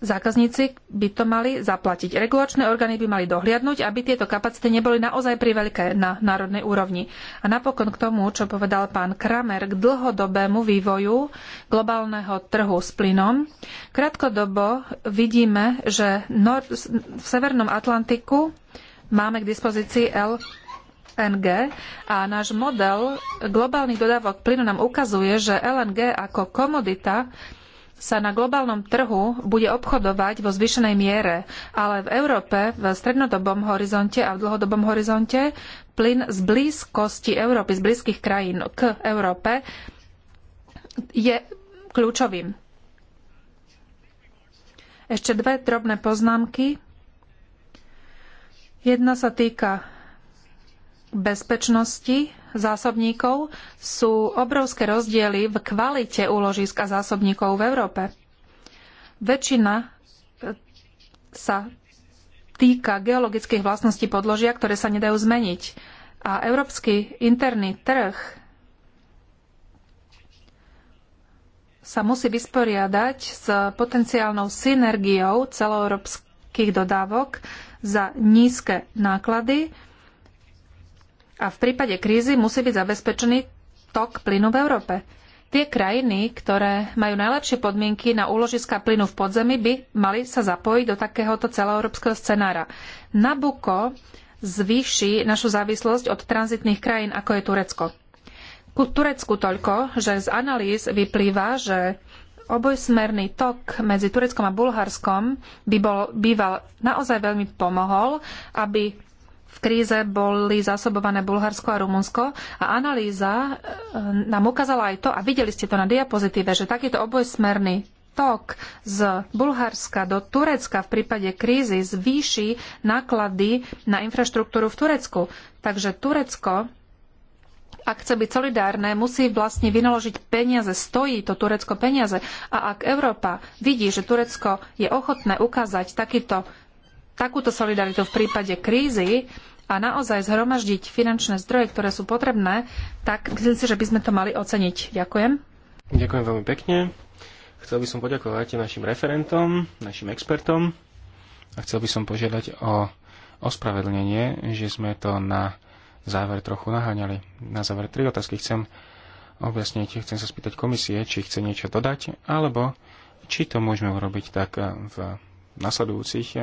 zákazníci by to mali zaplatiť. Regulačné orgány by mali dohliadnúť, aby tieto kapacity neboli naozaj priveľké na národnej úrovni. A napokon k tomu, čo povedal pán Kramer, k dlhodobému vývoju globálneho trhu s plynom. Krátkodobo vidíme, že v Severnom Atlantiku máme k dispozícii L LNG a náš model globálnych dodávok plynu nám ukazuje, že LNG ako komodita sa na globálnom trhu bude obchodovať vo zvýšenej miere, ale v Európe v strednodobom horizonte a v dlhodobom horizonte plyn z blízkosti Európy, z blízkych krajín k Európe je kľúčovým. Ešte dve drobné poznámky. Jedna sa týka bezpečnosti zásobníkov sú obrovské rozdiely v kvalite úložisk a zásobníkov v Európe. Väčšina eh, sa týka geologických vlastností podložia, ktoré sa nedajú zmeniť. A európsky interný trh sa musí vysporiadať s potenciálnou synergiou celoeurópskych dodávok za nízke náklady a v prípade krízy musí byť zabezpečený tok plynu v Európe. Tie krajiny, ktoré majú najlepšie podmienky na úložiska plynu v podzemí, by mali sa zapojiť do takéhoto celoeurópskeho scenára. Nabuko zvýši našu závislosť od tranzitných krajín, ako je Turecko. Ku Turecku toľko, že z analýz vyplýva, že obojsmerný tok medzi Tureckom a Bulharskom by bol, býval naozaj veľmi pomohol, aby v kríze boli zásobované Bulharsko a Rumunsko a analýza e, nám ukázala aj to, a videli ste to na diapozitíve, že takýto obojsmerný tok z Bulharska do Turecka v prípade krízy zvýši náklady na infraštruktúru v Turecku. Takže Turecko, ak chce byť solidárne, musí vlastne vynaložiť peniaze. Stojí to Turecko peniaze. A ak Európa vidí, že Turecko je ochotné ukázať takýto takúto solidaritu v prípade krízy a naozaj zhromaždiť finančné zdroje, ktoré sú potrebné, tak myslím si, že by sme to mali oceniť. Ďakujem. Ďakujem veľmi pekne. Chcel by som poďakovať našim referentom, našim expertom a chcel by som požiadať o ospravedlnenie, že sme to na záver trochu naháňali. Na záver tri otázky chcem objasniť, chcem sa spýtať komisie, či chce niečo dodať, alebo či to môžeme urobiť tak v nasledujúcich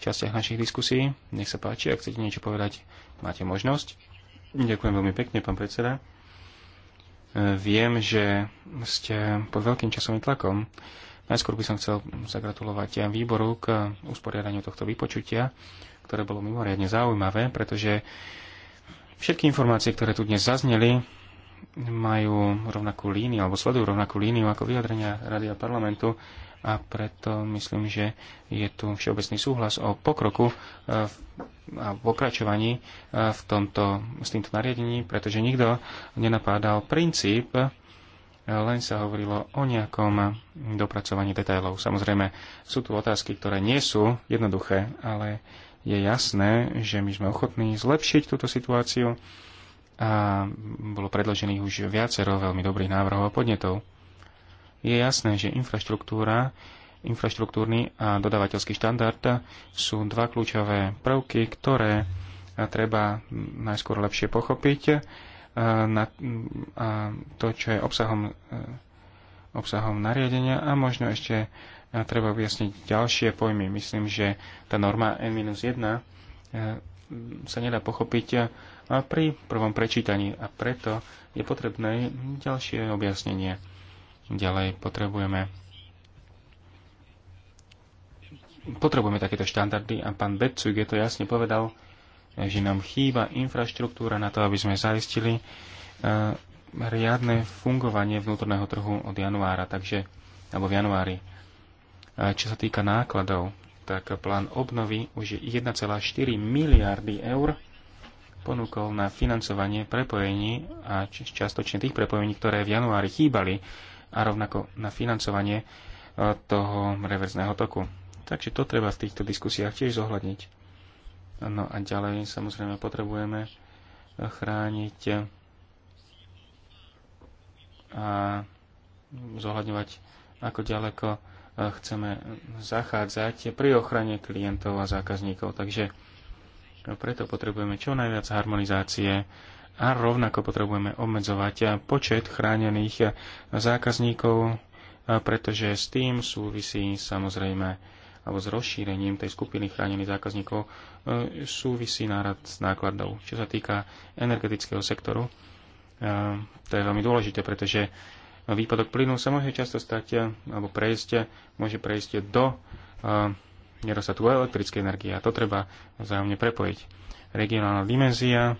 častiach našich diskusí. Nech sa páči, ak chcete niečo povedať, máte možnosť. Ďakujem veľmi pekne, pán predseda. E, viem, že ste pod veľkým časovým tlakom. Najskôr by som chcel zagratulovať výboru k usporiadaniu tohto vypočutia, ktoré bolo mimoriadne zaujímavé, pretože všetky informácie, ktoré tu dnes zazneli, majú rovnakú líniu, alebo sledujú rovnakú líniu ako vyjadrenia Rady a parlamentu a preto myslím, že je tu všeobecný súhlas o pokroku e, a pokračovaní e, v tomto, s týmto nariadením, pretože nikto nenapádal princíp, e, len sa hovorilo o nejakom dopracovaní detailov. Samozrejme, sú tu otázky, ktoré nie sú jednoduché, ale je jasné, že my sme ochotní zlepšiť túto situáciu a bolo predložených už viacero veľmi dobrých návrhov a podnetov je jasné, že infraštruktúra, infraštruktúrny a dodávateľský štandard sú dva kľúčové prvky, ktoré treba najskôr lepšie pochopiť eh, na to, čo je obsahom, eh, obsahom nariadenia a možno ešte eh, treba objasniť ďalšie pojmy. Myslím, že tá norma N-1 sa nedá pochopiť pri prvom prečítaní a preto je potrebné ďalšie objasnenie. Ďalej potrebujeme potrebujeme takéto štandardy a pán Becug je to jasne povedal, že nám chýba infraštruktúra na to, aby sme zaistili e, riadne fungovanie vnútorného trhu od januára, takže, alebo v januári. E, čo sa týka nákladov, tak plán obnovy už 1,4 miliardy eur ponúkol na financovanie prepojení a čiastočne tých prepojení, ktoré v januári chýbali a rovnako na financovanie e, toho reverzného toku. Takže to treba v týchto diskusiách tiež zohľadniť. No a ďalej samozrejme potrebujeme chrániť a zohľadňovať, ako ďaleko e, chceme zachádzať pri ochrane klientov a zákazníkov. Takže preto potrebujeme čo najviac harmonizácie a rovnako potrebujeme obmedzovať počet chránených zákazníkov, pretože s tým súvisí samozrejme alebo s rozšírením tej skupiny chránených zákazníkov e, súvisí nárad s nákladov. Čo sa týka energetického sektoru, e, to je veľmi dôležité, pretože výpadok plynu sa môže často stať, e, alebo prejsť, môže prejsť do nedostatku elektrickej energie a to treba vzájomne prepojiť. Regionálna dimenzia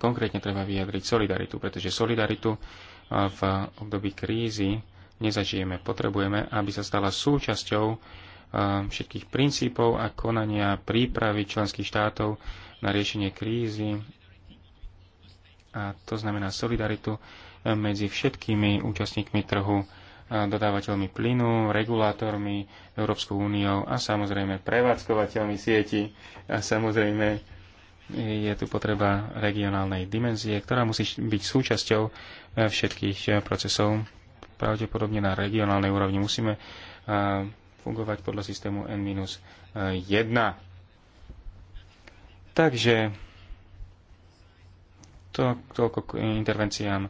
konkrétne treba vyjadriť solidaritu, pretože solidaritu v období krízy nezažijeme. Potrebujeme, aby sa stala súčasťou všetkých princípov a konania prípravy členských štátov na riešenie krízy. A to znamená solidaritu medzi všetkými účastníkmi trhu, dodávateľmi plynu, regulátormi, Európskou úniou a samozrejme prevádzkovateľmi sieti a samozrejme je tu potreba regionálnej dimenzie, ktorá musí byť súčasťou eh, všetkých eh, procesov. Pravdepodobne na regionálnej úrovni musíme eh, fungovať podľa systému N-1. Takže to toľko k intervenciám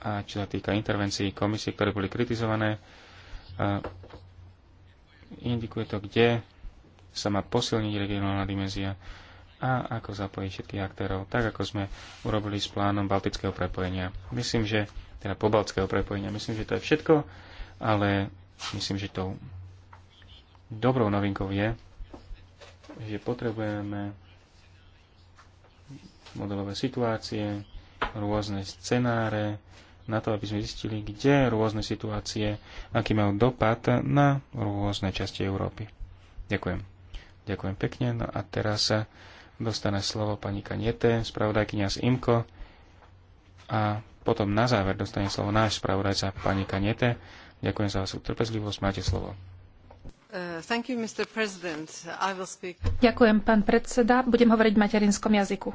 a čo sa týka intervencií komisie, ktoré boli kritizované, indikuje to, kde sa má posilniť regionálna dimenzia a ako zapojiť všetkých aktérov, tak ako sme urobili s plánom baltického prepojenia. Myslím, že teda pobaltského prepojenia. Myslím, že to je všetko, ale myslím, že tou dobrou novinkou je, že potrebujeme modelové situácie, rôzne scenáre, na to, aby sme zistili, kde rôzne situácie, aký majú dopad na rôzne časti Európy. Ďakujem. Ďakujem pekne. No a teraz sa dostane slovo pani Kaniete, spravodajkynia z IMKO. A potom na záver dostane slovo náš spravodajca pani Kaniete. Ďakujem za vašu trpezlivosť. Máte slovo. Uh, you, speak... Ďakujem, pán predseda. Budem hovoriť v materinskom jazyku.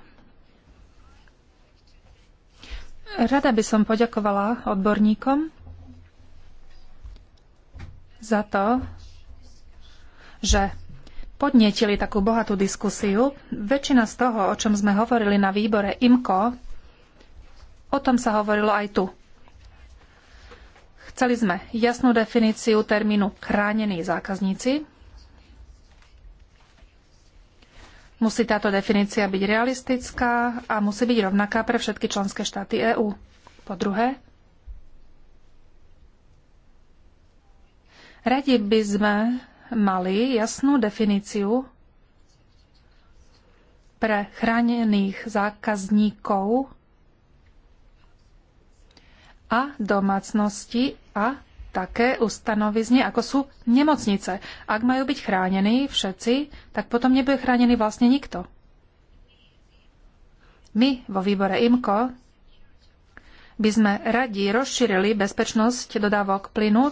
Rada by som poďakovala odborníkom za to, že podnietili takú bohatú diskusiu. Väčšina z toho, o čom sme hovorili na výbore IMKO, o tom sa hovorilo aj tu. Chceli sme jasnú definíciu termínu chránení zákazníci. Musí táto definícia byť realistická a musí byť rovnaká pre všetky členské štáty EÚ. Po druhé, radi by sme mali jasnú definíciu pre chránených zákazníkov a domácnosti a také ustanovizne, ako sú nemocnice. Ak majú byť chránení všetci, tak potom nebude chránený vlastne nikto. My vo výbore IMKO by sme radi rozšírili bezpečnosť dodávok plynu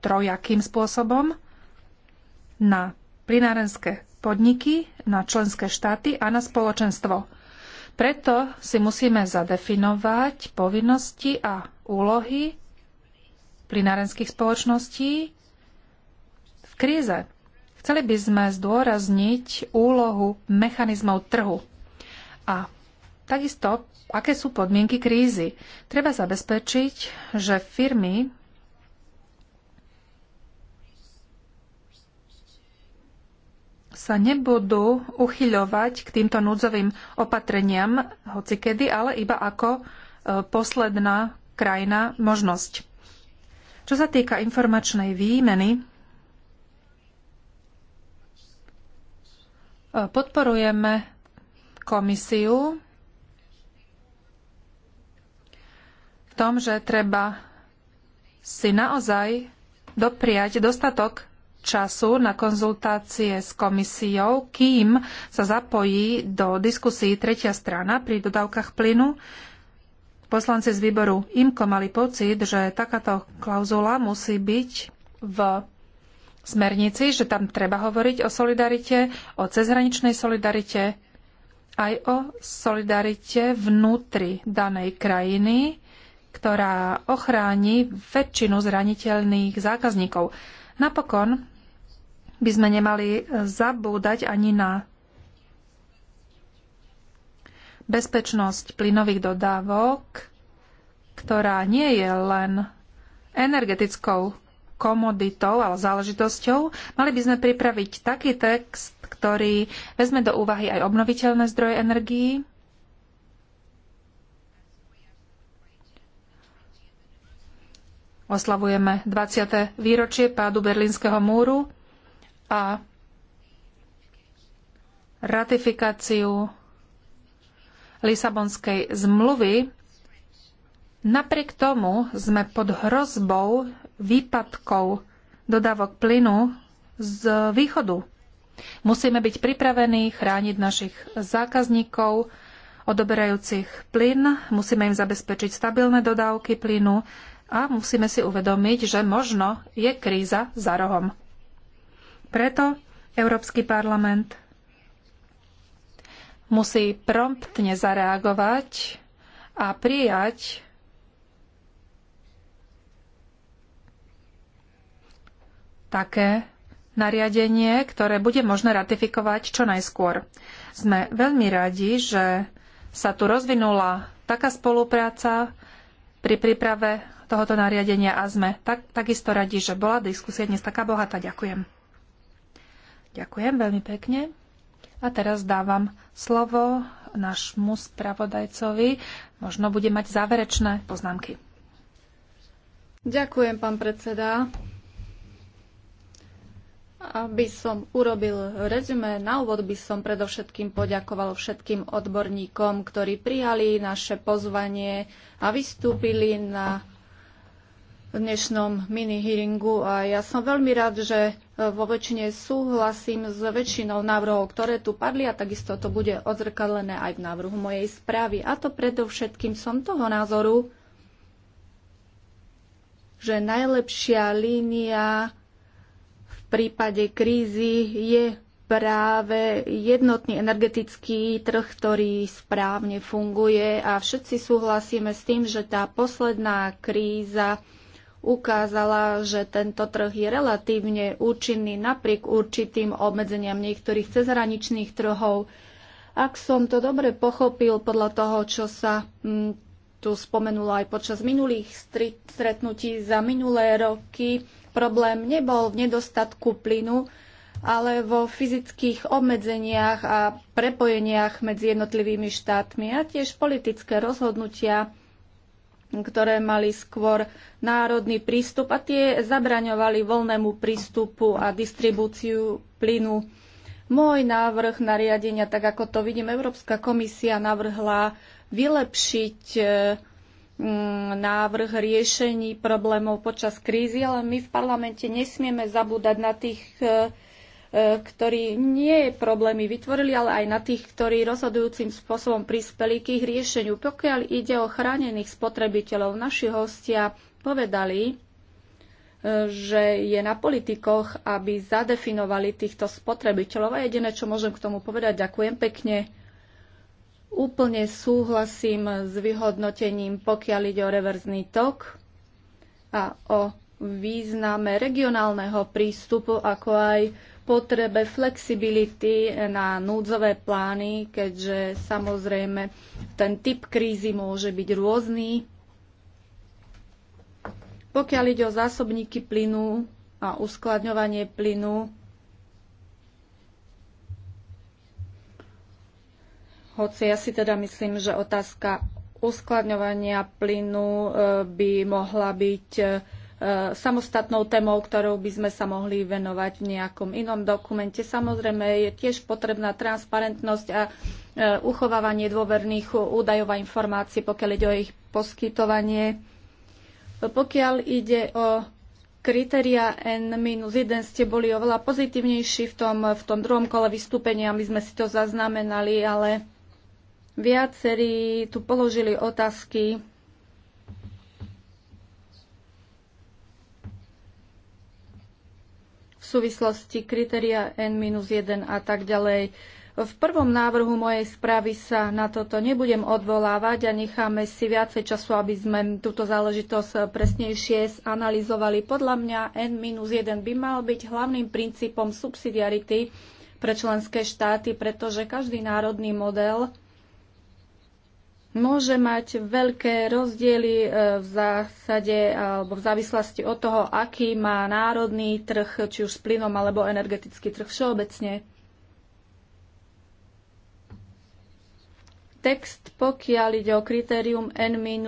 trojakým spôsobom – na plinárenské podniky, na členské štáty a na spoločenstvo. Preto si musíme zadefinovať povinnosti a úlohy plinárenských spoločností v kríze. Chceli by sme zdôrazniť úlohu mechanizmov trhu. A takisto, aké sú podmienky krízy. Treba zabezpečiť, že firmy sa nebudú uchyľovať k týmto núdzovým opatreniam hocikedy, ale iba ako e, posledná krajná možnosť. Čo sa týka informačnej výmeny, e, podporujeme komisiu v tom, že treba si naozaj dopriať dostatok času na konzultácie s komisiou, kým sa zapojí do diskusí tretia strana pri dodávkach plynu. Poslanci z výboru IMKO mali pocit, že takáto klauzula musí byť v smernici, že tam treba hovoriť o solidarite, o cezhraničnej solidarite, aj o solidarite vnútri danej krajiny, ktorá ochráni väčšinu zraniteľných zákazníkov. Napokon by sme nemali zabúdať ani na bezpečnosť plynových dodávok, ktorá nie je len energetickou komoditou, ale záležitosťou, mali by sme pripraviť taký text, ktorý vezme do úvahy aj obnoviteľné zdroje energií, Oslavujeme 20. výročie pádu Berlínskeho múru a ratifikáciu Lisabonskej zmluvy. Napriek tomu sme pod hrozbou výpadkov dodávok plynu z východu. Musíme byť pripravení chrániť našich zákazníkov, odoberajúcich plyn, musíme im zabezpečiť stabilné dodávky plynu, a musíme si uvedomiť, že možno je kríza za rohom. Preto Európsky parlament musí promptne zareagovať a prijať také nariadenie, ktoré bude možné ratifikovať čo najskôr. Sme veľmi radi, že sa tu rozvinula taká spolupráca pri príprave tohoto nariadenia a sme tak, takisto radi, že bola diskusia dnes taká bohatá. Ďakujem. Ďakujem veľmi pekne. A teraz dávam slovo nášmu spravodajcovi. Možno bude mať záverečné poznámky. Ďakujem, pán predseda. Aby som urobil rezume, na úvod by som predovšetkým poďakoval všetkým odborníkom, ktorí prijali naše pozvanie a vystúpili na v dnešnom mini-hearingu a ja som veľmi rád, že e, vo väčšine súhlasím s väčšinou návrhov, ktoré tu padli a takisto to bude odzrkadlené aj v návrhu mojej správy. A to predovšetkým som toho názoru, že najlepšia línia v prípade krízy je práve jednotný energetický trh, ktorý správne funguje a všetci súhlasíme s tým, že tá posledná kríza ukázala, že tento trh je relatívne účinný napriek určitým obmedzeniam niektorých cezhraničných trhov. Ak som to dobre pochopil podľa toho, čo sa hm, tu spomenula aj počas minulých stretnutí za minulé roky, problém nebol v nedostatku plynu, ale vo fyzických obmedzeniach a prepojeniach medzi jednotlivými štátmi a tiež politické rozhodnutia ktoré mali skôr národný prístup a tie zabraňovali voľnému prístupu a distribúciu plynu. Môj návrh nariadenia, tak ako to vidím, Európska komisia navrhla vylepšiť e, mm, návrh riešení problémov počas krízy, ale my v parlamente nesmieme zabúdať na tých e, E, ktorí nie problémy vytvorili, ale aj na tých, ktorí rozhodujúcim spôsobom prispeli k ich riešeniu. Pokiaľ ide o chránených spotrebiteľov, naši hostia povedali, e, že je na politikoch, aby zadefinovali týchto spotrebiteľov. A jediné, čo môžem k tomu povedať, ďakujem pekne. Úplne súhlasím s vyhodnotením, pokiaľ ide o reverzný tok a o význame regionálneho prístupu, ako aj potrebe flexibility na núdzové plány, keďže samozrejme ten typ krízy môže byť rôzny. Pokiaľ ide o zásobníky plynu a uskladňovanie plynu, hoci ja si teda myslím, že otázka uskladňovania plynu eh, by mohla byť eh, E, samostatnou témou, ktorou by sme sa mohli venovať v nejakom inom dokumente. Samozrejme je tiež potrebná transparentnosť a e, uchovávanie dôverných údajov a informácií, pokiaľ ide o ich poskytovanie. Pokiaľ ide o kritéria N-1 ste boli oveľa pozitívnejší v tom, v tom druhom kole vystúpenia, my sme si to zaznamenali, ale viacerí tu položili otázky súvislosti kritéria N-1 a tak ďalej. V prvom návrhu mojej správy sa na toto nebudem odvolávať a necháme si viacej času, aby sme túto záležitosť presnejšie zanalizovali. Podľa mňa N-1 by mal byť hlavným princípom subsidiarity pre členské štáty, pretože každý národný model môže mať veľké rozdiely e, v zásade alebo v závislosti od toho, aký má národný trh, či už s plynom alebo energetický trh všeobecne. Text, pokiaľ ide o kritérium N-1,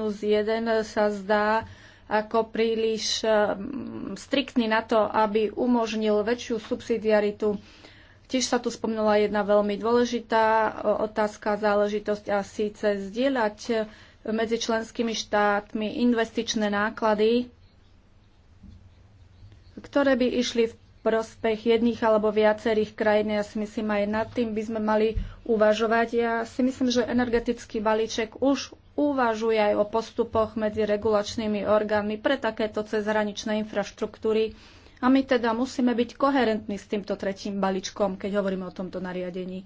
sa zdá ako príliš mm, striktný na to, aby umožnil väčšiu subsidiaritu Tiež sa tu spomínala jedna veľmi dôležitá e, otázka, záležitosť a síce zdieľať e, medzi členskými štátmi investičné náklady, ktoré by išli v prospech jedných alebo viacerých krajín. Ja si myslím, aj nad tým by sme mali uvažovať. Ja si myslím, že energetický balíček už uvažuje aj o postupoch medzi regulačnými orgánmi pre takéto cezhraničné infraštruktúry a my teda musíme byť koherentní s týmto tretím balíčkom, keď hovoríme o tomto nariadení.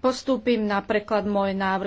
Postúpim preklad môj návrh